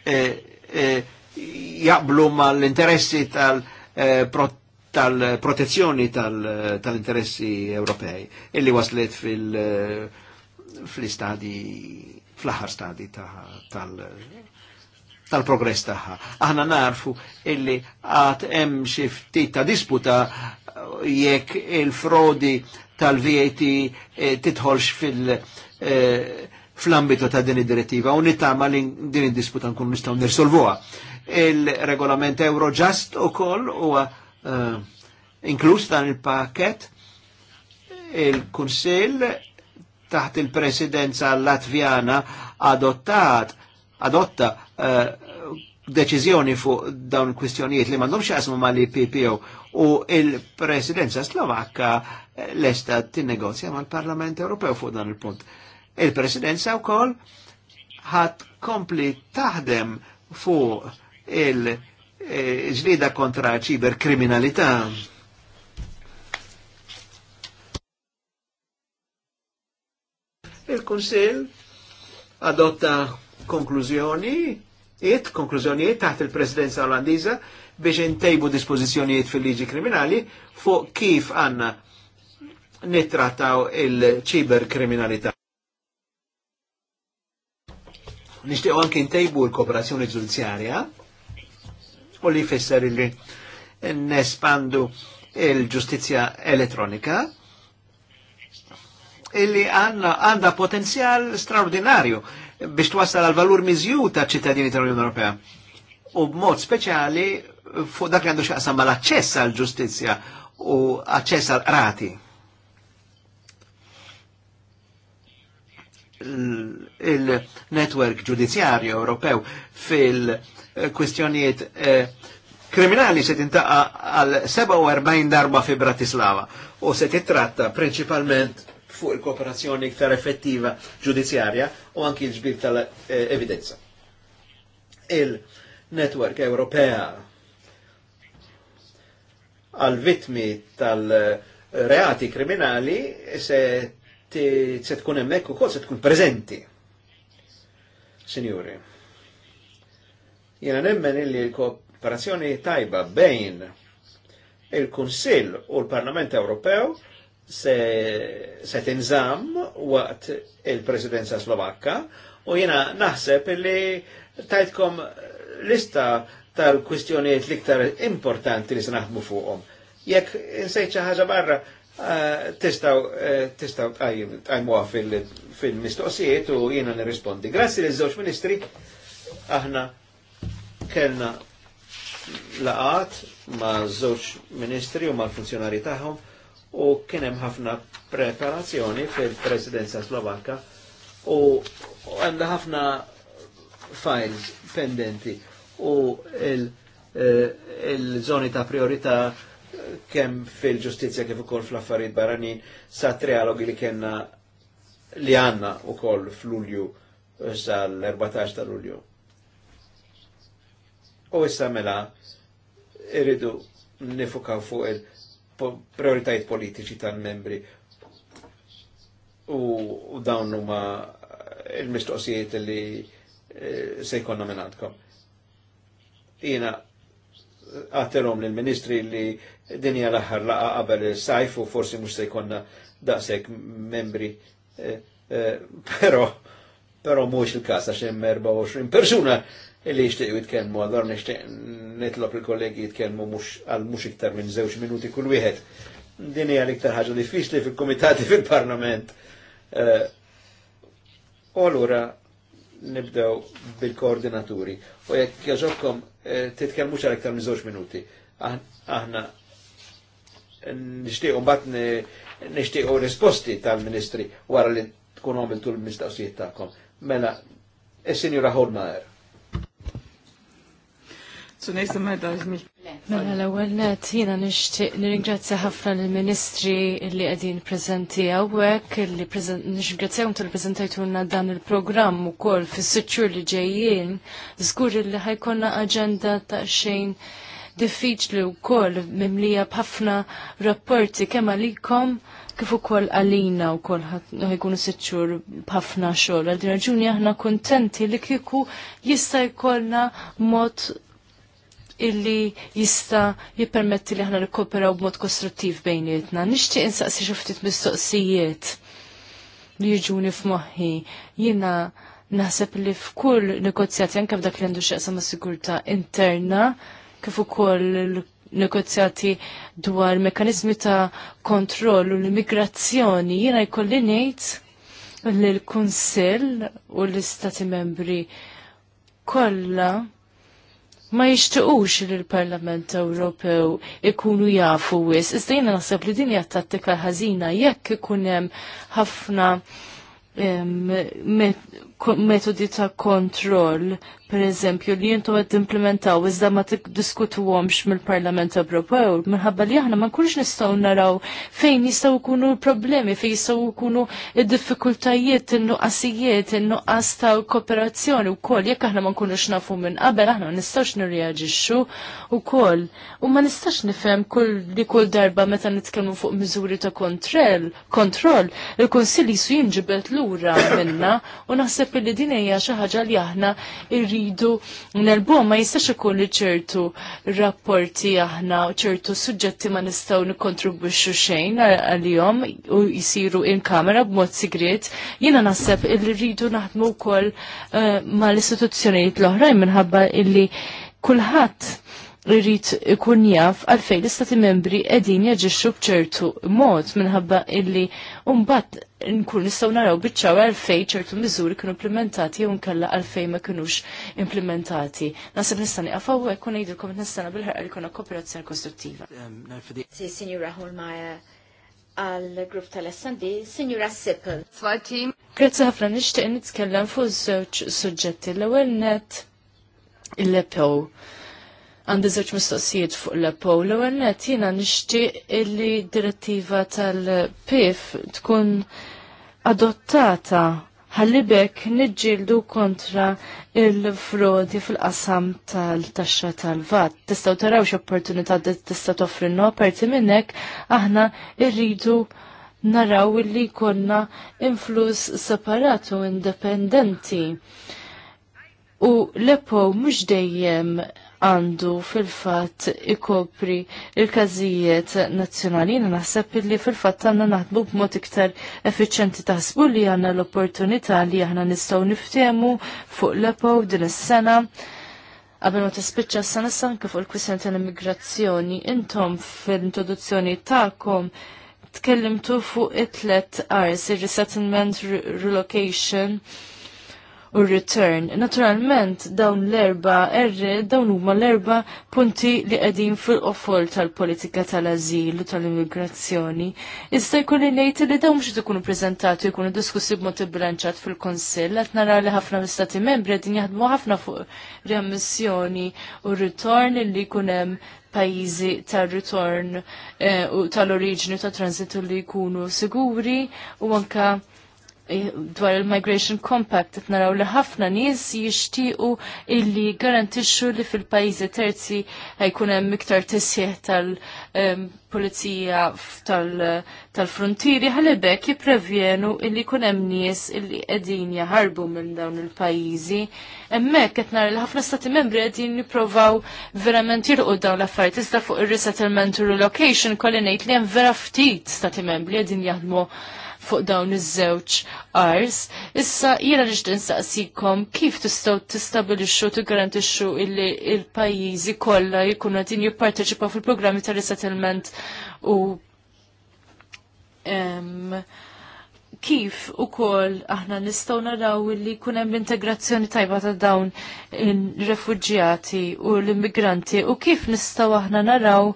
eh, eh, jaqblu mal-interessi tal-protezzjoni eh, eh, tal-interessi Ewropej, illi waslet fil-istadi, eh, fl-aħħar stadi tal-progress taħħa. Aħna narfu illi għat hemm xi ftit ta' disputa jekk il-frodi tal-VAT titħolx fil- fl-ambitu ta' din id-direttiva u nittama li din id-disputa nkun nistaw nirsolvuha il-regolament Eurojust u koll u eh, inkluż dan il-paket il-Kunsil taħt il-presidenza latvjana adottat adotta uh, deċiżjoni fuq dawn il-kwistjonijiet li mandom xasmu ma li PPO u il-presidenza slovakka eh, lesta tinnegozja mal-Parlament Ewropew fuq dan il-punt. Il-presidenza koll ħat kompli taħdem fuq il-ġlida e, kontra ċiberkriminalità. Il-Kunsil adotta konklużjoni, it konklużjonijiet taħt il-Presidenza Olandiża biex intejbu dispożizzjonijiet fil-liġi kriminali fuq kif għanna nittrattaw il-ċiberkriminalità. Nishtiqo anki intejbu l-kooperazzjoni ġudizzjarja u li jfisser li nespandu il-ġustizja elettronika illi għanda potenzjal straordinarju biex twassal għal valur mizju ta' ċittadini tal-Unjoni Ewropea. U b'mod speċjali fuq dak li għandu xaqsam għal aċċess għal ġustizja u aċċess għal rati. il-network ġudizzjarju Ewropew fil-kwistjonijiet eh, kriminali se tintaqa għal 47 darba fi Bratislava u se titratta principalment fuq il-kooperazzjoni iktar effettiva ġudizzjarja u anki l-ġbir tal-evidenza. Il-network Ewropea għal vitmi tal- reati kriminali se se tkun hemmhekk ukoll se tkun preżenti. Sinjuri. Jiena nemmen illi l-kooperazzjoni tajba bejn il-Kunsill u l-Parlament Ewropew se, se tinżam waqt il-Presidenza Slovakka u jiena naħseb illi tajtkom lista tal-kwistjonijiet liktar importanti li se naħdmu fuqhom jekk insejt xi ħaġa barra Eh, tistaw eh, tistaw tajmuha fil-mistoqsijiet u jiena nirrispondi. Grazzi li żewġ ministri aħna kellna laqat ma' żewġ ministri u mal-funzjonari tagħhom u kien hemm ħafna preparazzjoni fil-Presidenza Slovakka u għanda ħafna files pendenti u eh, il-żoni ta' priorità kemm fil-ġustizja kif ukoll fl-affarijiet barranin sa trialogi li kena li għanna ukoll fl-Ulju eh, l 14 ta' Lulju. U issa mela irridu nifukaw fuq il prioritajt politiċi tal-membri u dawn huma il-mistoqsijiet li eh, se jkollna minn għandkom. Jiena għatterom l-ministri li dinja l-aħħar laqa qabel sajf u forsi mhux se jkollna daqshekk membri. pero eh, eh, pero mhux il kasa għax 24 persuna illi jixtiequ jitkellmu, allora nixtieq nitlob il-kollegi jitkellmu mhux għal mux iktar minn żewġ minuti kull wieħed. Dinja l-iktar ħaġa diffiċli fil komitati fil-Parlament. U eh, allura nibdew bil-koordinaturi. U jekk jaġobkom titkellmux għal iktar minn żewġ minuti ah, aħna nishtiqu mbagħad nishtiqu risposti tal-Ministri wara li tkun għamil tul mistaqsijiet tagħkom. Mela, il sinjura Holmaer. Mela l-ewwel net jiena nixtieq nirringrazzja ħafna lill-Ministri li qegħdin preżenti hawnhekk li nixgrazzjahom tal-preżentajtulna dan il-programm ukoll fis-sitt li ġejjin. Żgur li ħajkonna aġenda ta' xejn diffiċli wkoll mimlija b'ħafna rapporti kemm għalikom kif ukoll għalina wkoll ħajkunu sitt xhur b'ħafna xogħol. Għal din raġuni aħna kuntenti li kieku jista' jkollna mod illi jista jippermetti li aħna nikkoperaw b'mod kostruttiv bejnietna. Nixtieq insaqsi xi ftit mistoqsijiet li jiġuni f'moħħi. Jiena naħseb li f'kull negozjati anke f'dak li għandu xieqsa ma' sigurtà interna kif ukoll negozjati dwar mekanizmi ta' kontroll u l-immigrazzjoni jiena jkolli ngħid li l-Kunsill u l-Istati Membri kollha ma jixtiqux li l-Parlament Ewropew ikunu jafu wis. Iżda jiena naħseb li din hija tattika ħażina jekk ikun hemm ħafna metodi ta' kontroll, per eżempju, li jintu għed implementaw, iżda ma t-diskutu għomx mill-Parlament Ewropew, minħabba li aħna ma nkunx nistaw naraw fejn jistaw kunu problemi, fejn jistaw kunu il-diffikultajiet, il-nuqqasijiet, il nuqas ta' kooperazzjoni u kol, jek aħna ma nkunux nafu minn qabel, aħna ma nistax nirreagġixxu u kol. U ma nistax nifhem kull li kull darba meta nitkellmu fuq miżuri ta' kontroll, il-Konsilli su jinġibet lura minna u naħseb naħseb li din hija xi ħaġa li aħna rridu nelbuha ma jistax ikun li ċertu rapporti aħna u ċertu suġġetti ma nistgħu nikkontribwixxu xejn għalihom u jsiru in kamera b'mod sigriet. Jiena naħseb li rridu naħdmu wkoll eh, mal-istituzzjonijiet l-oħrajn minħabba illi kulħadd rrit ikun jaf għalfej l-istati membri edin jaġixxu bċertu mod minħabba illi umbat nkun nistgħu naraw biċċaw għalfejn ċertu miżuri kienu implementati u nkella għalfejn ma kinux implementati. Nasib nista' nieqaf hawnhekk u ngħidilkom qed nistenna bil-ħarqa li kuna kooperazzjoni kostruttiva. Um, si, Sinjura Holmaja, għal-grupp tal-SND, Sinjura Sippel. Tfajtim. Grazzi ħafna nixtieq nitkellem fuq żewġ suġġetti. L-ewwel net il-lepo għandi żewġ mistoqsijiet fuq l-Apple. L-ewwel net jiena nixtieq illi direttiva tal-PIF tkun adottata ħallibek nidġildu kontra il-frodi fil-qasam tal-taxxa tal-vat. Tistaw taraw tistaw tista' toffrinna parti minnek aħna rridu naraw illi konna influss separatu indipendenti. U l-epo mux dejjem għandu fil-fat ikopri il-kazijiet nazzjonali naħseb li fil-fat għanna naħdbu b'mod iktar effiċenti taħsbu li għanna l-opportunità li aħna nistgħu niftiemu fuq l epo din is-sena. Qabel ma tispiċċa s-sena sanke fuq il-kwistjoni tal-immigrazzjoni, intom fil-introduzzjoni tagħkom tkellimtu fuq it-tlet Rs, il-resettlement relocation, -re u return. Naturalment dawn l-erba R dawn huma l-erba punti li qegħdin fil-qofol tal-politika tal-azil u tal-immigrazzjoni. Issa jkun ngħid li dawn mhux ikunu preżentati jkunu diskussi b'mod ibbilanċat fil-Kunsill qed nara li ħafna mistati membri qegħdin jaħdmu ħafna fuq riammissjoni u return li jkun hemm pajizi tar ritorn eh, u tal-oriġinu tal transitu li jkunu siguri u anka Eh, dwar il-Migration Compact qed naraw li ħafna nies jixtiequ illi garantixxu li fil-pajjiżi terzi ħajkun hemm iktar tisjeħ tal-pulizija tal-frontieri ħalibek jipprevjenu illi jkun hemm nies illi qegħdin jaħarbu minn dawn il-pajjiżi. Hemmhekk qed nara li ħafna stati membri qegħdin jippruvaw verament jirqu dawn l-affarijiet iżda fuq ir-resettlement u relocation kolli ngħid li hemm vera ftit stati membri qegħdin jaħdmu fuq dawn iż-żewġ ars, Issa jiena nixtieq nistaqsikom kif tistgħu tistabilixxu tiggarantixxu illi il-pajjiżi kollha jkunu qegħdin jipparteċipaw fil-programmi tal-resettlement u kif u aħna nistgħu naraw li kunem l-integrazzjoni tajba ta' dawn ir refuġjati u l-immigranti u kif nistgħu aħna naraw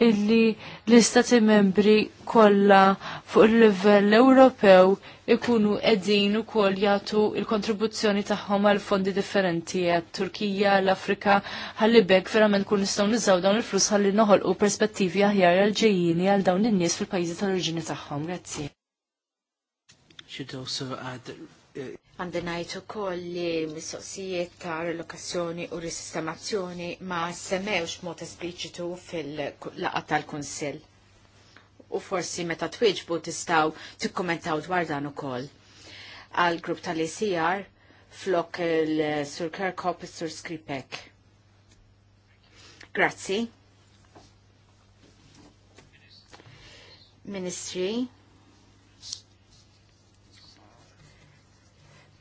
illi l-istati membri kollha fuq il-livell Ewropew ikunu qegħdin ukoll jagħtu il-kontribuzzjoni tagħhom għal fondi differenti għat Turkija, l-Afrika, ħalli bekk verament kun nistgħu niżgħu dawn il-flus ħalli noħolqu perspettivi aħjar għal ġejjini għal dawn in-nies fil-pajjiżi tal-oriġini tagħhom. Grazzi għandinajt u koll li mistoqsijiet ta' relokazzjoni u risistemazzjoni ma' semmewx mod espliċitu fil-laqa tal-Kunsill. U forsi meta twieġbu tistaw tikkommentaw dwar dan ukoll. Għal grupp tal-ECR flok il-Sur Kirkop Sur Skripek. Grazzi. Ministri,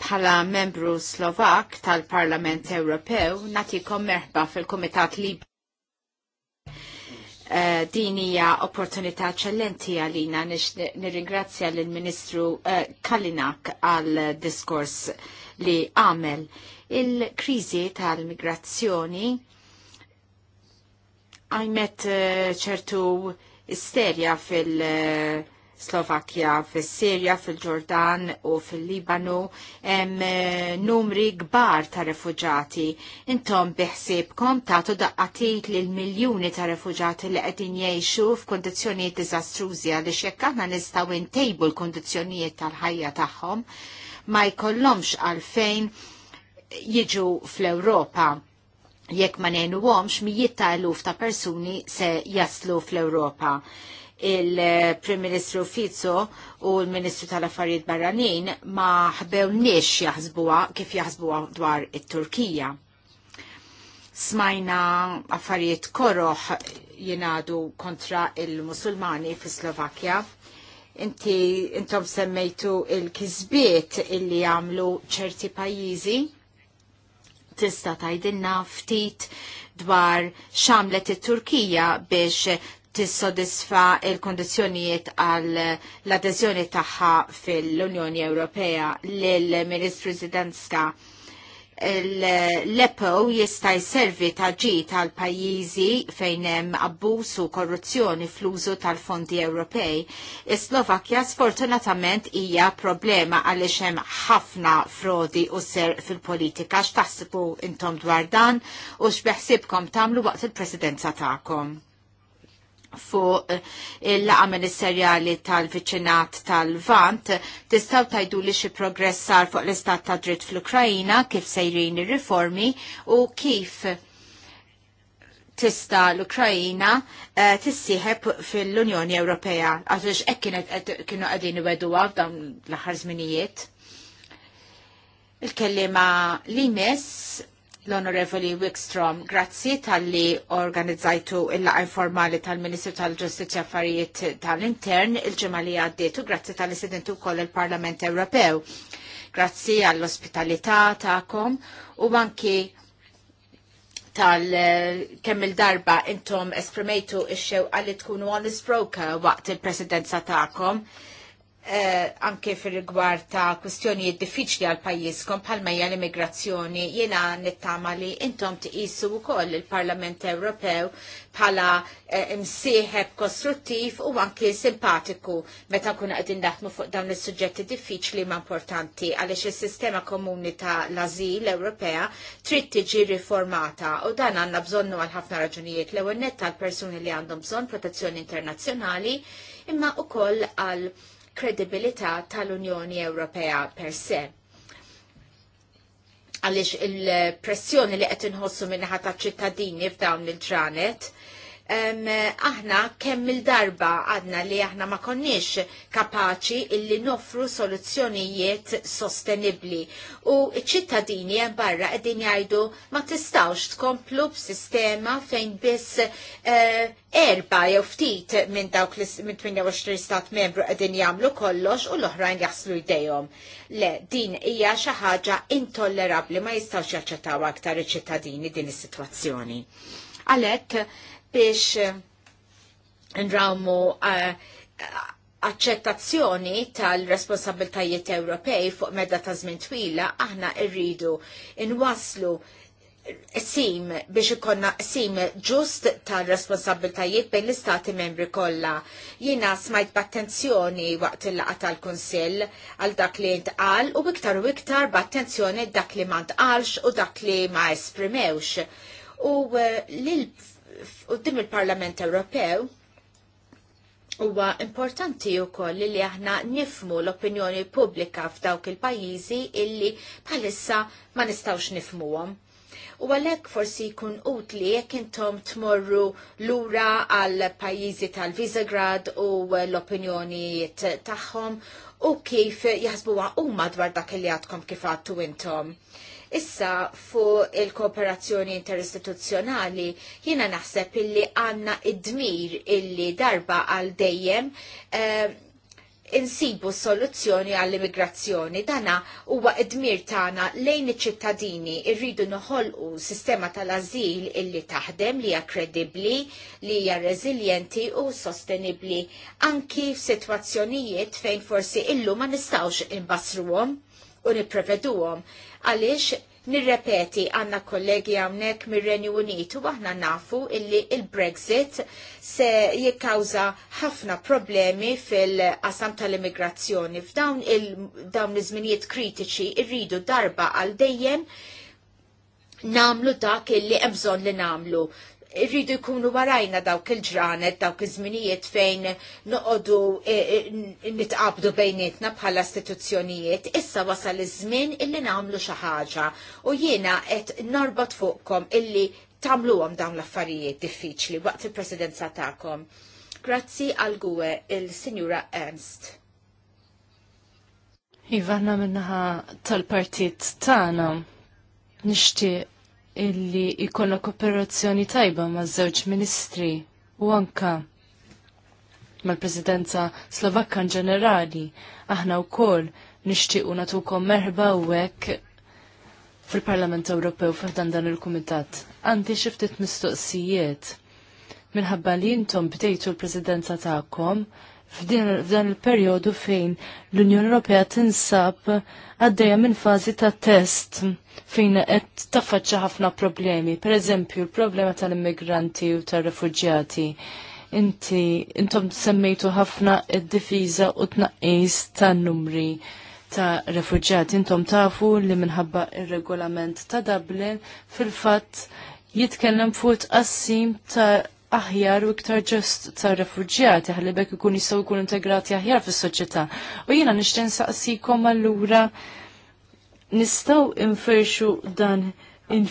bħala membru Slovak tal-Parlament Ewropew natikom merħba fil-Komitat Lib. Uh, din hija opportunità ċellenti għalina nirringrazzja lill-Ministru uh, eh, Kalinak għal diskors li għamel. Il-kriżi tal-migrazzjoni għajmet eh, ċertu isterja fil- uh, Slovakkja, fis-Sirja, fil-Ġordan u fil-Libanu hemm eh, numri kbar ta' refugġati. Intom tu tagħtu daqqatit lil miljuni ta' refugġati li qegħdin jgħixu f'kundizzjonijiet diżastrużi għaliex jekk aħna nistgħu intejbu l-kundizzjonijiet tal-ħajja tagħhom ma jkollhomx għalfejn jiġu fl-Ewropa jekk ma nenu għomx mijiet ta' eluf ta' persuni se jaslu fl-Europa il-Prim Ministru Fizzo u l-Ministru tal-Affarijiet Barranin ma ħbewniex jaħsbuha kif jaħsbuha dwar it-Turkija. Smajna affarijiet korroħ jingħadu kontra il-Musulmani fi Slovakkja inti intom semmejtu il-kizbiet illi jagħmlu ċerti pajjiżi tista tajdinna ftit dwar xamlet it-Turkija biex tissodisfa il-kondizjonijiet għal l adezjoni tagħha fil-Unjoni Ewropea lill-Ministru Zidanska l-EPO jista' jservi ta' ġi tal-pajjiżi fejn hemm abbuż u korruzzjoni fl-użu tal-fondi Ewropej. Is-Slovakkja sfortunatament hija problema għaliex hemm ħafna frodi u ser fil-politika x'taħsibu intom dwar dan u x'beħsibkom tagħmlu waqt il-presidenza tagħkom fuq eh, il laqa ministerjali tal-viċinat tal-Vant, tistaw tajdu li xi progress sar fuq l-istat ta' dritt fl-Ukrajina, kif sejrin ir-riformi u kif tista l-Ukrajina eh, tissieħeb fil-Unjoni Ewropea, għax hekk kienet kienu qegħdin għaf f'dawn l-aħħar żminijiet. Il-kellima li mess l-Onorevoli Wickstrom. Grazzi tal-li organizzajtu il-laqa informali tal-Ministru tal-Ġustizja e Affarijiet tal-Intern il-ġimgħa li għaddiet u grazzi tal-Istudentu wkoll il-Parlament Ewropew. Grazzi għall-ospitalità tagħkom u anki tal kemm il-darba intom esprimejtu ix-xewqa li tkunu honest broker waqt il-presidenza tagħkom eh, anke fil rigward ta' kwistjonijiet diffiċli għal pajjiżkom bħal hija l-immigrazzjoni jiena nittama li intom tqisu wkoll il-Parlament Ewropew bħala eh, imsieħeb kostruttiv u anke simpatiku meta nkunu qegħdin naħdmu fuq dawn is-suġġetti diffiċli ma' importanti għaliex is-sistema komuni ta' l-ażil Ewropea trid tiġi riformata u dan għandna bżonnu għal ħafna raġunijiet l-ewwel nett tal persuni li għandhom bżonn protezzjoni internazzjonali imma wkoll għal kredibilità tal-Unjoni Ewropea per se għalix il-pressjoni li qed inħossu minnaħa ta' ċittadini f'dawn il-ġranet Um, aħna kemm il-darba għadna li aħna ma konniex kapaċi illi nofru soluzzjonijiet sostenibli. U ċittadini hemm barra qegħdin jgħidu ma tistawx tkomplu b'sistema fejn biss uh, erba jew ftit minn dawk minn 28 stat membru qegħdin jagħmlu kollox u l-oħrajn jaħslu jdejhom. Le, din hija xi ħaġa intollerabbli ma jistgħux jaċċettaw aktar iċ-ċittadini din is-sitwazzjoni. Għalhekk biex eh, nrawmu eh, aċċettazzjoni tal-responsabiltajiet Ewropej fuq medda ta' żmien twila aħna rridu inwaslu sim biex ikonna sim ġust tal responsabiltajiet bejn l-istati membri kollha. Jiena smajt b'attenzjoni waqt il laqgħa tal-Kunsill għal dak li ntqal u iktar u iktar b'attenzjoni dak li ma ntqalx u dak li ma esprimewx. U eh, lil qudiem il-Parlament Ewropew huwa importanti wkoll li aħna nifmu l-opinjoni pubblika f'dawk il-pajjiżi illi bħalissa ma nistgħux nifmuhom. U għalek forsi jkun utli jekk intom tmorru lura għal pajjiżi tal-Visegrad u l opinjoni tagħhom u kif jaħsbuha huma dwar dak li għadkom kif għadtu intom. Issa fu il-kooperazzjoni interistituzzjonali jiena naħseb illi għanna id-dmir illi darba għal dejjem eh, insibu soluzzjoni għall-immigrazzjoni. Dana huwa id-dmir tagħna lejn iċ-ċittadini irridu noħolqu sistema tal-azil illi taħdem li hija kredibbli, li hija reżiljenti u sostenibbli anki f'sitwazzjonijiet fejn forsi illu ma nistgħux inbassruhom u nipreveduhom Għaliex Nirrepeti għanna kollegi għamnek mir-Renju Unitu aħna nafu illi il-Brexit se jikkawza ħafna problemi fil-qasam tal-immigrazzjoni. F'dawn il-dawn iż-żminijiet kritiċi irridu darba għal dejjem namlu dak illi hemm bżonn li namlu irridu jkunu warajna dawk il-ġranet, dawk iż-żminijiet fejn noqogħdu e, e, nitqabdu bejnietna bħala istituzzjonijiet, issa wasal iż-żmien illi nagħmlu xi ħaġa u jiena qed norbot fuqkom illi tagħmluhom dawn l-affarijiet diffiċli waqt il-presidenza tagħkom. Grazzi għal gwe il-Sinjura Ernst. Iva, minnaħa tal-partit tagħna nixtieq illi jkollna kooperazzjoni tajba maż-żewġ ministri u anka mal-Presidenza Slovakka ġenerali. Aħna wkoll nixtiequ nagħtukom merħba u hekk fil-Parlament Ewropew f'dan dan il-Kumitat. Għandi xi ftit mistoqsijiet. Minħabba li intom bdejtu l-Presidenza tagħkom, f'dan il-perjodu fejn l-Unjoni Ewropea tinsab għaddejja minn fażi ta' test fejn qed taffaċċa ħafna problemi, pereżempju l-problema tal-immigranti u tar-refuġjati. Inti intom semmejtu ħafna id-difiża u tnaqqis tan-numri ta' refuġjati. Intom tafu li minħabba ir-regolament ta' Dublin fil-fatt jitkellem fuq tqassim ta' aħjar u iktar ġust tar refugjati ħalli bekk ikun jistgħu ikun integrati aħjar fis-soċjetà. U jiena nixtieq nsaqsikom allura nistgħu infirxu dan il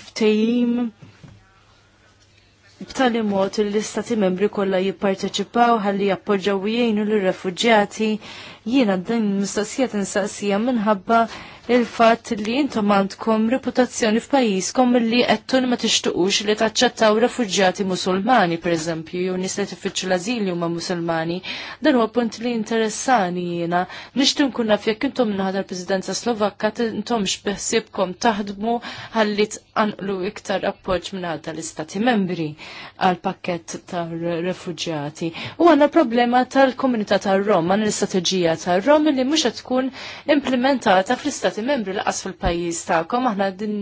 b'tali mod l-istati membri kollha jipparteċipaw ħalli jappoġġaw jgħinu l refuġjati jiena din mistaqsijat insaqsija minħabba il-fatt li intom għandkom reputazzjoni f'pajjiżkom li għettun ma tixtuqux li taċċettaw refuġjati musulmani, pereżempju, jew nis li tiffiċċu l azilju huma musulmani. Dan huwa punt li interessani jiena. Nixtieq nkun fjek jekk intom minħadar Presidenza Slovakka intom x'beħsiebkom taħdmu ħalli tqanqlu iktar appoġġ minn l-Istati Membri għal pakkett tar-refuġjati. U għandna problema tal-komunità tar-Rom, għanna l-istrateġija tar-Rom li mhux tkun implementata fl-Istati fl membri laqas fil-pajjiż tagħkom aħna din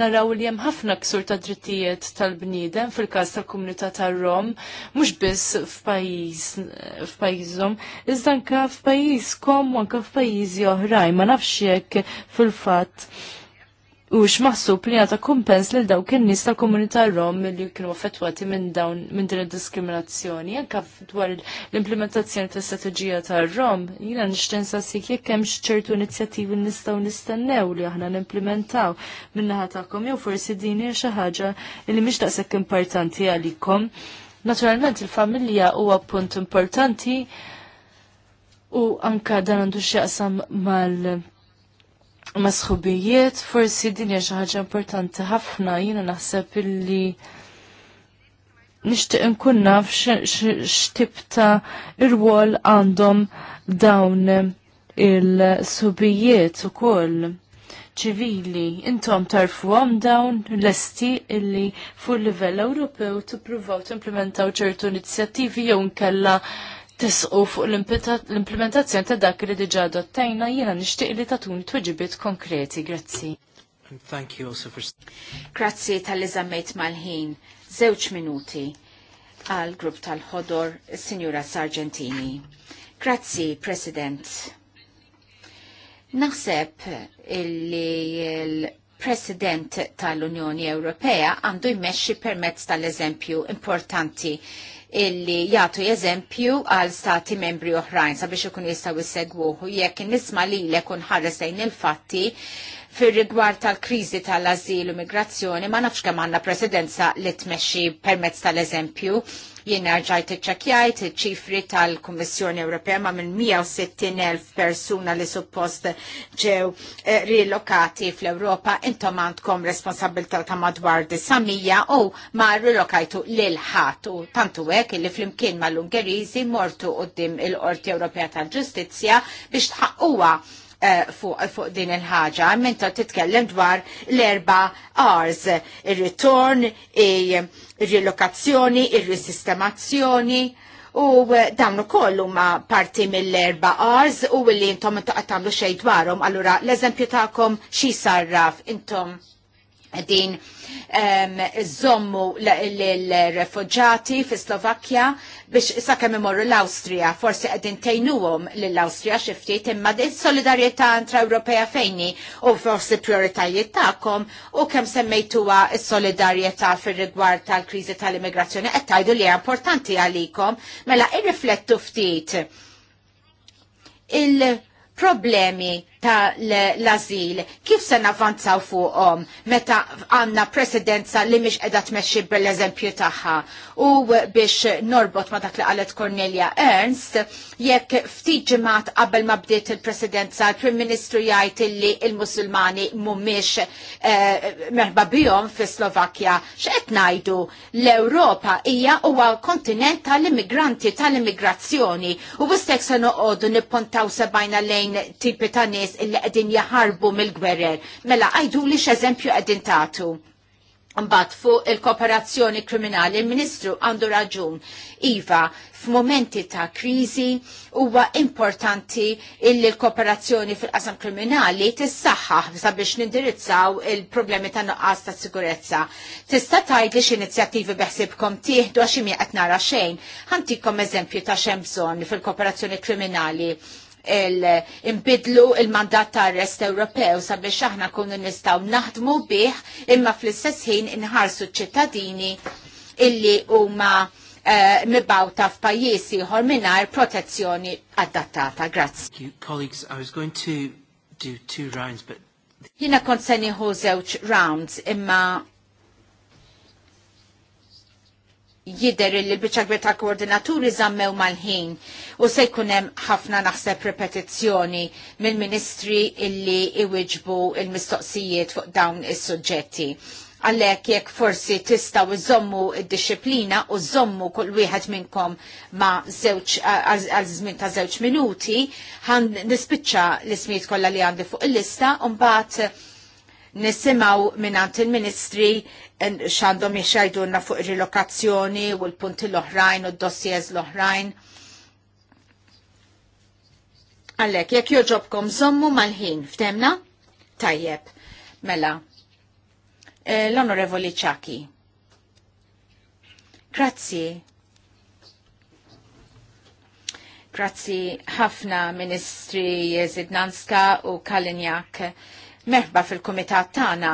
naraw li hemm ħafna ksur ta' drittijiet tal-bniedem fil-każ tal-komunità tar-Rom mhux biss f'pajjiż f'pajjiżhom, iżda anke f'pajjiżkom u anke f'pajjiżi oħrajn ma nafx jekk fil-fatt u x'maħsub li għata kumpens lil daw in-nies tal-komunità Rom li kienu affettwati minn dawn minn din id-diskriminazzjoni anke dwar l-implementazzjoni tas-strateġija ta' rom jiena sa' sik jekk hemm ċertu inizjattivi nistgħu nistennew li aħna nimplementaw implementaw naħa tagħkom jew forsi din hija xi ħaġa li mhix importanti għalikom. Naturalment il-familja huwa punt importanti u anka dan għandu x'jaqsam mal masħubijiet, forsi din hija xi ħaġa importanti ħafna jiena naħseb illi nixtieq inkun naf x'tip ta' irwol għandhom dawn il-subijiet ukoll ċivili. Intom tarfuhom dawn l-esti illi fuq livell Ewropew tippruvaw timplementaw ċertu inizjattivi jew nkella tisqu fuq l-implementazzjoni ta' dak li diġà adottajna jiena nixtieq li tagħtun tweġibiet konkreti. Grazzi. Thank you also for... Grazzi tal liżammejt mal-ħin. Żewġ minuti għal grupp tal-ħodor, Signora Sargentini. Grazzi, President. Naħseb li l president tal-Unjoni Ewropea għandu jmexxi permezz tal-eżempju importanti illi jagħtu eżempju għal stati membri oħrajn sabiex ikun jistgħu jissegwuh jekk nisma' lilek u ħares lejn il-fatti fir-rigward tal-kriżi tal-azil u migrazzjoni ma nafx kemm għandna presidenza li tmexxi permezz tal-eżempju Jien rġajt iċċakjajt iċ-ċifri tal-Kummissjoni Ewropea ma' minn 160.000 persuna li suppost ġew eh, rilokati fl-Ewropa intom għandkom responsabilità ta' madwar samija u ma' rilokajtu lil ħadd u tantu hekk li flimkien mal-Ungeriżi mortu qudiem il-Qorti Ewropea tal-Ġustizzja biex tħaqquha Eh, fuq din il-ħaġa. Menta titkellem dwar l-erba R's, il-return, il-rilokazzjoni, il-risistemazzjoni. U eh, dawn ukoll huma parti mill-erba R's u li intom taqgħu tagħmlu xejn dwarhom. Allura l-eżempju tagħkom xi sarraf intom din um, zommu l-refugġati fi Slovakkja biex sakemm imorru l-Awstrija, forsi qegħdin tejnuwom lill austria xi ftit imma din solidarjetà intra-Ewropea fejni u forsi prioritajiet tagħkom u kemm semmejtuha s-solidarjetà fir-rigward tal-kriżi tal-immigrazzjoni qed tgħidu li hija importanti għalikom, mela irriflettu ftit il-problemi ta' l-azil. Kif se navanzaw fuqhom meta għandna presidenza li mhix qiegħda tmexxi bil-eżempju tagħha u biex norbot ma dak li qalet Cornelia Ernst jekk ftit ġimgħat qabel ma bdiet il-presidenza il-Prim Ministru jajt li il-Musulmani mhumiex eh, merba bihom fi Slovakkja x'qed ngħidu l-Ewropa hija huwa kontinent tal-immigranti tal-immigrazzjoni u bistek se noqogħdu nippontaw sebajna lejn tipi ta' nies nies illi qegħdin jaħarbu mill-gwerer. Mela għajdu li x'eżempju qegħdin tagħtu. Mbagħad fuq il-kooperazzjoni kriminali, il-Ministru għandu raġun. Iva, f'momenti ta' kriżi huwa importanti illi l-kooperazzjoni fil-qasam kriminali tissaħħaħ sabiex nindirizzaw il-problemi ta' nuqqas ta' sigurezza. Tista' tgħid li x'inizjattivi beħsibkom tieħdu għax qed nara xejn. Ħantikom eżempju ta' xemżon bżonn fil-kooperazzjoni kriminali imbidlu il-mandat ta' arrest Ewropew sabiex aħna kunu nistaw naħdmu bih imma fl-istess ħin inħarsu ċittadini illi huma uh, mibawta f'pajjiżi ieħor mingħajr protezzjoni adattata. Grazzi. Colleagues, I was going to do two rounds, but Jina kont se nieħu żewġ rounds imma jider il l-bicċa koordinaturi zammew mal-ħin u se jkunem ħafna naħseb repetizzjoni mill-ministri illi iwiġbu il-mistoqsijiet fuq dawn is-suġġetti. Għallek jekk forsi tistaw iżommu id-disciplina u zommu kull wieħed minnkom ma' zewċ għal żmien ta' żewġ minuti, ħan nispiċċa l-ismijiet kollha li għandi fuq il-lista u mbagħad nisimaw minnant il-ministri xandom jixajdunna fuq il-relokazzjoni u l-punti l-oħrajn u d-dossiers l-oħrajn. Għallek, jek joġobkom zommu mal-ħin, ftemna? Tajjeb, mela. Eh, l-onorevoli ċaki. Grazzi. Grazzi ħafna Ministri Zidnanska u Kalinjak Meħba fil-kumitat tagħna.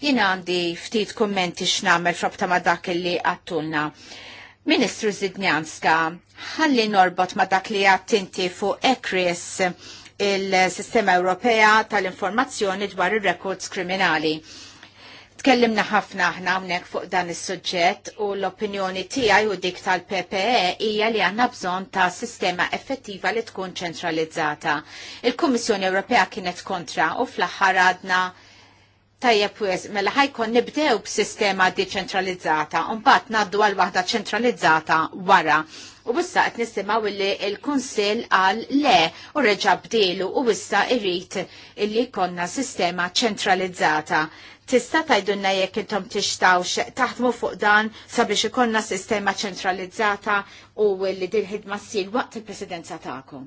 jina għandi ftit kummenti x'namel frabta ma' dak li għattulna. Ministru Zidnjanska, ħalli norbot ma' dak li għattinti fuq ECRIS il-Sistema Ewropea tal-Informazzjoni dwar ir rekords Kriminali Tkellimna ħafna aħna hawnhekk fuq dan is-suġġett u l-opinjoni tiegħi u dik tal-PPE hija li għandna bżonn ta' sistema effettiva li tkun ċentralizzata. Il-Kummissjoni Ewropea kienet kontra u fl-aħħar għadna tajjeb wis mela ħajkun nibdew b'sistema deċentralizzata u mbagħad ngħaddu għal waħda ċentralizzata wara. U issa qed nisimgħu li l-Kunsill għal le u reġa' bdelu u wissa irrid illi jkollna sistema ċentralizzata Tista' tajdunna jekk intom tixtawx taħdmu fuq dan sabiex ikonna sistema ċentralizzata u li din ħidma ssir waqt il-presidenza tagħkom.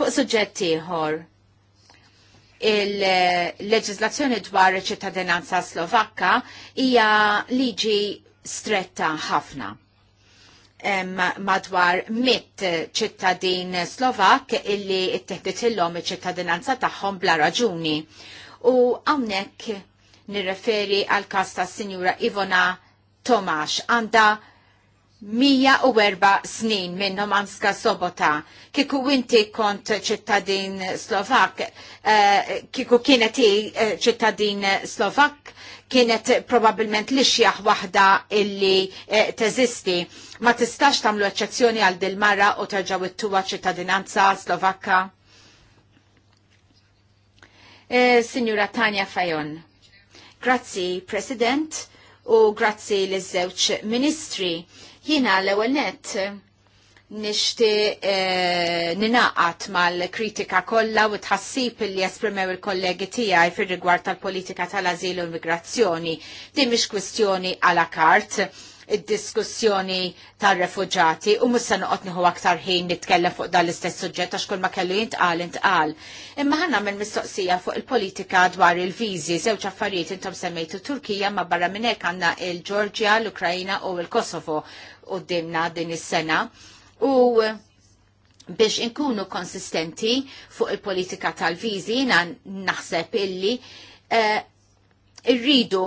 Fuq suġġetti ħor, il leġizlazzjoni dwar ċittadinanza slovakka hija liġi stretta ħafna madwar mit ċittadin Slovak illi itteħdit il iċ-ċittadinanza tagħhom bla raġuni. U hawnhekk nirreferi għal kasta ta' Sinjura Ivona Tomax għandha 104 snin minn Nomanska Sobota. Kiku inti kont ċittadin Slovak, eh, kiku kienet eh, ċittadin Slovak, kienet probabilment lixjaħ waħda illi eh, teżisti. Ma tistax tamlu eċċezzjoni għal dil-marra u terġaw it-tuwa ċittadinanza Slovakka. Eh, Signora Tanja Fajon. Grazzi, President, u grazzi l żewġ Ministri. Jina l-ewel net nishti eh, ninaqat mal-kritika kollha u tħassib li esprimew il-kollegi tiegħi fir-rigward tal-politika tal-azil u immigrazzjoni. Di mish kwistjoni għala kart id-diskussjoni tal-refugġati u mussa nuqot nħu aktar ħin nitkellem fuq dan l-istess suġġett għax kull ma kellu jintqal intqal. Imma ħanna minn mistoqsija fuq il-politika dwar il-viżi, żewġ affarijiet intom semmejtu Turkija ma barra minn hekk għandna il-Ġorġja, l-Ukrajna u l-Kosovo u dimna din is-sena. U biex inkunu konsistenti fuq il-politika tal-vizi, naħseb illi uh, irridu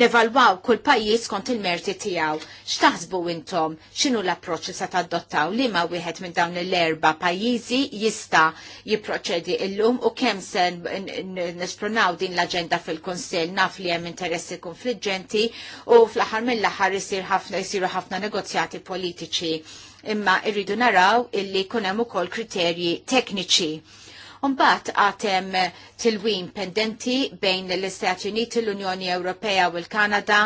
nevalwaw kull pajjiż kont il-merti tiegħu. X'taħsbu intom x'inhu l-approċċ li se tadottaw li ma wieħed minn dawn l-erba pajjiżi jista' jipproċedi llum u kemm se nesprunaw din l-aġenda fil-Kunsill naf li hemm interessi konfliġġenti u fl-aħħar mill-aħħar isir ħafna jsiru ħafna negozjati politiċi imma irridu naraw illi kunem ukoll kriterji tekniċi Umbat għatem tilwim pendenti bejn l-Istati Uniti, l-Unjoni Ewropea u l-Kanada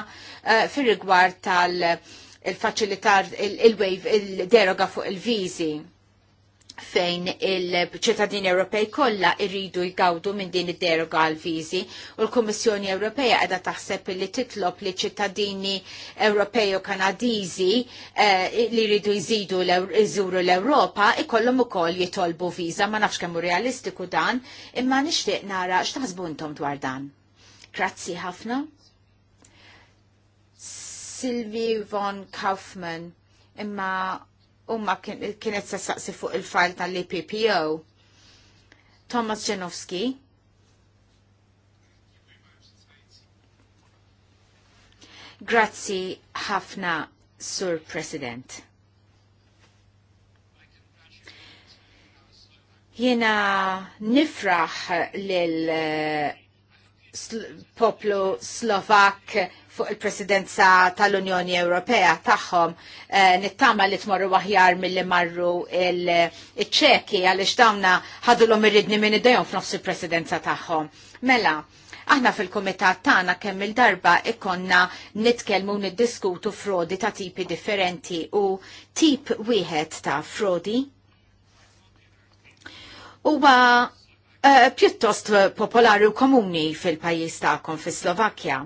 eh, fir rigward tal-faċilitar il-wave il-deroga fuq il-vizi. il fejn il-ċittadini Ewropej kollha irridu jgawdu minn din id-deroga għal viżi u l-Kummissjoni Ewropea qiegħda taħseb li titlob li ċittadini Ewropej u Kanadiżi eh, li jridu jżidu jżuru l-Ewropa ikollhom ukoll jitolbu viża ma nafx kemm realistiku dan imma nixtieq nara x'taħsbu intom dwar dan. Grazzi ħafna. Sylvie von Kaufman imma umma kienet saqsi fuq il-fajl tal-EPPO. Thomas Janowski. Grazzi ħafna, Sur President. Jena nifraħ lil poplu Slovak fuq il-presidenza tal-Unjoni Ewropea tagħhom eh, nittama li tmorru aħjar milli marru il-ċeki għaliex dawna ħadulhom irridni minn id-dajon f'nofs il-presidenza tagħhom. Mela, aħna fil-komitat tagħna kemm il-darba ikonna nitkellmu niddiskutu frodi ta' tipi differenti u tip wieħed ta' frodi. Huwa Eh, pjuttost popolari u komuni fil pajis ta'kom fis-Slovakkja.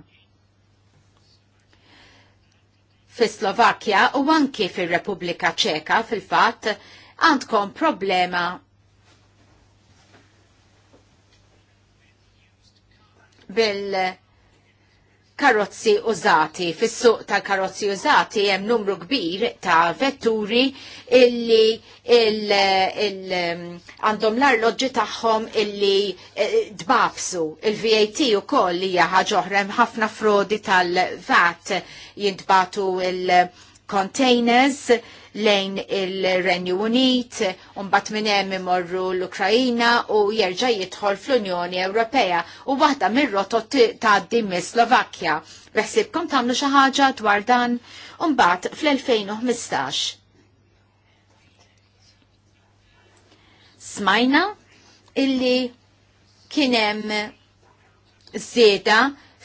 Fis-Slovakkja u anki fir-Repubblika Ċeka fil-fatt għandkom problema bil- karozzi użati. Fis-suq tal-karozzi użati hemm numru kbir ta' vetturi illi um, għandhom l-arloġġi tagħhom illi eh, dbabsu. Il-VAT ukoll hija ħaġa oħra hemm ħafna frodi tal-VAT jintbatu il- containers lejn il-Renju Unit, unbat minnem imorru l-Ukrajina u jerġa jidħol fl-Unjoni Ewropea u waħda mir-rotot tgħaddi mis Slovakkja. Beħsibkom tagħmlu xi ħaġa dwar dan unbat fl-2015. Smajna illi kienem zeda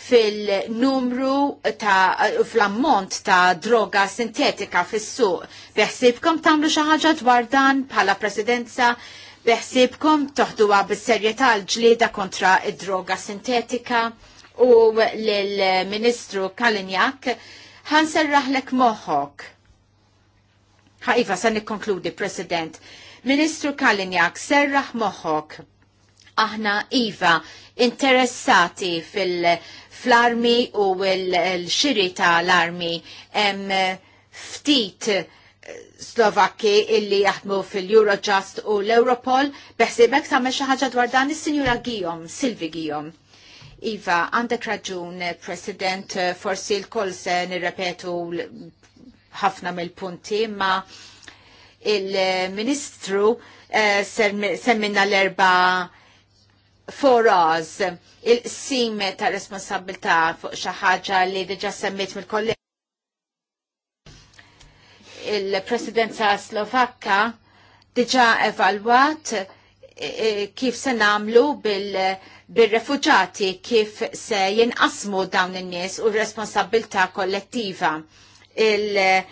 fil-numru ta' fl-ammont ta' droga sintetika fis-suq. Beħsibkom tagħmlu xi ħaġa dwar dan bħala presidenza beħsibkom toħduha bis-serjetà l-ġlieda kontra id-droga sintetika u l-Ministru Kalinjak serraħlek moħħok. Ħajfa, iva, sa' nikkonkludi, President. Ministru Kalinjak, serraħ moħħok. Aħna Iva interessati fil- fl-armi u l-xiri tal-armi hemm ftit eh, Slovakki illi jaħdmu fil-Eurojust u l-Europol, beħsibek ta' xi ħaġa dwar dan is-Sinjura Gijom, Silvi Gijom. Iva, għandek raġun, eh, President, eh, forsi l-koll se nirrepetu ħafna mill-punti, ma il-Ministru semmina l-erba' us il-sime ta' responsabilta fuq xi ħaġa li diġà semmit mill-kollega. Il-Presidenza Slovakka diġà evalwat e, e, kif se namlu bil- bil-refugġati kif se jinqasmu dawn in-nies u r-responsabilità kollettiva. Il-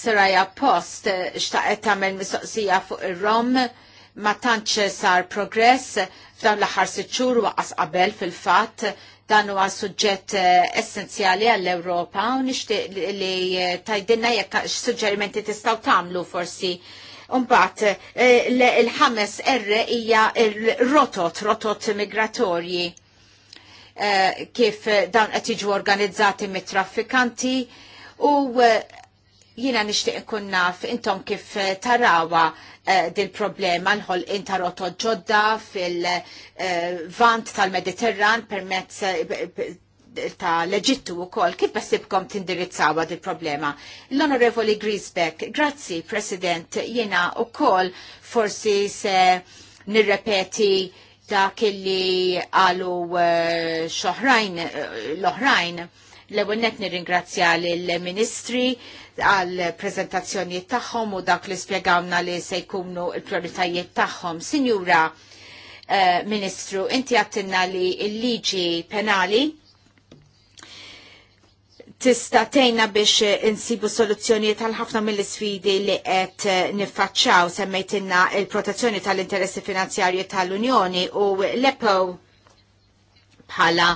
Saraja Post eh, xtaqet tagħmel mistoqsija fuq il rom ma tantx sar progress f'dawn l-aħħar sitt xhur waqas qabel fil-fatt dan huwa suġġett eh, essenzjali għall-Ewropa u nixtieq li eh, tajdinna jekk suġġerimenti tistgħu tagħmlu forsi Umbat, il-ħames R hija il-rotot, rotot migratorji kif dawn qed jiġu organizzati mit-traffikanti u jina nishtiq ikun naf intom kif eh, tarawa eh, dil problema nħol intarot ġodda fil-vant eh, tal-Mediterran permezz uh, ta' leġittu u kol, kif basibkom tindirizzawa dil problema? L-Onorevoli Grisbeck, grazzi, President, jena u kol forsi se nirrepeti da' kelli għalu xoħrajn, l-oħrajn. Uh, L-ewwel nir nirringrazzja lill-Ministri għal prezentazzjoni tagħhom u dak li spjegawna li se jkunu l-prioritajiet tagħhom. Sinjura eh, Ministru, inti għattinna li l-liġi penali tista' tgħinna biex insibu soluzzjonijiet għal ħafna mill-isfidi li qed eh, niffaċċaw semmejtinna il-protezzjoni tal-interessi finanzjarji tal-Unjoni u l-EPO bħala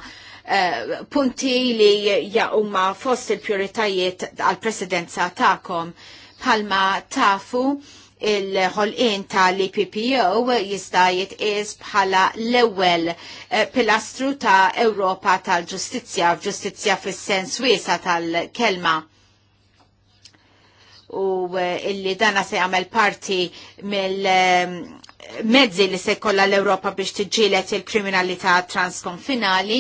Eh, punti li jaqumma fost il-prioritajiet għal-presidenza ta'kom bħalma tafu il-ħolqin tal-IPPO jista' jitqies bħala l-ewwel eh, pilastru ta' Ewropa tal-ġustizzja, ġustizzja fis-sens wiesa tal-kelma u eh, illi dana se jagħmel parti mill mezzi li se kolla l-Europa biex tiġġielet il-kriminalità transkonfinali,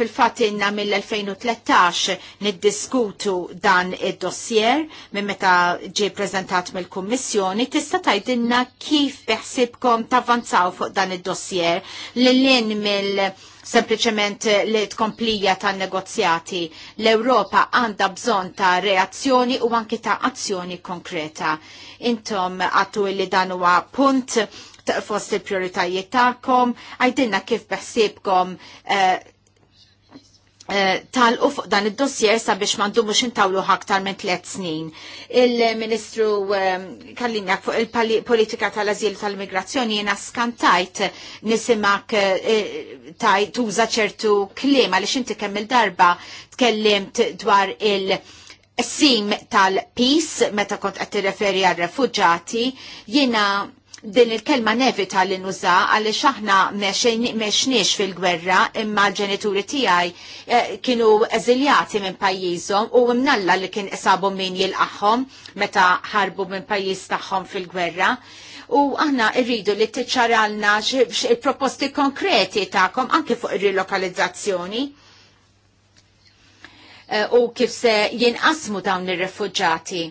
fil-fat inna mill-2013 niddiskutu dan id-dossier minn meta ġie prezentat mill-Kummissjoni, tista' tgħidilna kif beħsibkom tavvanzaw fuq dan id-dossier l l mill- sempliċement eh, li tkomplija tan negozjati. L-Europa għanda bżon ta' reazzjoni u anki ta' azzjoni konkreta. Intom għattu li dan huwa punt fost il-prioritajiet ta'kom, għajdinna kif beħsibkom uh, Eh, talqu fuq dan id-dossier sabiex mandu mux intawlu ħaktar minn tliet snin. Il-Ministru eh, kallinjak fuq il-politika tal-azil tal-migrazzjoni jena skantajt nisimak eh, tuża ċertu klima li xinti kemm il-darba tkellimt dwar il- Sim tal-peace, meta kont għatti referi għal refugġati, jina din il-kelma nevita li nuża għaliex aħna mexniex fil-gwerra imma l-ġenituri tiegħi eh, kienu eżiljati minn pajjiżhom u mnalla li kien isabu min jilqaħħom meta ħarbu minn pajjiż tagħhom fil-gwerra. U aħna rridu li tiċċaralna il-proposti konkreti tagħkom anke fuq ir-rilokalizzazzjoni eh, u kif se jinqasmu dawn ir-refuġġati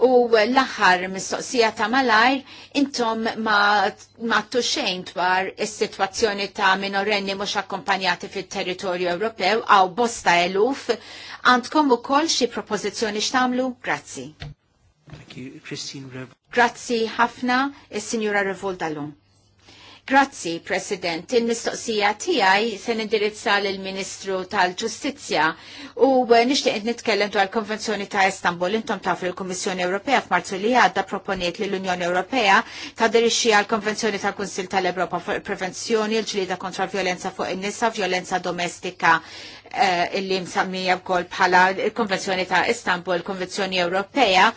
U l-aħħar mistoqsija ta' malajr, intom ma, ma xejn dwar is-sitwazzjoni ta' minorenni mhux akkompanjati fit-territorju Ewropew għaw bosta eluf, għandkom ukoll xi propożizzjoni x'tagħmlu? Grazzi. Grazzi ħafna, is-Sinjura Revoldalum. Grazzi, President. Il-mistoqsija tiegħi se nindirizza lill ministru tal-Ġustizzja u eh, nixtieq nitkellem dwar konvenzjoni ta' Istanbul. Intom tafu l-Kummissjoni Ewropea f'Marzu li għadda proponiet li l-Unjoni Ewropea taderixxi għal konvenzjoni tal-Kunsil tal-Ewropa fuq il-prevenzjoni l-ġlida kontra l-vjolenza fuq in-nisa, vjolenza domestika eh, illi msammija wkoll bħala il-Konvenzjoni ta' Istanbul, konvenzjoni Ewropea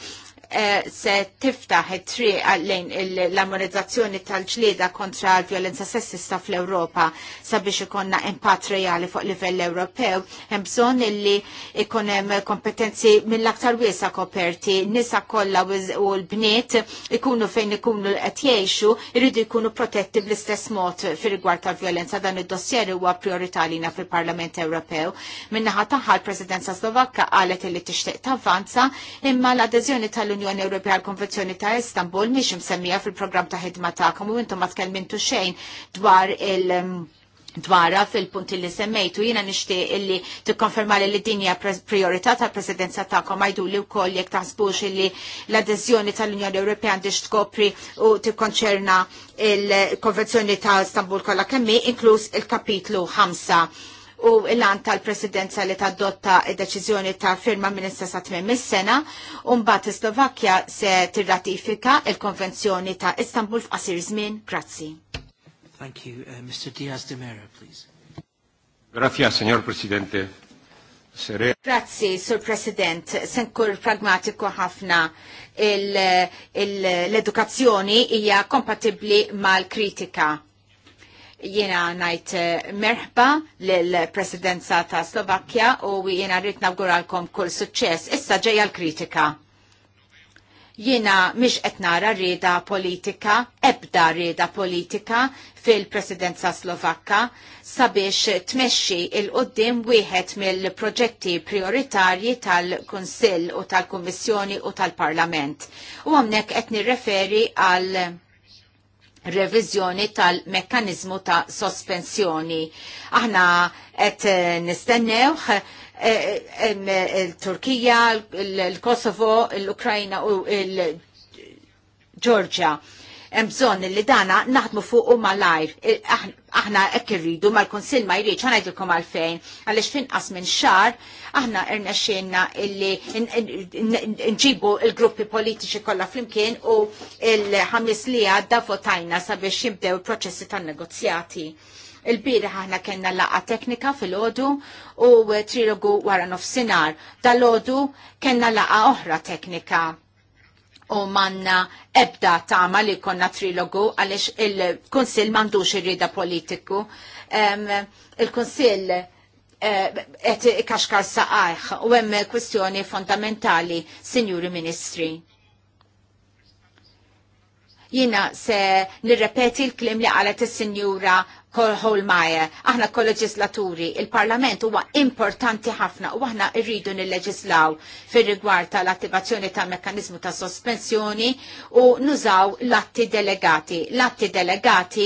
Eh, se tiftaħ it-triq għallin l-ammonizzazzjoni tal-ġlieda kontra l-violenza sessista fl-Ewropa sabiex ikonna impatt reali fuq livell Ewropew, hemm bżonn illi ikun hemm kompetenzi mill-aktar wiesa koperti, nisa kollha u l-bniet ikunu fejn ikunu qed jgħixu, jridu jkunu protetti bl-istess mod fir-rigward tal-violenza dan id-dossier huwa priorità lina fil-Parlament Ewropew. Minnaħa taħħa l-Presidenza Slovakka qalet illi tixtieq tavvanza imma l-adeżjoni tal-Unjoni l-Unjoni Ewropea l-Konvenzjoni ta' Istanbul miex msemmija fil-programm ta' ħidma tagħkom, u intom ma tkellmintu xejn dwar il- dwara fil-punti li semmejtu jina nishtiq illi tikkonferma li dinja priorità tal-presidenza tagħkom għajdu li wkoll jekk taħsbux illi l adezjoni tal-Unjoni Ewropea għandix tkopri u tikkonċerna il-Konvenzjoni ta' Istanbul kollha kemm inkluż il-kapitlu 5 u l għan tal-presidenza li tadotta id-deċizjoni ta' firma ministra sa' tmim mis-sena u mbagħad Slovakkja se tirratifika il-Konvenzjoni ta' Istanbul f'qasir żmien. Grazzi. Thank you, uh, Mr. Diaz de Mera, please. Grazie, signor Presidente. Sere. Grazie, Sur President. Senkur pragmatiku ħafna l-edukazzjoni hija kompatibbli mal-kritika Jiena najt eh, merħba l-presidenza ta' Slovakkja u jiena rrit nawguralkom kull suċċess. Issa ġeja l-kritika. Jiena miex etnara rida politika, ebda rida politika fil-presidenza slovakka sabiex tmexxi il-qoddim wieħed mill-proġetti prioritarji tal-Kunsill u tal-Kummissjoni u tal-Parlament. U għamnek qed nirreferi għal revizjoni tal-mekkanizmu ta' sospensjoni. Aħna qed eh, nistennew eh, eh, il-Turkija, il-Kosovo, l-Ukrajna u il-Ġorġa. il l ukrajna hemm bżonn li dana naħdmu fuq u malajr. Aħna hekk irridu mal-Kunsill ma jridx ħanajdilkom għalfejn għaliex finqas minn xar aħna irnexxielna illi nġibu il-gruppi politiċi kollha flimkien u l-ħames li għadda votajna sabiex jibdew il-proċessi tan-negozjati. Il-bira ħana kena laqa teknika fil-ħodu u trilogu wara nofsinar. Dal-ħodu kena laqa oħra teknika u manna ebda tama li konna trilogu għalix il-Konsil mandux irrida politiku. Um, il-Konsil eh, et kaxkar saqajħ u hemm kwestjoni fondamentali, Sinjuri Ministri. Jina se nirrepeti l-klim li għalet il-Sinjura Holmeyer, aħna kol-leġislaturi, il-Parlament huwa importanti ħafna u aħna rridu nil-leġislaw fir rigward tal-attivazzjoni ta' mekkanizmu ta' sospensjoni u nużaw l-atti delegati. L-atti delegati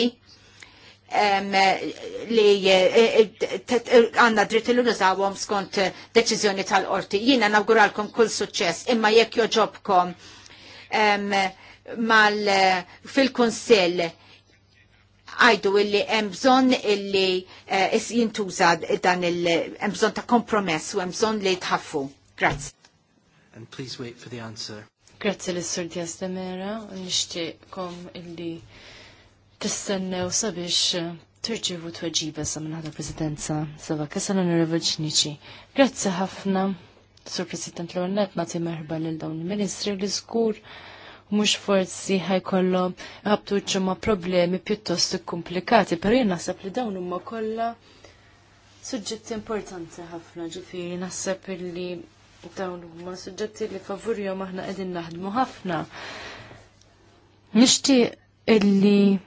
li eh, eh, għanna dritt li nużawhom skont deċiżjoni tal-qorti. Jiena nawguralkom kull suċċess, imma jekk joġobkom mal fil-Kunsill għajdu illi emżon illi eh, is jintuża dan il-emżon ta' kompromess u emżon li tħaffu. Grazzi. And please wait for the answer. Grazzi l-Sur Diaz de Mera, nishtiqkom illi tistennew sabiex eh, Turġivu tuħġiba samin minn ħada presidenza, sava kasan onorevol ċniċi. Grazzi ħafna, Sur President l-għannet, nati merħba l-dawn il-ministri li skur mhux forsi ħajkollhom ħabtu ma' problemi pjuttost komplikati, però jien naħseb li dawn huma kollha suġġetti importanti ħafna ġifieri naħseb illi dawn huma suġġetti li favurjom aħna qegħdin naħdmu ħafna. Nixtieq illi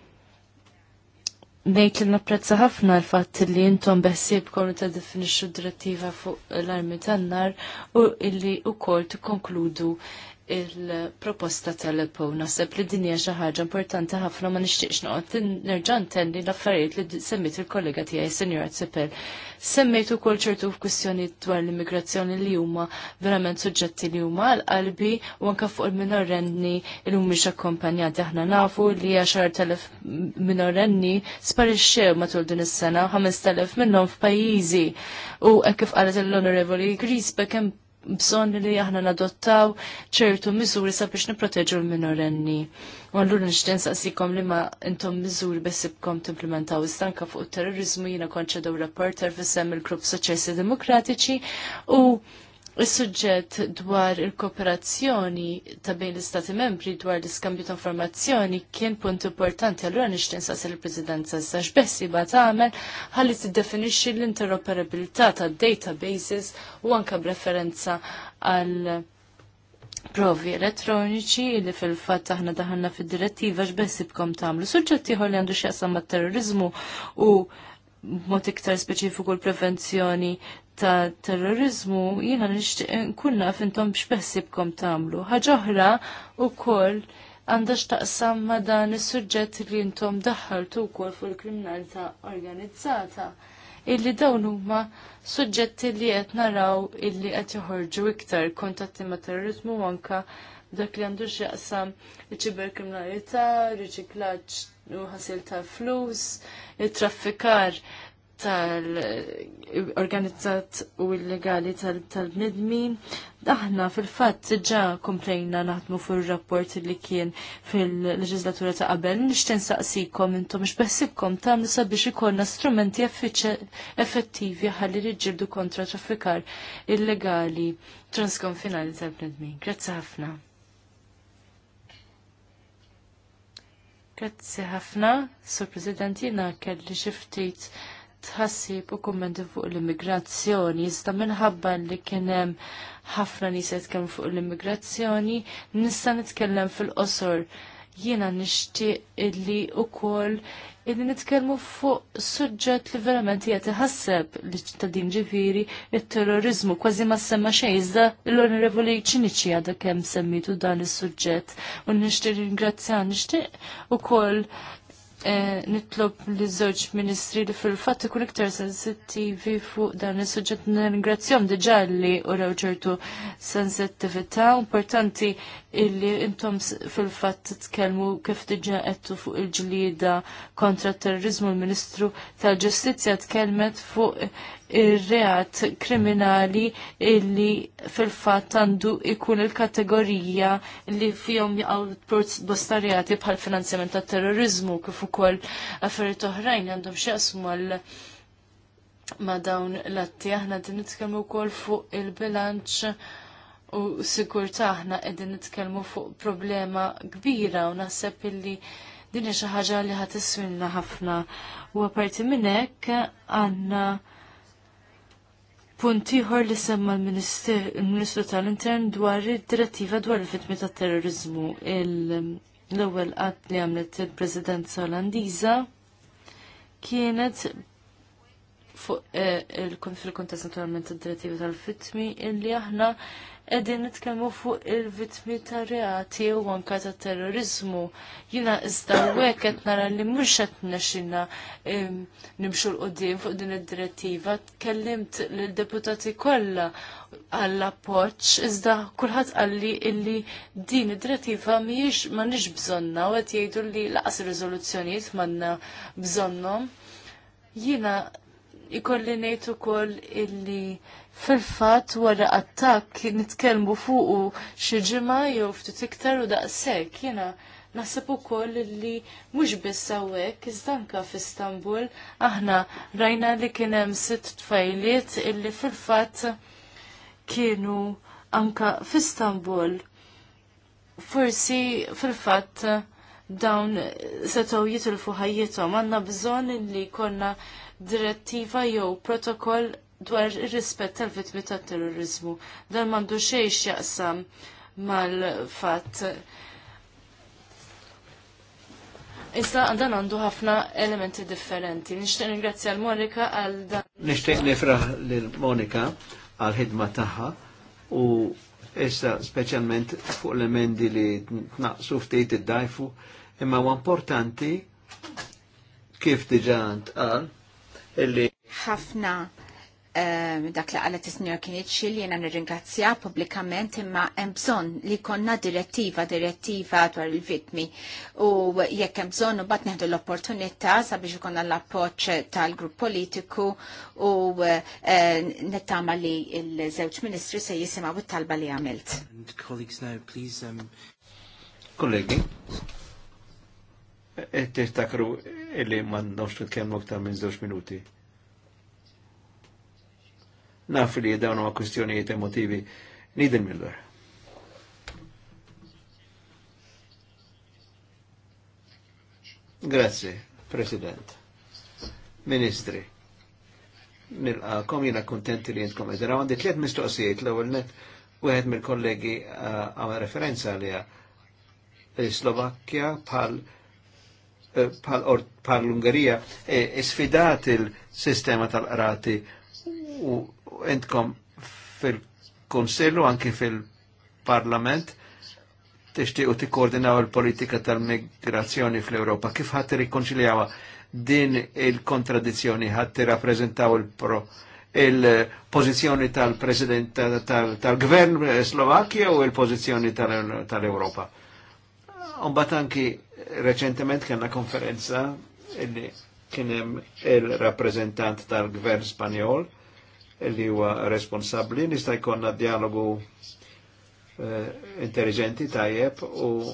Nejt li napprezza ħafna l-fatt li jintom beħsib konu ta' definixxu direttiva fuq l-armi tan-nar u illi u kol konkludu il-proposta tal-Epo. Naseb li dinja xi ħaġa importanti ħafna ma nixtieqx noqgħod nerġa' tenni l-affarijiet li semmit il-kollega tiegħi Sinjor Tsipel. Semmejt ukoll ċertu kwistjonijiet dwar l-immigrazzjoni li huma verament suġġetti li huma għal-qalbi u anke fuq il-minorenni li mhumiex akkompanjati aħna nafu li għaxar telef minorenni sparixxew matul din is-sena 5,000 minnhom f'pajjiżi u kif qalet l-Onorevoli Grisbeck hemm bżonn li aħna nadottaw ċertu miżuri sabiex nipproteġu l-minorenni. U allura nixtieq nsaqsikom li ma intom miżuri besibkom timplementaw istanka fuq terrorizmu jiena konċedaw rapporter fissem il-Grupp Soċessi Demokratiċi u Is-suġġett dwar il-kooperazzjoni ta' bejn l-Istati membri dwar l-iskambju ta' informazzjoni kien punt importanti għallura nishtin sa' il-Presidenza s-sax bessi ba' tagħmel ħalli tiddefinixxi l-interoperabilità ta' databases u anke b'referenza għal provi elettroniċi li fil-fatt aħna daħanna fid-direttiva x'bessi bkom tagħmlu. Suġġett ieħor li għandu x'jaqsam mat-terrorizmu u mod iktar speċifiku l-prevenzjoni ta' terrorizmu jiena nixtieq nkun naf intom x'beħsibkom tagħmlu. Ħaġa oħra wkoll għandha x'taqsam ma' dan is sujġet li intom daħħaltu wkoll fuq il-kriminalità organizzata illi dawn huma suġġetti li qed naraw illi qed joħorġu iktar kontatti ma' terrorizmu anka dak li għandu jaqsam iċ-ċiberkriminalità, riċiklaġġ u ħasil ta' flus, it-traffikar tal-organizzat u illegali tal-bnedmi. Aħna fil fat ġa komplejna naħdmu fur rapport li kien fil-leġislatura ta' qabel. nishten saqsikom intom x'beħsibkom tagħmlu sabiex ikollna strumenti effettivi ħalli rġirdu kontra traffikar illegali transkonfinali tal-bnedmin. Grazzi ħafna. Grazzi ħafna, Sur President, na kelli xiftit tħassib u kummenti fuq l-immigrazzjoni. Iżda minħabba li kien hemm ħafna nies kemm fuq l-immigrazzjoni, nista' nitkellem fil-qosor jiena nixtieq illi wkoll illi nitkellmu fuq suġġett li verament qed iħasseb li ċittadin ġifieri t terrorizmu kważi ma semma xejn iżda l-onorevoli ċiniċi għadha kemm semmitu dan is-suġġett u nixtieq ringrazzja nixtieq ukoll Eh, nitlob li żewġ ministri li fil-fatt ikun iktar sensittivi fuq dan is-suġġett ningrazzjahom diġà li uraw ċertu sensittività importanti illi intom fil-fatt tkellmu kif diġà qedtu fuq il-ġlieda kontra t terrorizmu l-Ministru tal-Ġustizzja tkellmet fuq ir-reat kriminali illi fil-fatt għandu ikun il-kategorija li fihom jaqgħu bosta bħal finanzjament tat terrorizmu kif ukoll affarijiet oħrajn għandhom x'jaqsmu għal ma' dawn l-atti aħna din nitkellmu wkoll fuq il-bilanċ u sikurta aħna qegħdin nitkellmu fuq problema kbira u naħseb illi din hija xi ħaġa li ħadd iswilna ħafna. U apparti minn hekk għandna puntiħor li semma l-Ministru tal-Intern dwar id-direttiva dwar il-fitmi ta' terrorizmu l-ewwel qatt li għamlet il-Presidenza Olandiża kienet fuq eh, il-kontest naturalment id-direttiva tal-fitmi illi aħna edin nitkellmu fuq il-vitmi ta' reati u anka ta' terrorizmu. Jina iżda wek qed nara li mhux qed nexxinna nimxu l-qudiem fuq din id-direttiva. Tkellimt lill-deputati kollha għall appoġġ iżda kulħadd qalli illi din id-direttiva mhijiex m'għandniex bżonna u qed jgħidu li laqas riżoluzzjonijiet m'għandna bżonnhom. Jina ikolli ngħid ukoll illi fil-fatt wara attakk nitkellmu fuq xi ġimgħa jew ftit iktar u daqshekk jiena Nasib ukoll li mhux biss hawnhekk iżda anke f'Istanbul aħna rajna li kien hemm sitt tfajliet illi fil-fatt kienu anka f'Istanbul. Forsi fil-fatt dawn setgħu jitilfu ħajjithom għandna bżonn illi konna direttiva jew protokoll dwar ir-rispett tal-vittmi tat-terrorizmu. Dan mandu xej x'jaqsam mal-fatt Issa dan għandu ħafna elementi differenti. Nixtieq ringrazzja l-Monika għal dan. Nixtieq nifraħ lil Monika għal ħidma tagħha u issa speċjalment fuq l-emendi li tnaqsu ftit id-dajfu, imma huwa importanti kif diġà ntqal illi ħafna Ehm, dak li għalet is-Sinjor Kinici li jena nirringrazzja publikament imma hemm bżonn li konna direttiva direttiva dwar il-vitmi u jekk hemm bżonn u bad neħdu l-opportunità sabiex ikonna l-appoġġ tal-grupp politiku u ehm, nittama li l-żewġ ministri se jisimgħu it-talba li għamilt. Um, Kollegi, qed e-, tiftakru li m'għandhomx titkellmu aktar minn żewġ minuti naf li dawn huma kwistjonijiet emotivi. Nidil Miller. Grazie, President. Ministri. Nilqakom jina kontenti li jintkom eżera. Għandi tliet mistoqsijiet l-ewwel net u għed mill-kollegi uh, għama referenza għalija eh, Slovakkja bħal eh, ungarija l eh, isfidat il-sistema tal-qrati Entkom fil-Konsillu, anki fil-Parlament, t-ixtiq u t-koordinaw il-politika tal migrazjoni fl-Europa. Kif ħadd irrikonċiljawa din il kontradizjoni ħadd tirrappreżentaw il-pro il pozizjoni tal-President tal-Gvern -tal u il pozizjoni tal-Europa. -tal Umbat anki reċentement kena konferenza il-li kienem il rappresentant tal-Gvern Spanjol li huwa responsabbli, nista' jkollna dialogu eh, intelligenti tajjeb u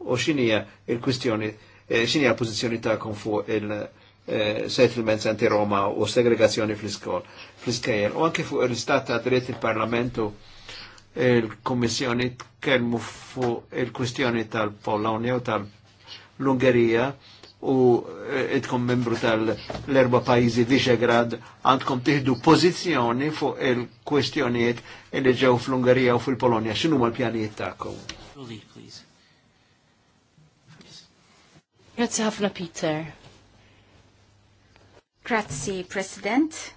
u xinija il-kwistjoni, eh, xinija l-pozizjoni ta'kom fuq il eh, settlement anti-Roma u segregazzjoni fl-iskol, fl-iskejjel. U anke fuq il-istat ta' dritt il-parlamentu il-Kommissjoni tkellmu fuq il-kwistjoni tal-Polonja u tal-Ungerija u idkom e, membru tal-erba pajizi Visegrad għandkom tiħdu pozizjoni fuq il kwestjoniet li ġew fl-Ungarija u fil-Polonja. X'inhu l-pjanijiet tagħkom? Grazie ħafna Peter. Grazie President.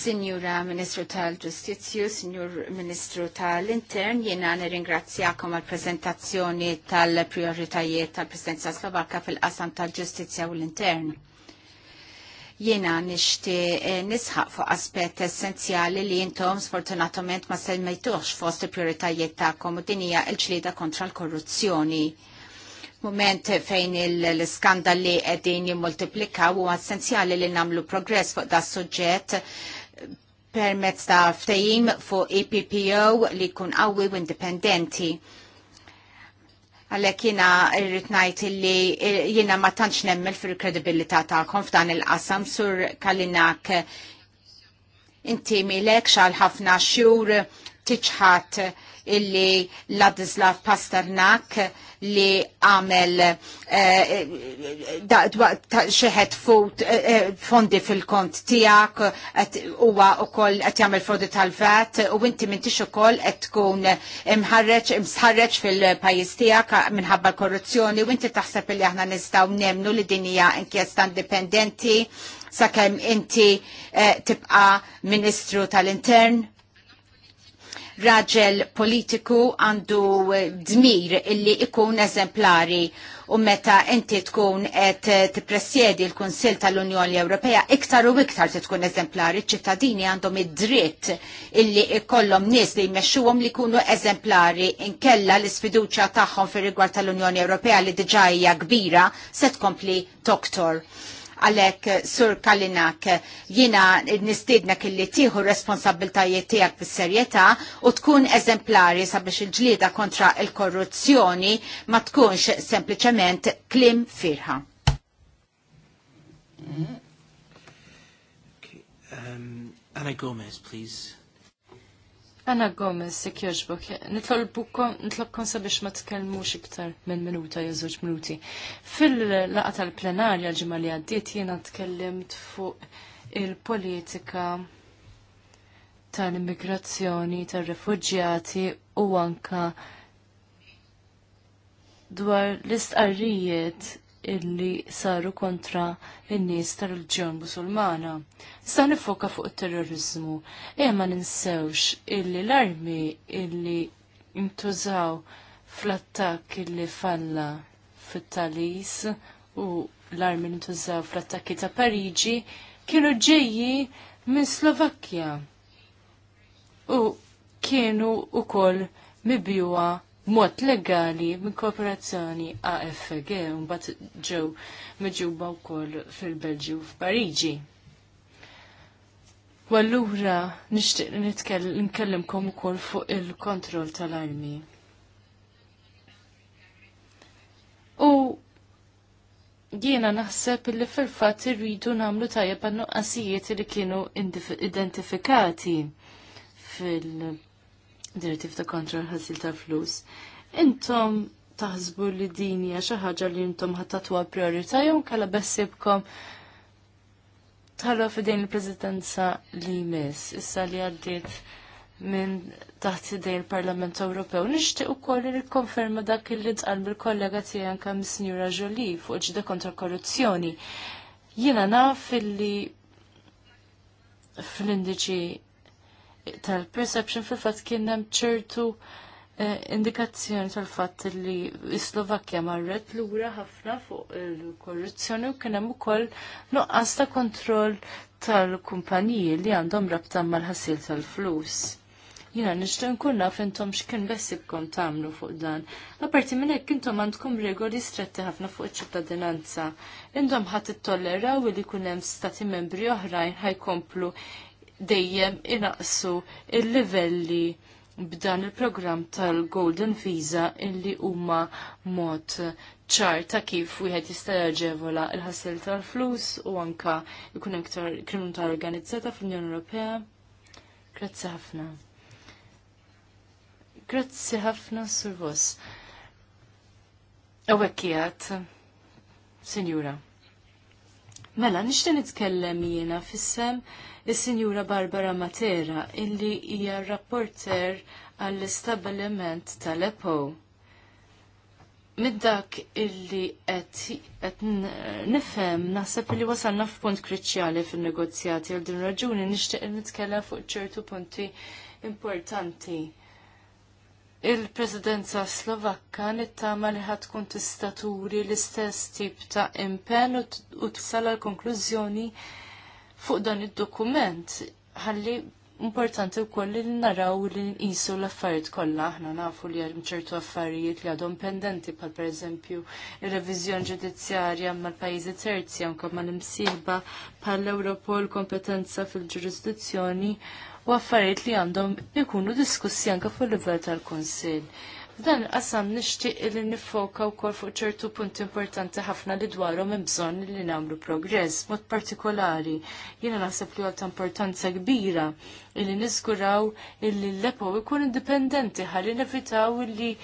Signora Ministru tal-Ġustizzju, Signor Ministru tal-Intern, jiena nirringrazzjakom għal prezentazzjoni tal-prioritajiet tal-Presidenza Slovakka fil-qasam tal-Ġustizzja u l-Intern. Jiena nishti eh, nisħaq fuq aspet essenzjali li jintom sfortunatament ma semmejtux fost il-prioritajiet ta'kom u dinija il ġlieda kontra l-korruzzjoni Moment fejn l-skandali edin jimmultiplikaw u essenzjali li namlu progress fuq da suġġett permezz ta' ftejim fuq EPPO li kun għawi u indipendenti. Għalek jina rritnajt li jina ma tantx nemmel fil-kredibilità ta' f'dan il-qasam sur kalinak inti milek xal ħafna xjur tiċħat illi Ladislav Pasternak li għamel eh, xeħet eh, eh, fondi fil-kont tijak huwa u għakoll għet jgħamil frodi tal vat u inti mintix u koll għet tkun imħarreċ imsħarreċ fil-pajis tijak minħabba korruzzjoni u inti taħseb li aħna nistaw nemnu li dinija inkjesta indipendenti sakemm inti tibqa ministru tal-intern raġel politiku għandu eh, dmir illi ikun eżemplari u meta inti tkun qed eh, presjedi l-Kunsill tal-Unjoni Ewropea iktar u iktar t tkun eżemplari ċittadini għandhom id-dritt illi ikollhom nies li jmexxuhom li jkunu eżemplari inkella l-isfiduċja tagħhom fir-rigward tal-Unjoni Ewropea li diġà hija kbira se tkompli doktor. Għalek, Sur Kalinak, jina nistidna kelli tiħu responsabiltajiet tijak bis-serjeta u tkun eżemplari sabiex il-ġlida kontra il-korruzzjoni ma tkunx sempliciment klim firħa. Um, Anna Gomez, please. Anna Gomez, sik joġbok, nitlobkom sabiex ma tkellmux iktar minn minuta jew żewġ minuti. Fil-laqa tal-plenarja ġimgħa li għaddiet jiena tkellimt fuq il-politika tal-immigrazzjoni, tal-refuġjati u anka dwar l-istqarrijiet illi saru kontra in-nies tal-ġon musulmana. Sta' nifoka fuq terrorizmu. Ejja ma ninsewx illi l-armi illi intużaw fl-attak illi falla fit-talis u l-armi intużaw fl-attakki ta' Pariġi kienu ġejji minn Slovakkja. U kienu ukoll mibjuwa mod legali minn kooperazzjoni AFG mbagħad ġew meġuba wkoll fil-Belġju f'Pariġi. U allura nixtieq nkellimkom ukoll fuq il-kontroll tal-armi. U jiena naħseb li fil-fatt irridu nagħmlu tajjeb għan-nuqqasijiet li kienu identifikati fil- direttiv ta' kontra l-ħasil ta' flus, intom taħsbu li din hija xi ħaġa li intom ħattatuha priorità jew kalla bessibkom tħallu f'idejn il-Presidenza li jmiss, issa li għaddiet minn taħt idejn il-Parlament Ewropew. Nixtieq ukoll li konferma dak li tqal bil-kollega tiegħi anke mis-Sinjura Jolie fuq ġida kontra korruzzjoni. Jiena naf illi fl-indiċi tal-perception fil-fat kien hemm ċertu eh, indikazzjoni tal-fatt li Slovakkja marret lura ħafna fuq il-korruzzjoni u kien hemm ukoll nuqqas ta' kontroll tal-kumpaniji li għandhom rabta mal-ħassil tal-flus jina nishtu nkun naf intom x'kien bessibkom tagħmlu fuq dan. Aparti minn hekk intom għandkom regoli stretti ħafna fuq iċ-ċittadinanza. Intom ħadd ittolleraw li jkun hemm stati membri oħrajn ħajkomplu dejjem inaqsu il-livelli b'dan il-programm tal-Golden Visa illi huma mod ċar ta' kif wieħed jista' jaġevola l-ħassel tal-flus u anka jkun iktar kriminalità organizzata fl-Unjoni Ewropea. Grazzi ħafna. Grazzi ħafna, Sur Voss. Awek Sinjura. Mela, nixtieq nitkellem jiena fissem is-Sinjura Barbara Matera, illi hija rapporter għall establiment tal-EPO. Mid-dak illi qed nifhem naħseb illi wasalna f'punt kruċjali fin-negozjati għal din raġuni nixtieq nitkellem fuq ċertu punti importanti il-presidenza slovakka nittama li ħat tista' l-istess tip ta' impenn u tsal l konklużjoni fuq dan id-dokument. Ħalli importanti koll li naraw li nqisu l-affarijiet kollha aħna nafu li hemm ċertu affarijiet li għadhom pendenti bħal pereżempju ir-reviżjoni ġudizzjarja mal-pajjiżi terzi anke mal-imsieħba bħall Europol kompetenza fil-ġurisdizzjoni u affarijiet li għandhom ikunu diskussi anke fuq livell tal-Kunsill. Dan qasam nixtieq li nifoka wkoll fuq ċertu punti importanti ħafna li dwarhom hemm bżonn li nagħmlu progress mod partikolari. Jiena naħseb li għadha importanza kbira illi niżguraw illi l-lepo ikun indipendenti ħalli nevitaw illi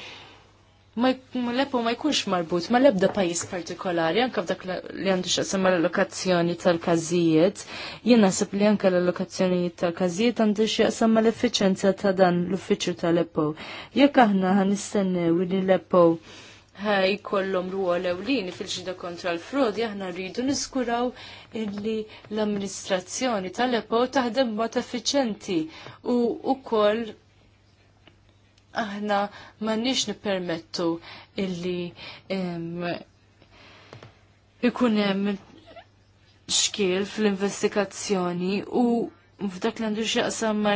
l-epo ma jkunx marbut ma lebda pajis partikolari, anka f'dak li għandu xaqsam l-allokazzjoni tal-kazijiet, jien naħseb li anka l-allokazzjoni tal-kazijiet għandu xaqsam l efficienza ta' dan l-uffiċu tal-epo. Jekk aħna għan nistennew li l-epo ħaj kollom ruol ewlini fil-ġida kontra l-frodi, aħna rridu niskuraw illi l-amministrazzjoni tal-epo taħdem mod effiċenti u u koll aħna m'għandniex nippermettu illi ikun hemm xkiel fl-investigazzjoni u f'dak li għandu xieqsam ma'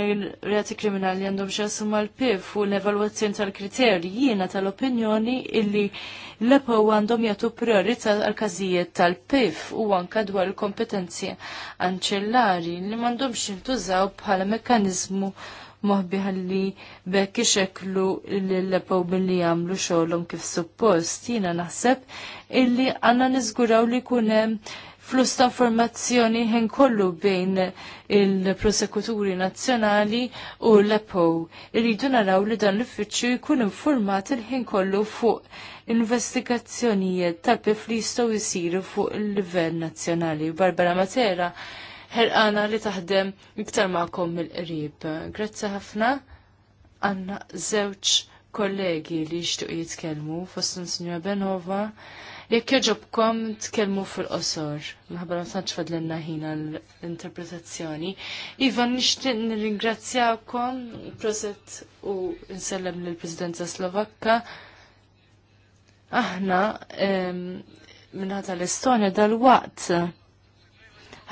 reati kriminali għandhom xieqsam ma' l-pif u l-evaluazzjoni tal-kriterji jiena tal-opinjoni illi l-epo għandhom jgħatu priorita għal-kazijiet tal-pif u anka dwar il-kompetenzi anċellari li mandhom xintużaw bħala mekkanizmu moħbi ħalli bekk ixeklu l-lepaw billi jagħmlu xogħolhom kif suppost. Jiena naħseb illi għandna niżguraw li jkun hemm flus ta' informazzjoni ħin kollu bejn il-prosekuturi nazzjonali u l epow Irridu naraw li dan l-uffiċċju jkun informat il-ħin kollu fuq investigazzjonijiet tal-pif li jistgħu jsiru fuq il-livell nazzjonali. Barbara Matera ħerqana li taħdem iktar ma'kom mill-qrib. Grazzi ħafna għanna żewġ kollegi li jixtuq jitkellmu fostum Sinjora Benova. Jekk joġobkom tkellmu fil-qosor, maħbar ma tantx fadlenna ħina l-interpretazzjoni. Ivan nixtieq nirringrazzjakom, proset u nsellem lill-Presidenza Slovakka. Aħna minħata l-Estonja dal-waqt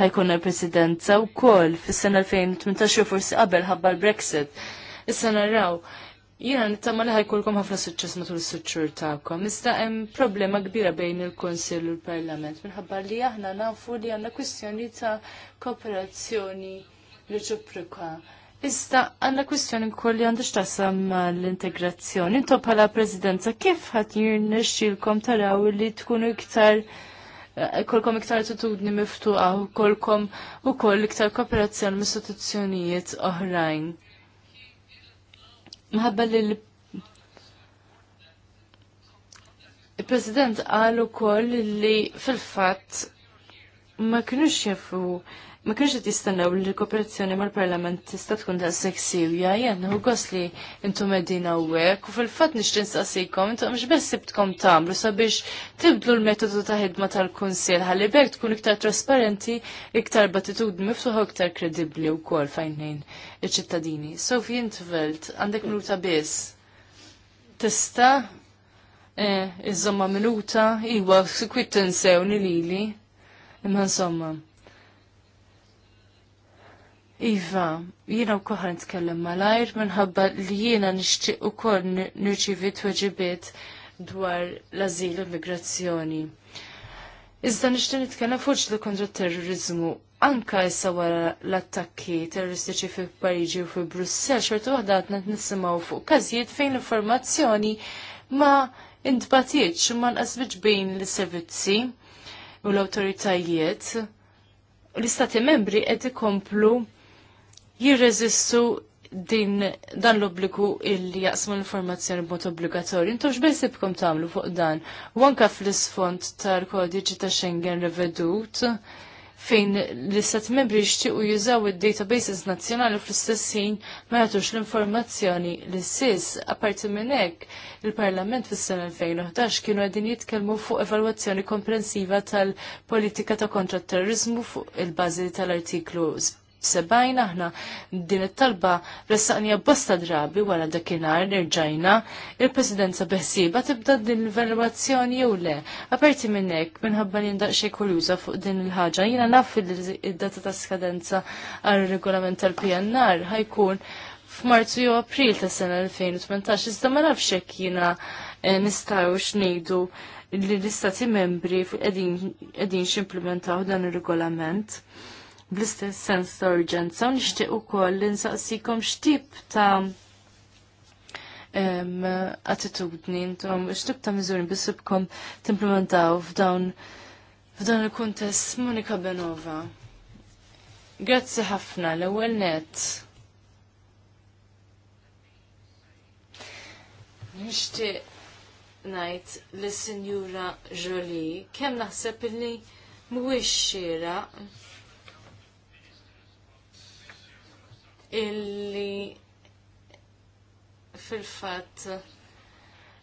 ħajkun presidenza u kol fis-sena 2018 u forsi qabel ħabba l-Brexit. Issa naraw, jiena nittama li ħajkulkom ħafna suċċess matul is-suċċur tagħkom. Iżda hemm problema kbira bejn il konsil u l-Parlament minħabba li aħna nafu li għandna kwistjoni ta' kooperazzjoni reċiproka. Iżda għandna kwistjoni wkoll li għandix tasam l-integrazzjoni. Intom bħala Presidenza kif ħadd jirnexxielkom taraw li tkunu iktar Eh, kolkom iktar attitudni miftuqa u kolkom u koll iktar kooperazzjoni mis istituzzjonijiet oħrajn. Mħabba li l-President qal ukoll li fil-fatt ma kienux jafu ma kienx qed jistennew li l-kooperazzjoni mal-Parlament tista' tkun ta' seksivja, jien nħu gost li intom qegħdin hawnhekk u fil-fatt nixtieq nistaqsikom intom mhux biss sibtkom tagħmlu sabiex tibdlu l-metodu ta' ħidma tal-Kunsill ħalli bejk tkun iktar trasparenti, iktar batitudni miftuħa iktar kredibbli wkoll fejnejn iċ-ċittadini. Sofi Intvelt, għandek minuta biss. Tista' eh, iżomma minuta, iwa, kwitt insewni lili. Imma insomma. Iva, jiena u koħan nitkellem mal minħabba li jiena nixtieq ukoll nirċivi tweġibiet dwar l-azil u l-migrazzjoni. Iżda nixtieq nitkellem fuċ li kontra terrorizmu anka issa wara l-attakki terroristiċi fi Pariġi u fi Brussel xortu waħda għadna nisimaw fuq każijiet fejn l-informazzjoni ma u ma nqasbiġ bejn l-servizzi u l-awtoritajiet l-istati membri qed ikomplu jirreżistu din dan l-obbligu illi jaqsmu l-informazzjoni b'mod obbligatorju. Intom x'bejsibkom tagħmlu fuq dan? U anke fl-isfond tal-kodiċi ta' Schengen revedut fejn l-istat membri jixtiequ jużaw id-databases nazzjonali fl-istess ħin ma jagħtux l-informazzjoni l sis Apparti minn hekk, il-Parlament fis-sena 2011 kienu qegħdin jitkellmu fuq evalwazzjoni komprensiva tal-politika ta' kontra terrorizmu fuq il-bażi tal-artiklu sebajn aħna din it-talba ressaqnija bosta drabi wara dakinhar irġajna il-presidenza beħsiba tibda din l-evaluazzjoni jew le. Aperti minn hekk minħabba li ndaq kurjuża fuq din il-ħaġa jiena naf id-data ta' skadenza għal-regolament tal-PNR ħajkun f'Marzu jew April ta' sena 2018 iżda ma nafx hekk jiena eh, nistgħu x'ngħidu li l-istati membri qegħdin ximplementaw dan ir-regolament bl-istess sens ta' urġenza u nixtieq ukoll li nsaqsikom x'tip ta' attitudni intom, x'tip ta' miżuri bisibkom timplementaw f'dawn f'dan il kuntess Monika Benova. Grazzi ħafna l-ewwel net. Nixtieq ngħid li sinjura Jolie kemm naħseb illi mhuwiex xieraq illi fil fat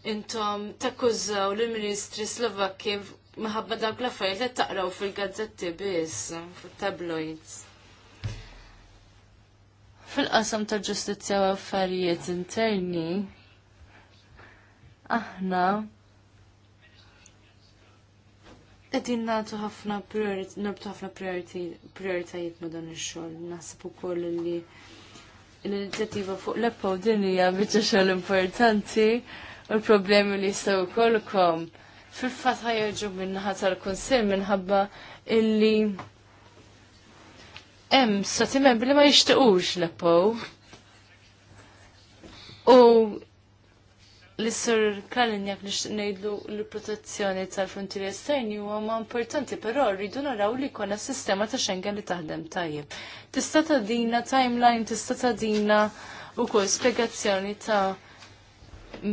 intom takkużaw l-Ministri Slovakki minħabba dawk l-affarijiet li taqraw fil-gazzetti biss, fil-tabloids. Fil-qasam tal ġustizzja u affarijiet interni, aħna Għedin natu ħafna prioritajiet ma dan il-xol, nasibu u koll li l-inizjattiva fuq l-eppo din hija biċċa xogħol importanti u l-problemi li jistgħu kolkom. Fil-fatt ħajġu minnaħa tal-Kunsill minħabba illi hemm stati membri li ma jixtiequx l-eppo. U L-Sur Kalinjak nixtieq ngħidlu l-protezzjoni tal-frontieri esterni huwa għamma importanti, però rridu naraw li jkollna sistema ta' Schengen li taħdem tajjeb. Tista' dina, timeline, tista' u wkoll spjegazzjoni ta'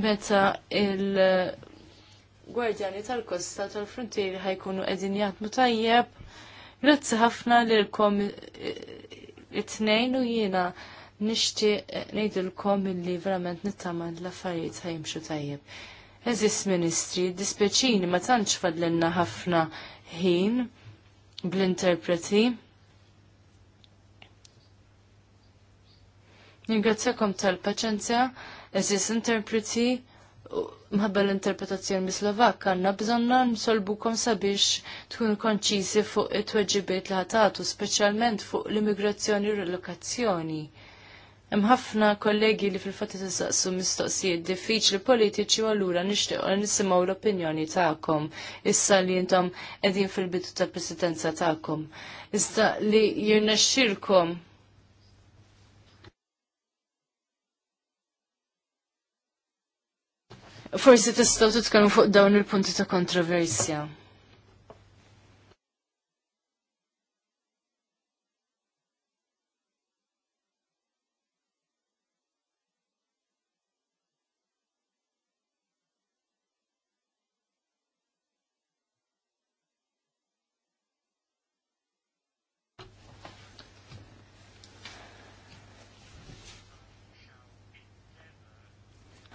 meta il-gwardjani tal-kosta tal-frontieri ħajkunu qegħdin jaħdmu tajjeb. Grazzi ħafna lilkom eh, it-tnejn u jiena nixtieq eh, ngħidilkom illi verament nittaman l-affarijiet ħajimxu tajjeb. Eżis Ministri, dispeċini ma tantx fadlenna ħafna ħin bl-interpreti. Ningrazzjakom tal-paċenzja, eżis interpreti mħabba l-interpretazzjoni mislovak għanna bżonna nsolbukom sabiex tkun konċisi fuq it-tweġibiet li ħatatu, specialment fuq l-immigrazzjoni u relokazzjoni. Hemm ħafna kollegi li fil fatti tistaqsu mistoqsijiet diffiċli politiċi u allura nixtiequ nisimgħu l-opinjoni tagħkom issa li intom qegħdin fil-bidu tal-presidenza tagħkom. Iżda li jirnexxirkom. Forsi tistgħu titkellmu fuq dawn il-punti ta' kontroversja.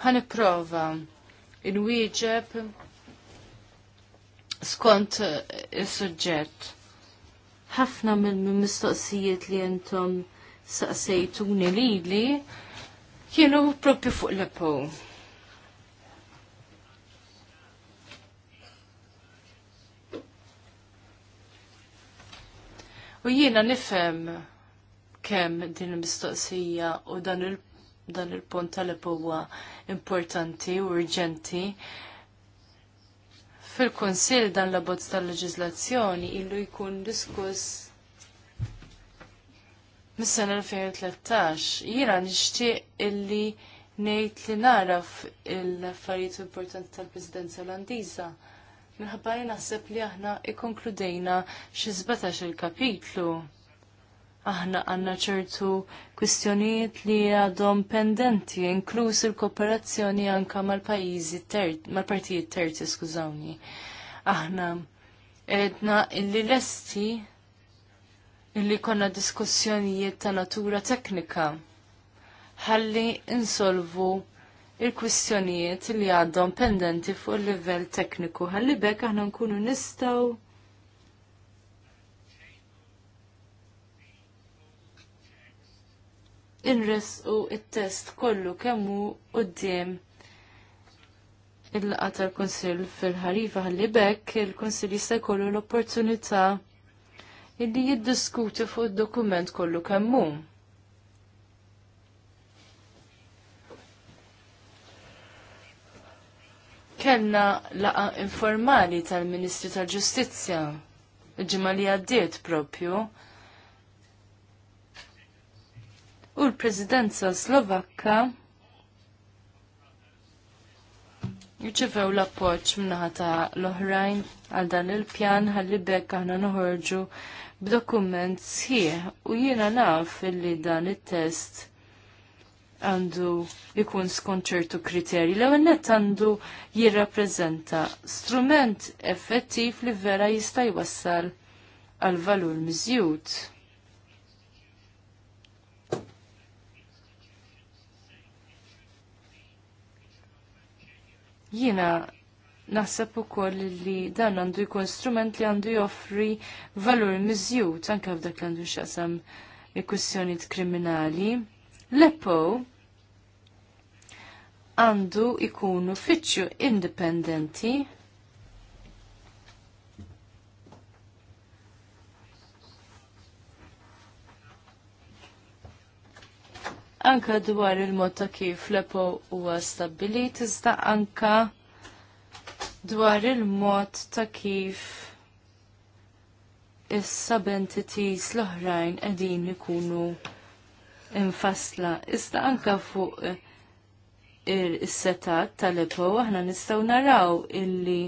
ħaniprova wieġeb skont eh, is-suġġett. Ħafna mill-mistoqsijiet li jentom saqsejtuni lili kienu propju fuq l U jiena nifhem kemm din il-mistoqsija u dan il dan il-punt tal-eb huwa importanti u urġenti. Fil-Kunsill dan l-abbozz tal-leġiżlazzjoni illu jkun diskuss mis-sena 2013. Jiena nixtieq illi ngħid li naraf l-affarijiet importanti tal-Presidenza Olandiża. Minħabba li naħseb li aħna ikkonkludejna xi żbatax il-kapitlu aħna għanna ċertu kwistjonijiet li għadhom pendenti, inkluż il-kooperazzjoni anka mal-pajizi terzi, mal-partijiet terzi, skużawni. Aħna edna illi lesti illi konna diskussjonijiet ta' natura teknika. Ħalli insolvu il-kwistjonijiet li għadhom pendenti fuq il-livell tekniku. Ħalli bekk aħna nkunu nistaw inres u il-test kollu kemmu u d-diem il-laqa tal-Konsil fil-ħarifa għalli bekk il-Konsil jista' jkollu l-opportunità illi jiddiskuti fuq id-dokument kollu kemmu. Kellna laqa informali tal-Ministri tal-Ġustizzja il-ġimgħa li għaddiet propju u l-Presidenza Slovakka jirċivew l-appoġġ minnaħa ta' l-oħrajn għal dan il-pjan ħalli bekk aħna noħorġu b'dokument sħiħ u jiena naf illi dan it-test għandu jkun skont ċertu kriterji. l net għandu jirrapprezenta strument effettiv li vera jista' jwassal għal valur miżjud. Jiena naħseb ukoll li dan għandu jkun strument li għandu joffri valur miżjud anke f'dak li għandu xasam il-kwistjonijiet kriminali. Lepo għandu ikunu fitxu indipendenti anka dwar il-mod ta' kif l-epo huwa stabbilit, iżda anka dwar il-mod ta' kif is-subentities l-oħrajn qegħdin ikunu infasla. Iżda anka fuq il-setat tal-epo aħna nistgħu naraw illi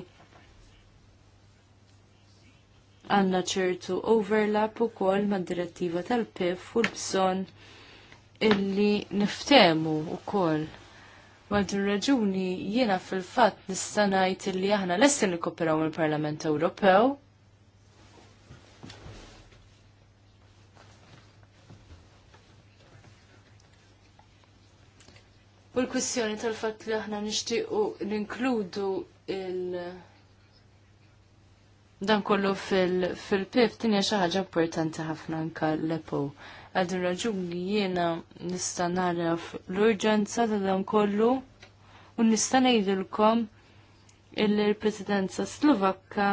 għanna ċertu overlap u kol ma' direttiva tal-PIF u l-bżon illi niftemu wkoll. Għal din raġuni jiena fil-fatt nista' ngħid illi aħna li nikkoperaw mill-Parlament Ewropew. U l kwissjoni tal fat li aħna nixtiequ inkludu il- dan kollu fil-pif tinja xi ħaġa importanti ħafna nka l-epo għal raġuni jiena nista' naraf l-urġenza ta' dan kollu u nista' ngħidilkom il-Presidenza Slovakka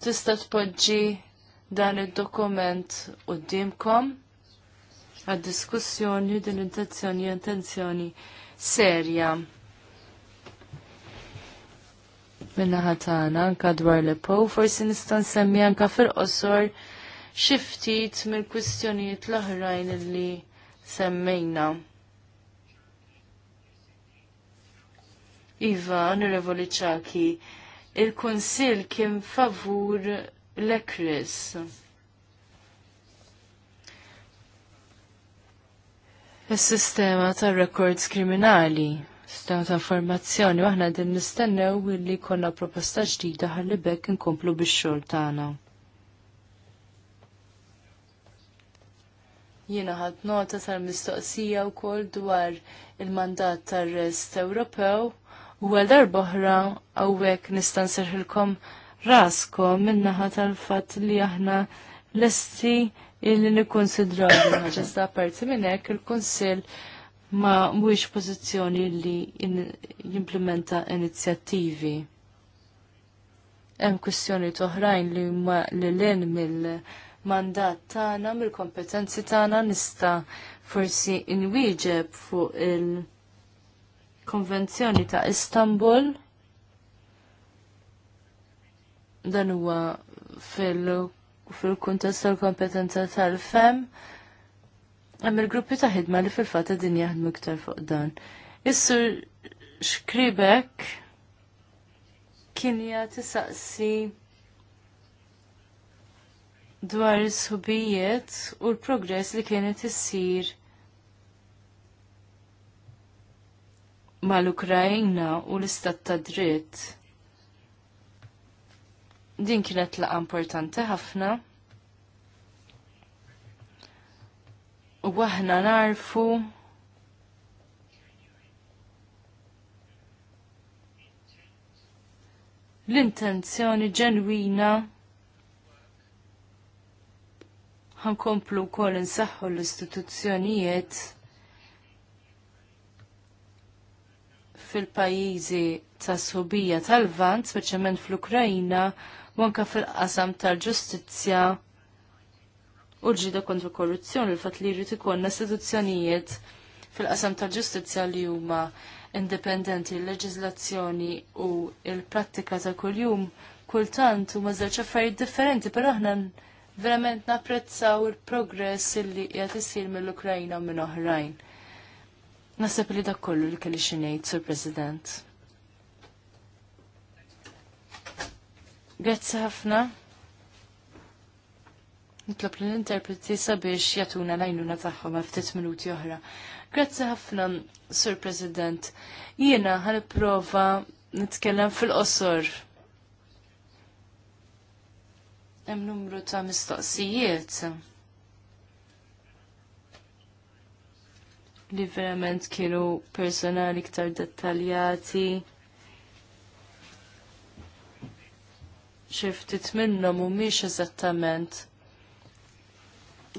tista' tpoġġi dan id-dokument d-dimkom għad-diskussjoni din intenzjoni intenzjoni serja minna tagħna anka dwar li pow forsi nista' nsemmi anka fil-qosor xi ftit mill-kwistjonijiet l-oħrajn li semmejna. Iva, onorevoli ċaki, il-Konsil kien favur l-Ekris. Il-sistema tar rekords kriminali ta' informazzjoni waħna aħna din nistennew li konna proposta ġdida ħalli bekk inkomplu bix-xogħol tagħna. Jiena ħadd nota tal-mistoqsija wkoll dwar il-mandat tar-Rest Ewropew u għal darboħra hawnhekk nista' nserħilkom raskom min-naħa tal-fatt li aħna lesti illi nikkunsidraw ħaġa sta parti minn hekk il-Kunsill il kunsill ma mhuwiex pożizzjoni li jimplementa inizjattivi. Hemm kwistjoni oħrajn li ma li len mill-mandat tagħna, mill-kompetenzi tagħna nista' forsi inwieġeb fuq il-Konvenzjoni ta' Istanbul dan huwa fil-kuntest tal-kompetenza tal-fem. fil kuntest tal kompetenza tal fem Għem il-gruppi ta' ħidma li fil-fat din jaħdmu iktar fuq dan. Is-Sur xkribek kien tisaqsi dwar is-subijiet u l-progress li kienet issir mal ukrajina u l-istat ta' dritt. Din kienet laqa importanti ħafna. u aħna narfu l-intenzjoni ġenwina ħankomplu kol insaħħu l-istituzzjonijiet fil-pajizi ta' subija tal-vant, speċjalment fl-Ukrajna, u anka fil-qasam tal-ġustizzja u l-ġida kontra korruzzjoni l-fat li jrid ikollna istituzzjonijiet fil-qasam tal-ġustizzja li huma indipendenti l-leġiżlazzjoni u l-prattika ta' kuljum kultant huma żewġ affarijiet differenti, però aħna verament napprezzaw il-progress li qiegħed isir mill-Ukrajna u minn oħrajn. Naseb li dak kollu li kelli xi ngħid, Sur President. Grazzi ħafna. Nitlob l-interpreti sabiex jatuna lajnuna taħħom ftit minuti oħra. Grazzi ħafna, Sur President. Jiena prova nitkellem fil-qosor. Hemm numru ta' mistoqsijiet. Li verament kienu personali iktar dettaljati. Xi ftit minnhom mhumiex eżattament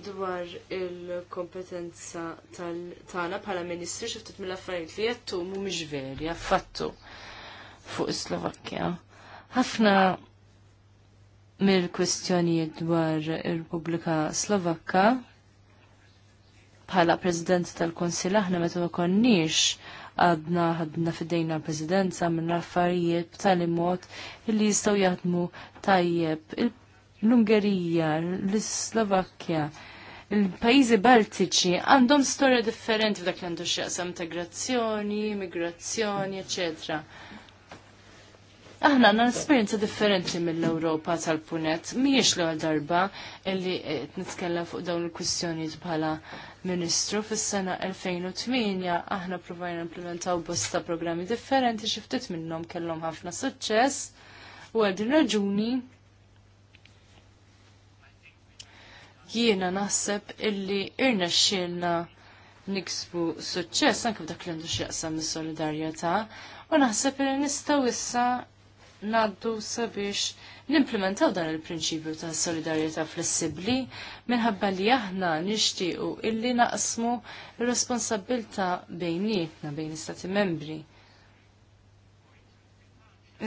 dwar il-kompetenza tagħna bħala ministri xi ftit mill-affarijiet li jattu mu veri affattu fuq is-Slovakkja. Ħafna mill-kwestjonijiet dwar ir-Repubblika Slovakka bħala President tal-Konsil aħna meta ma konniex għadna ħadna fidejna l-Presidenza minn affarijiet b'tali mod li jistgħu jaħdmu tajjeb il l-Ungerija, l-Slovakkja, il-pajizi baltiċi għandhom storja differenti f'dak li għandu x'jaqsam integrazzjoni, migrazzjoni, eccetera. Aħna għandna esperienza differenti mill ewropa tal-punet. Miex l darba illi nitkellem fuq dawn il-kwistjonijiet bħala ministru fis-sena 2008 aħna provajna implementaw bosta programmi differenti xiftit minnhom kellhom ħafna suċċess u għal din raġuni jiena naħseb illi irna xilna niksbu suċċess anke f'dak li għandu x'jaqsam mis-solidarjetà u naħseb illi nistgħu issa ngħaddu sabiex nimplementaw dan il-prinċipju ta' solidarjetà flessibbli minħabba li aħna nixtiequ illi naqsmu r-responsabbilta bejnietna bejn istati membri.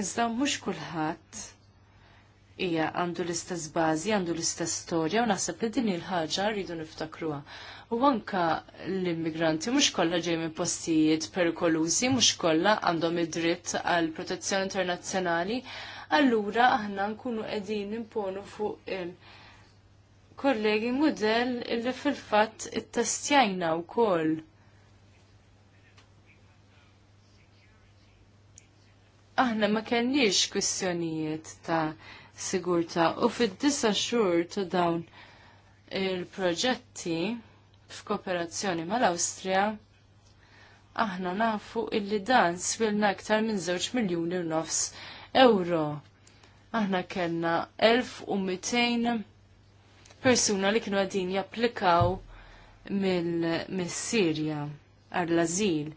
Iżda mhux kulħadd hija għandu l-istess bażi, għandu l-istess storja u naħseb li din il-ħaġa rridu niftakruha. U anka l-immigranti mhux kollha ġej minn postijiet perikolużi, mhux kollha għandhom id-dritt għal protezzjoni internazzjonali, allura aħna nkunu qegħdin imponu fuq il- kollegi mudell illi fil-fatt it-testjajna wkoll. aħna ma kenniex kwistjonijiet ta' sigurta. U fid-disa xhur ta' dawn il-proġetti f'kooperazzjoni mal-Awstrija aħna nafu illi dan svilna aktar minn żewġ miljuni u nofs euro. Aħna kellna 1200 persuna li kienu għadin japplikaw mill-Sirja għall-azil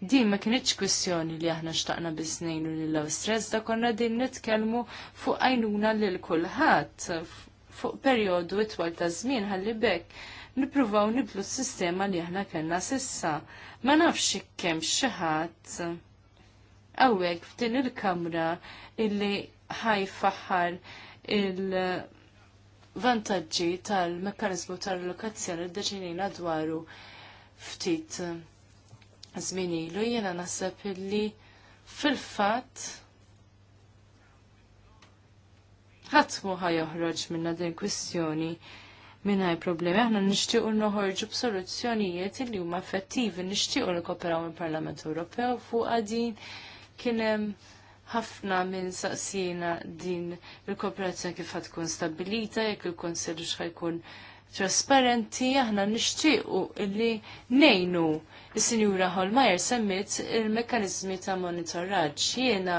din ma kienitx kwistjoni li aħna xtaqna u lill stress da konna din nitkellmu fuq għajnuna lil kulħadd fuq perjodu itwal ta' żmien ħalli bekk nippruvaw niblu s-sistema li aħna kellna sissa. Ma nafx kemm xi ħadd hawnhekk f'din il-kamra illi ħajfaħħar il- vantaġġi tal-mekkanizmu tal lokazzjoni d-deċinina dwaru ftit żmien ilu jiena naħseb illi fil-fatt ħadd ħaj joħroġ minna din kwistjoni ħaj problemi. Aħna nixtiequ noħorġu b'soluzzjonijiet li huma effettivi, nixtiequ nikoperaw il-Parlament Ewropew fuq għadin kien hemm ħafna minn saqsina din il-kooperazzjoni kif tkun stabilita, jekk il-Konsilju x'ħajkun jkun trasparenti aħna nixtiequ illi nejnu is-Sinjura Holmajer semmit il-mekkanizmi ta' monitoraġġ. Jiena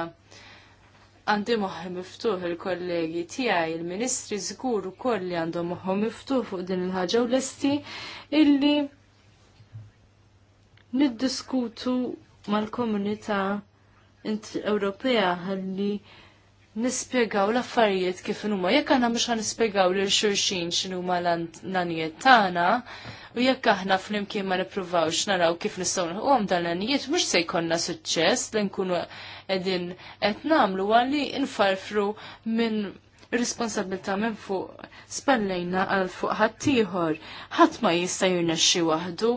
għandi moħħi miftuħ il-kollegi tiegħi il-Ministri żgur ukoll li għandhom moħħu miftuħ fuq din il-ħaġa u lesti illi niddiskutu mal-komunità Ewropea għalli nispjegaw l-affarijiet kif huma. Jekk aħna mhux ħanispjegaw lil xulxin x'inhu l nanijiet tagħna, u jekk aħna flimkien ma nippruvawx naraw kif nistgħu nħuqhom dan l mhux se jkollna suċċess li nkunu qegħdin qed nagħmlu għalli nfarfru minn responsabilta minn fuq spallejna għal fuq ħaddieħor. Ħadd ma jista' jirnexxi waħdu,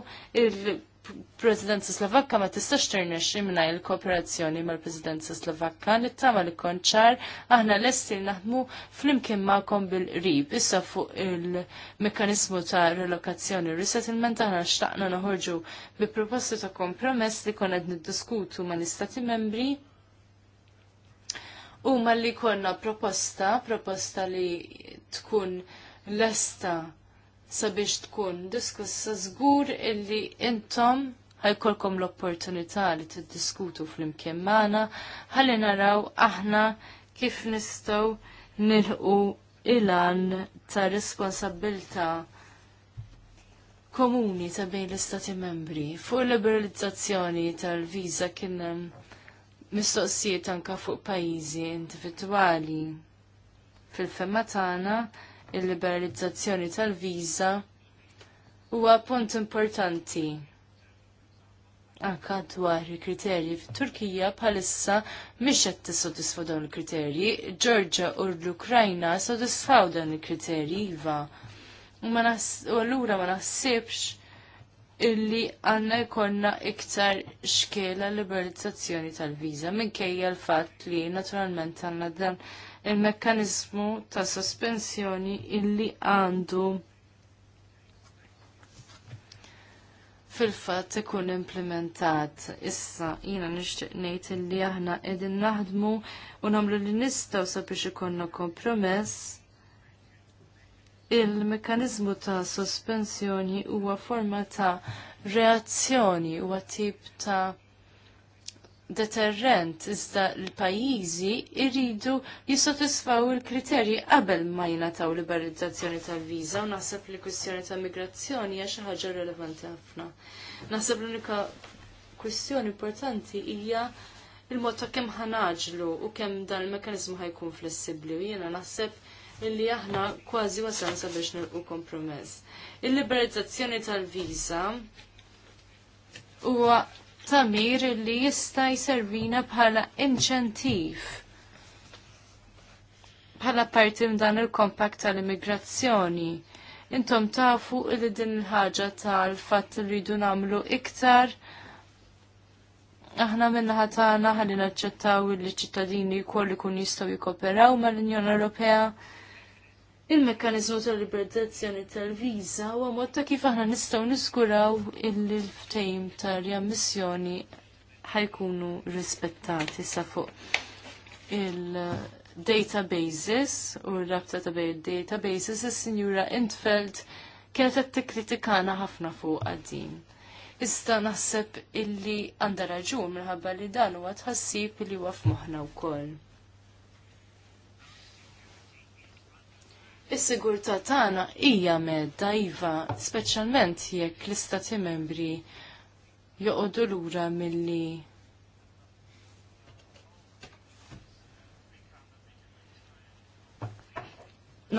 presidenza Slovakka ma tistax tirnex imna il-kooperazzjoni mal-Presidenza Slovakka nittama li konċar aħna l-esti naħdmu flimkien imkien ma'kom bil-qrib issa fuq il-mekanizmu ta' relokazzjoni resettlement aħna xtaqna noħorġu bi proposti ta' kompromess li konna niddiskutu ma' l-Istati membri u ma' li konna proposta, proposta li tkun l-esta sabiex tkun diskussa żgur illi intom ħajkolkom l-opportunità li tiddiskutu fl-imkien maħna, ħalli naraw aħna kif nistgħu nilħu ilan ta' responsabilta' komuni ta' bejn l-istati membri fuq liberalizzazzjoni tal-viza kien hemm mistoqsijiet anka fuq pajjiżi individwali. Fil-femma tagħna il-liberalizzazzjoni tal-viża huwa punt importanti anka dwar il-kriterji fit-Turkija bħalissa mhix qed tissodisfa dawn il-kriterji. Ġorġa u l-Ukrajna sodisfaw dan il-kriterji iva. U allura ma naħsibx illi għanna jkollna iktar xkela liberalizzazzjoni tal-viża minkejja l-fatt li naturalment għandna dan il-mekkanizmu ta' sospensjoni illi għandu fil-fatt ikun implementat. Issa jina nixtieq ngħid illi aħna qegħdin naħdmu u nagħmlu li nistgħu sabiex ikonna kompromess il-mekanizmu ta' sospensjoni huwa forma ta' reazzjoni huwa tip ta' deterrent iżda l-pajjiżi jridu jissodisfaw il-kriterji qabel ma jingħataw liberalizzazzjoni tal-viża u naħseb li kwistjoni ta' migrazzjoni hija xi ħaġa rilevanti ħafna. Naħseb l-unika kwistjoni importanti hija il-mod ta' kemm ħanaġlu u kemm dan il-mekanizmu ħajkun flessibbli u jiena naħseb illi aħna kważi wasan sabiex nilqu kompromess. Il-liberalizzazzjoni tal-viża huwa tamir li jista' jservina bħala inċentiv bħala parti dan il-kompakt tal-immigrazzjoni. Intom tafu li din il-ħaġa tal-fatt li rridu nagħmlu iktar aħna minnaħa tagħna ħalli naċċettaw li ċittadini jkollu kun jistgħu jikoperaw mal-Unjoni Ewropea il-mekkanizmu tal libertazzjoni tal-viża huwa mod ta' kif aħna nistgħu niskuraw il-ftejm tal-riammissjoni ħajkunu rispettati sa fuq il-databases u r-rabta ta' bej il-databases is-sinjura Intfeld kienet qed tikkritikana ħafna fuq għaddin. Iżda naħseb illi għandha raġun minħabba li dan huwa tħassib li huwa f'moħħna wkoll. Is-sigurtà tagħna hija medda iva, speċjalment jekk l-istati membri joqogħdu lura milli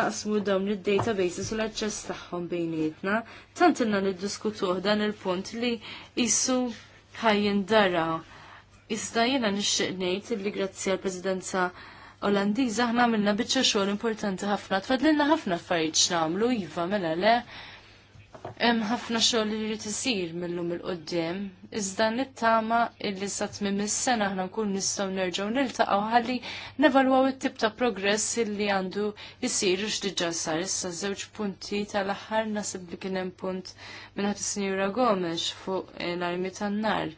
naqsmu dawn id databases u l-aċċess tagħhom bejnietna, tant inna niddiskutuh dan il-punt li jissu ħajjin dara. Iżda jiena nixtieq ngħid li grazzi għall-Presidenza Olandiża aħna għamilna biċċa xogħol importanti ħafna. Tfadlilna ħafna affarijiet x'nagħmlu iva mela le. Hemm ħafna xogħol li jrid isir minnhom il-qudiem, iżda nittama illi sa tmiem is-sena aħna nkun nistgħu nerġgħu niltaqgħu ħalli nevalwaw it-tip ta' progress illi għandu jsir x'diġà sar issa żewġ punti tal-aħħar nasib li kien hemm punt minn ħadd is-Sinjura Gomes fuq l-armi tan-nar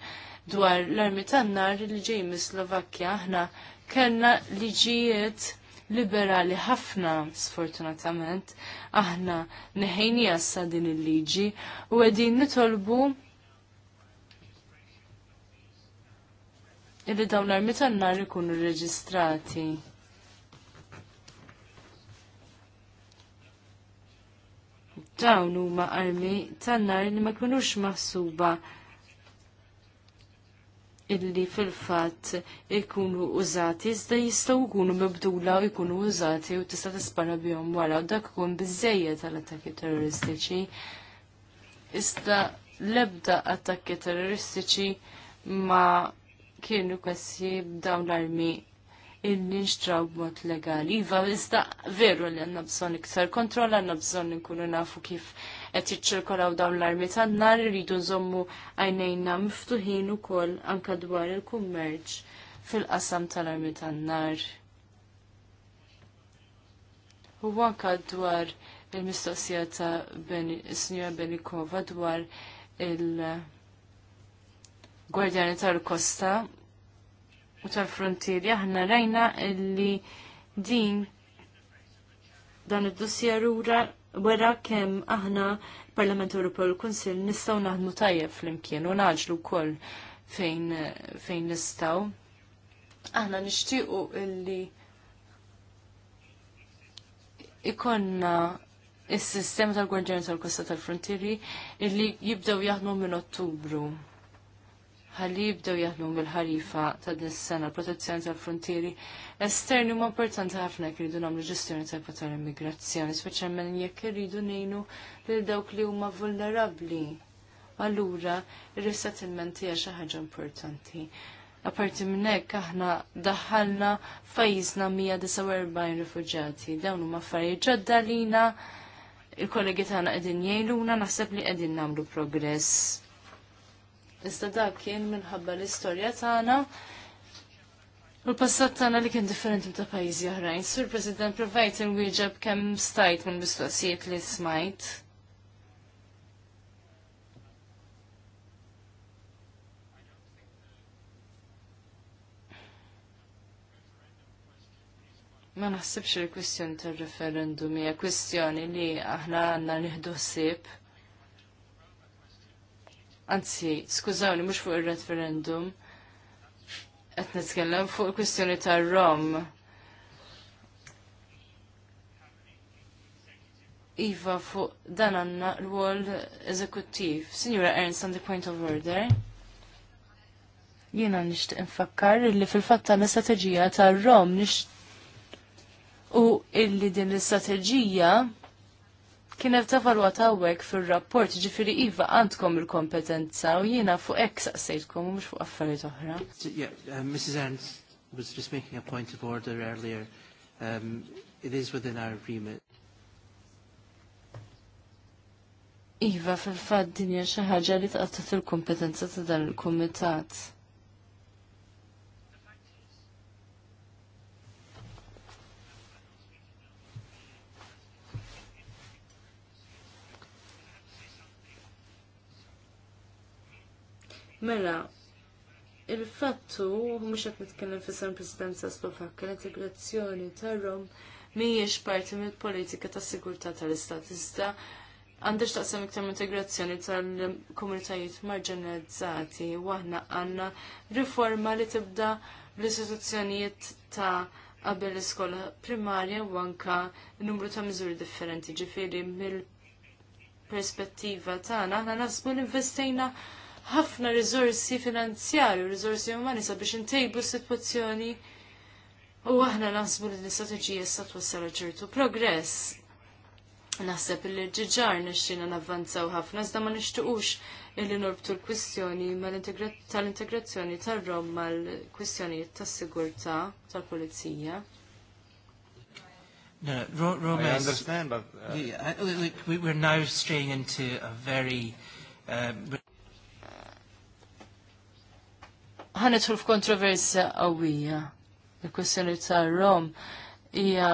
dwar l-armi tan-nar li ġej mis-Slovakkja aħna kellna liġijiet liberali ħafna, sfortunatament, aħna neħejni għassa din il-liġi u għedin nitolbu illi dawn l-armi tan-nar ikunu reġistrati. Dawn huma armi tan-nar li ma kinux maħsuba illi fil-fat ikunu użati, iżda jistaw ikunu mibdula u ikunu użati u tista' tispara bjom wara u dak kun biżejjed tal-attakki terroristiċi. Iżda l-ebda attakki terroristiċi ma kienu kassi b'dawn l-armi illi nxtraw b'mod legali. Iva, iżda veru li għanna bżon iktar kontroll, għanna bżon nkunu nafu kif qed jiċċirkolaw dawn l-armi tan-nar iridu nżommu għajnejna miftuħin ukoll anke dwar il-kummerċ fil-qasam tal-armi tan-nar. U anke dwar il-mistoqsija ta' Sinjora Benikova dwar il-Gwardjani tal-Kosta u tal-Frontieri aħna rajna li din dan id-dossier ura wara kemm aħna Parlament Ewropew u l-Kunsill nistgħu naħdmu tajjeb flimkien u naġlu wkoll fejn fejn nistgħu. Aħna nixtiequ illi ikonna is-sistema tal-Gwardjani tal-Kosta tal-Frontieri illi jibdew jaħdmu minn Ottubru ħalli jibdew jaħdmu mill-ħarifa ta' din is-sena l-protezzjoni tal-frontieri esterni huma importanti ħafna jekk iridu nagħmlu ġestjoni tajba tal-immigrazzjoni, speċjalment jekk iridu ngħinu lil dawk li huma vulnerabbli. Allura, ir-resettlement hija xi ħaġa importanti. Aparti minn hekk aħna daħħalna fajjiżna 149 rifuġjati. Dawn huma affarijiet ġodda lina, il-kollegi tagħna qegħdin jgħinuna naħseb li qegħdin nagħmlu progress Iżda dak kien minħabba l-istorja tagħna u l-passat tagħna li kien differenti ta' pajjiżi oħrajn. Sur President provajt inwieġeb kemm stajt minn mistoqsijiet li smajt. Ma naħsibx il-kwistjoni tal-referendum hija kwistjoni li aħna għandna nieħdu ħsieb anzi, skużawni, mhux fuq ir-referendum, qed nitkellem fuq il kwestjoni tar-Rom. Iva fuq dan għanna l-wol eżekuttiv. Signora Ernst, on the point of order. Jiena nixtieq infakkar li fil-fatt l strateġija tar-Rom nisht u illi din l-istrateġija kienet tavalwatawek għawek fil-rapport ġifiri Iva għandkom il-kompetenza u jiena fuq ek saqsejtkom u mux fuq affarijiet oħra. Uh, Mrs. Ernst was just making a point of order earlier. Um, it is within our remit. Iva, fil fad dinja xaħġa li taqtat il-kompetenza ta' dan il-komitat. Mela, il-fattu, mhux qed nitkellem fissar presidenza Slovakka, l-integrazzjoni tar rom mhijiex parti mill-politika tas sigurtà tal-Istat. Iżda għandix taqsam iktar integrazzjoni tal-komunitajiet marġinalizzati u aħna għandna riforma li tibda l-istituzzjonijiet ta' qabel l-iskola primarja u anka numru ta' miżuri differenti ġifieri mill-perspettiva tagħna aħna nasbu l-investejna ħafna rizorsi finanzjari u riżorsi umani sabiex intejbu s-sitwazzjoni u aħna naħsbu li l-istrateġija s twassal ċertu progress. Naħseb li ġiġar nixxina navvanzaw ħafna, zda ma nixtuqux illi norbtu l-kwistjoni tal-integrazzjoni tal-rom mal-kwistjoni tas-sigurtà tal-polizija. No, no, Roma I understand, but... Uh, uh... we, we, we're now straying into a very... Uh, ħanetħu f'kontroversja qawwija. Il-kwestjoni ta' Rom hija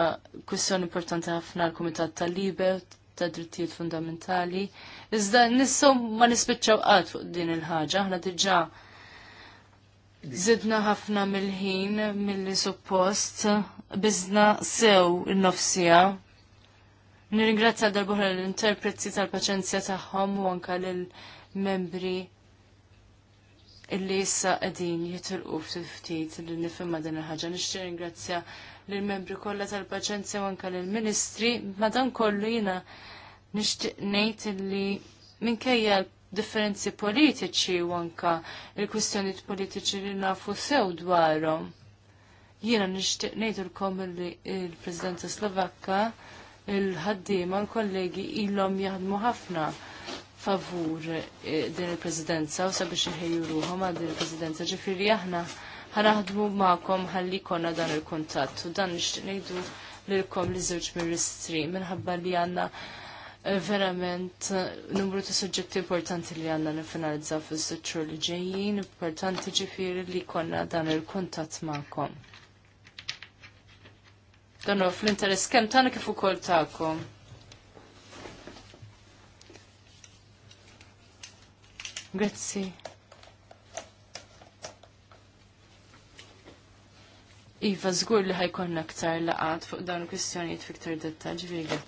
kwestjoni importanti ħafna l-Kumitat tal Liber ta' drittijiet fundamentali. Iżda nissom ma nispiċċaw qatt fuq din il-ħaġa, aħna diġà Zidna ħafna mill-ħin mill-li suppost bizna sew il-nofsija Nirringrazzja darbuħra l-interpreti tal-paċenzja tagħhom u anka l-membri illi issa qegħdin jitilqu ftit li nifhimha din il-ħaġa. Nixtieq ringrazzja lill membri kollha tal-paċenzja u anke lill-Ministri. Madan kollu jiena nixtieq ngħid illi minkejja differenzi politiċi u anke il-kwistjonijiet politiċi li nafu sew dwarhom. Jiena nixtieq ngħidulkom illi il presidenta Slovakka il-ħaddiema l-kollegi ilhom jaħdmu ħafna favur eh, din il-Presidenza u sabiex iħejju ruħom għal din il-Presidenza. Ġifieri aħna ħanaħdmu magħkom ħalli konna dan il-kuntatt u dan nixtieq ngħidu lilkom li żewġ mir-ristri minħabba li għandna eh, verament eh, numru ta' suġġetti importanti li għanna nifinalizza fil-sitxur li ġejjin, importanti ġifiri li konna dan il kontat maqom. Dan fl-interess kem tana kif ukoll ta'kom. Grazzi. Iva, zgur li ħajkonna ktar laqat fuq dan kwistjonijiet fiktar dettal, ġviri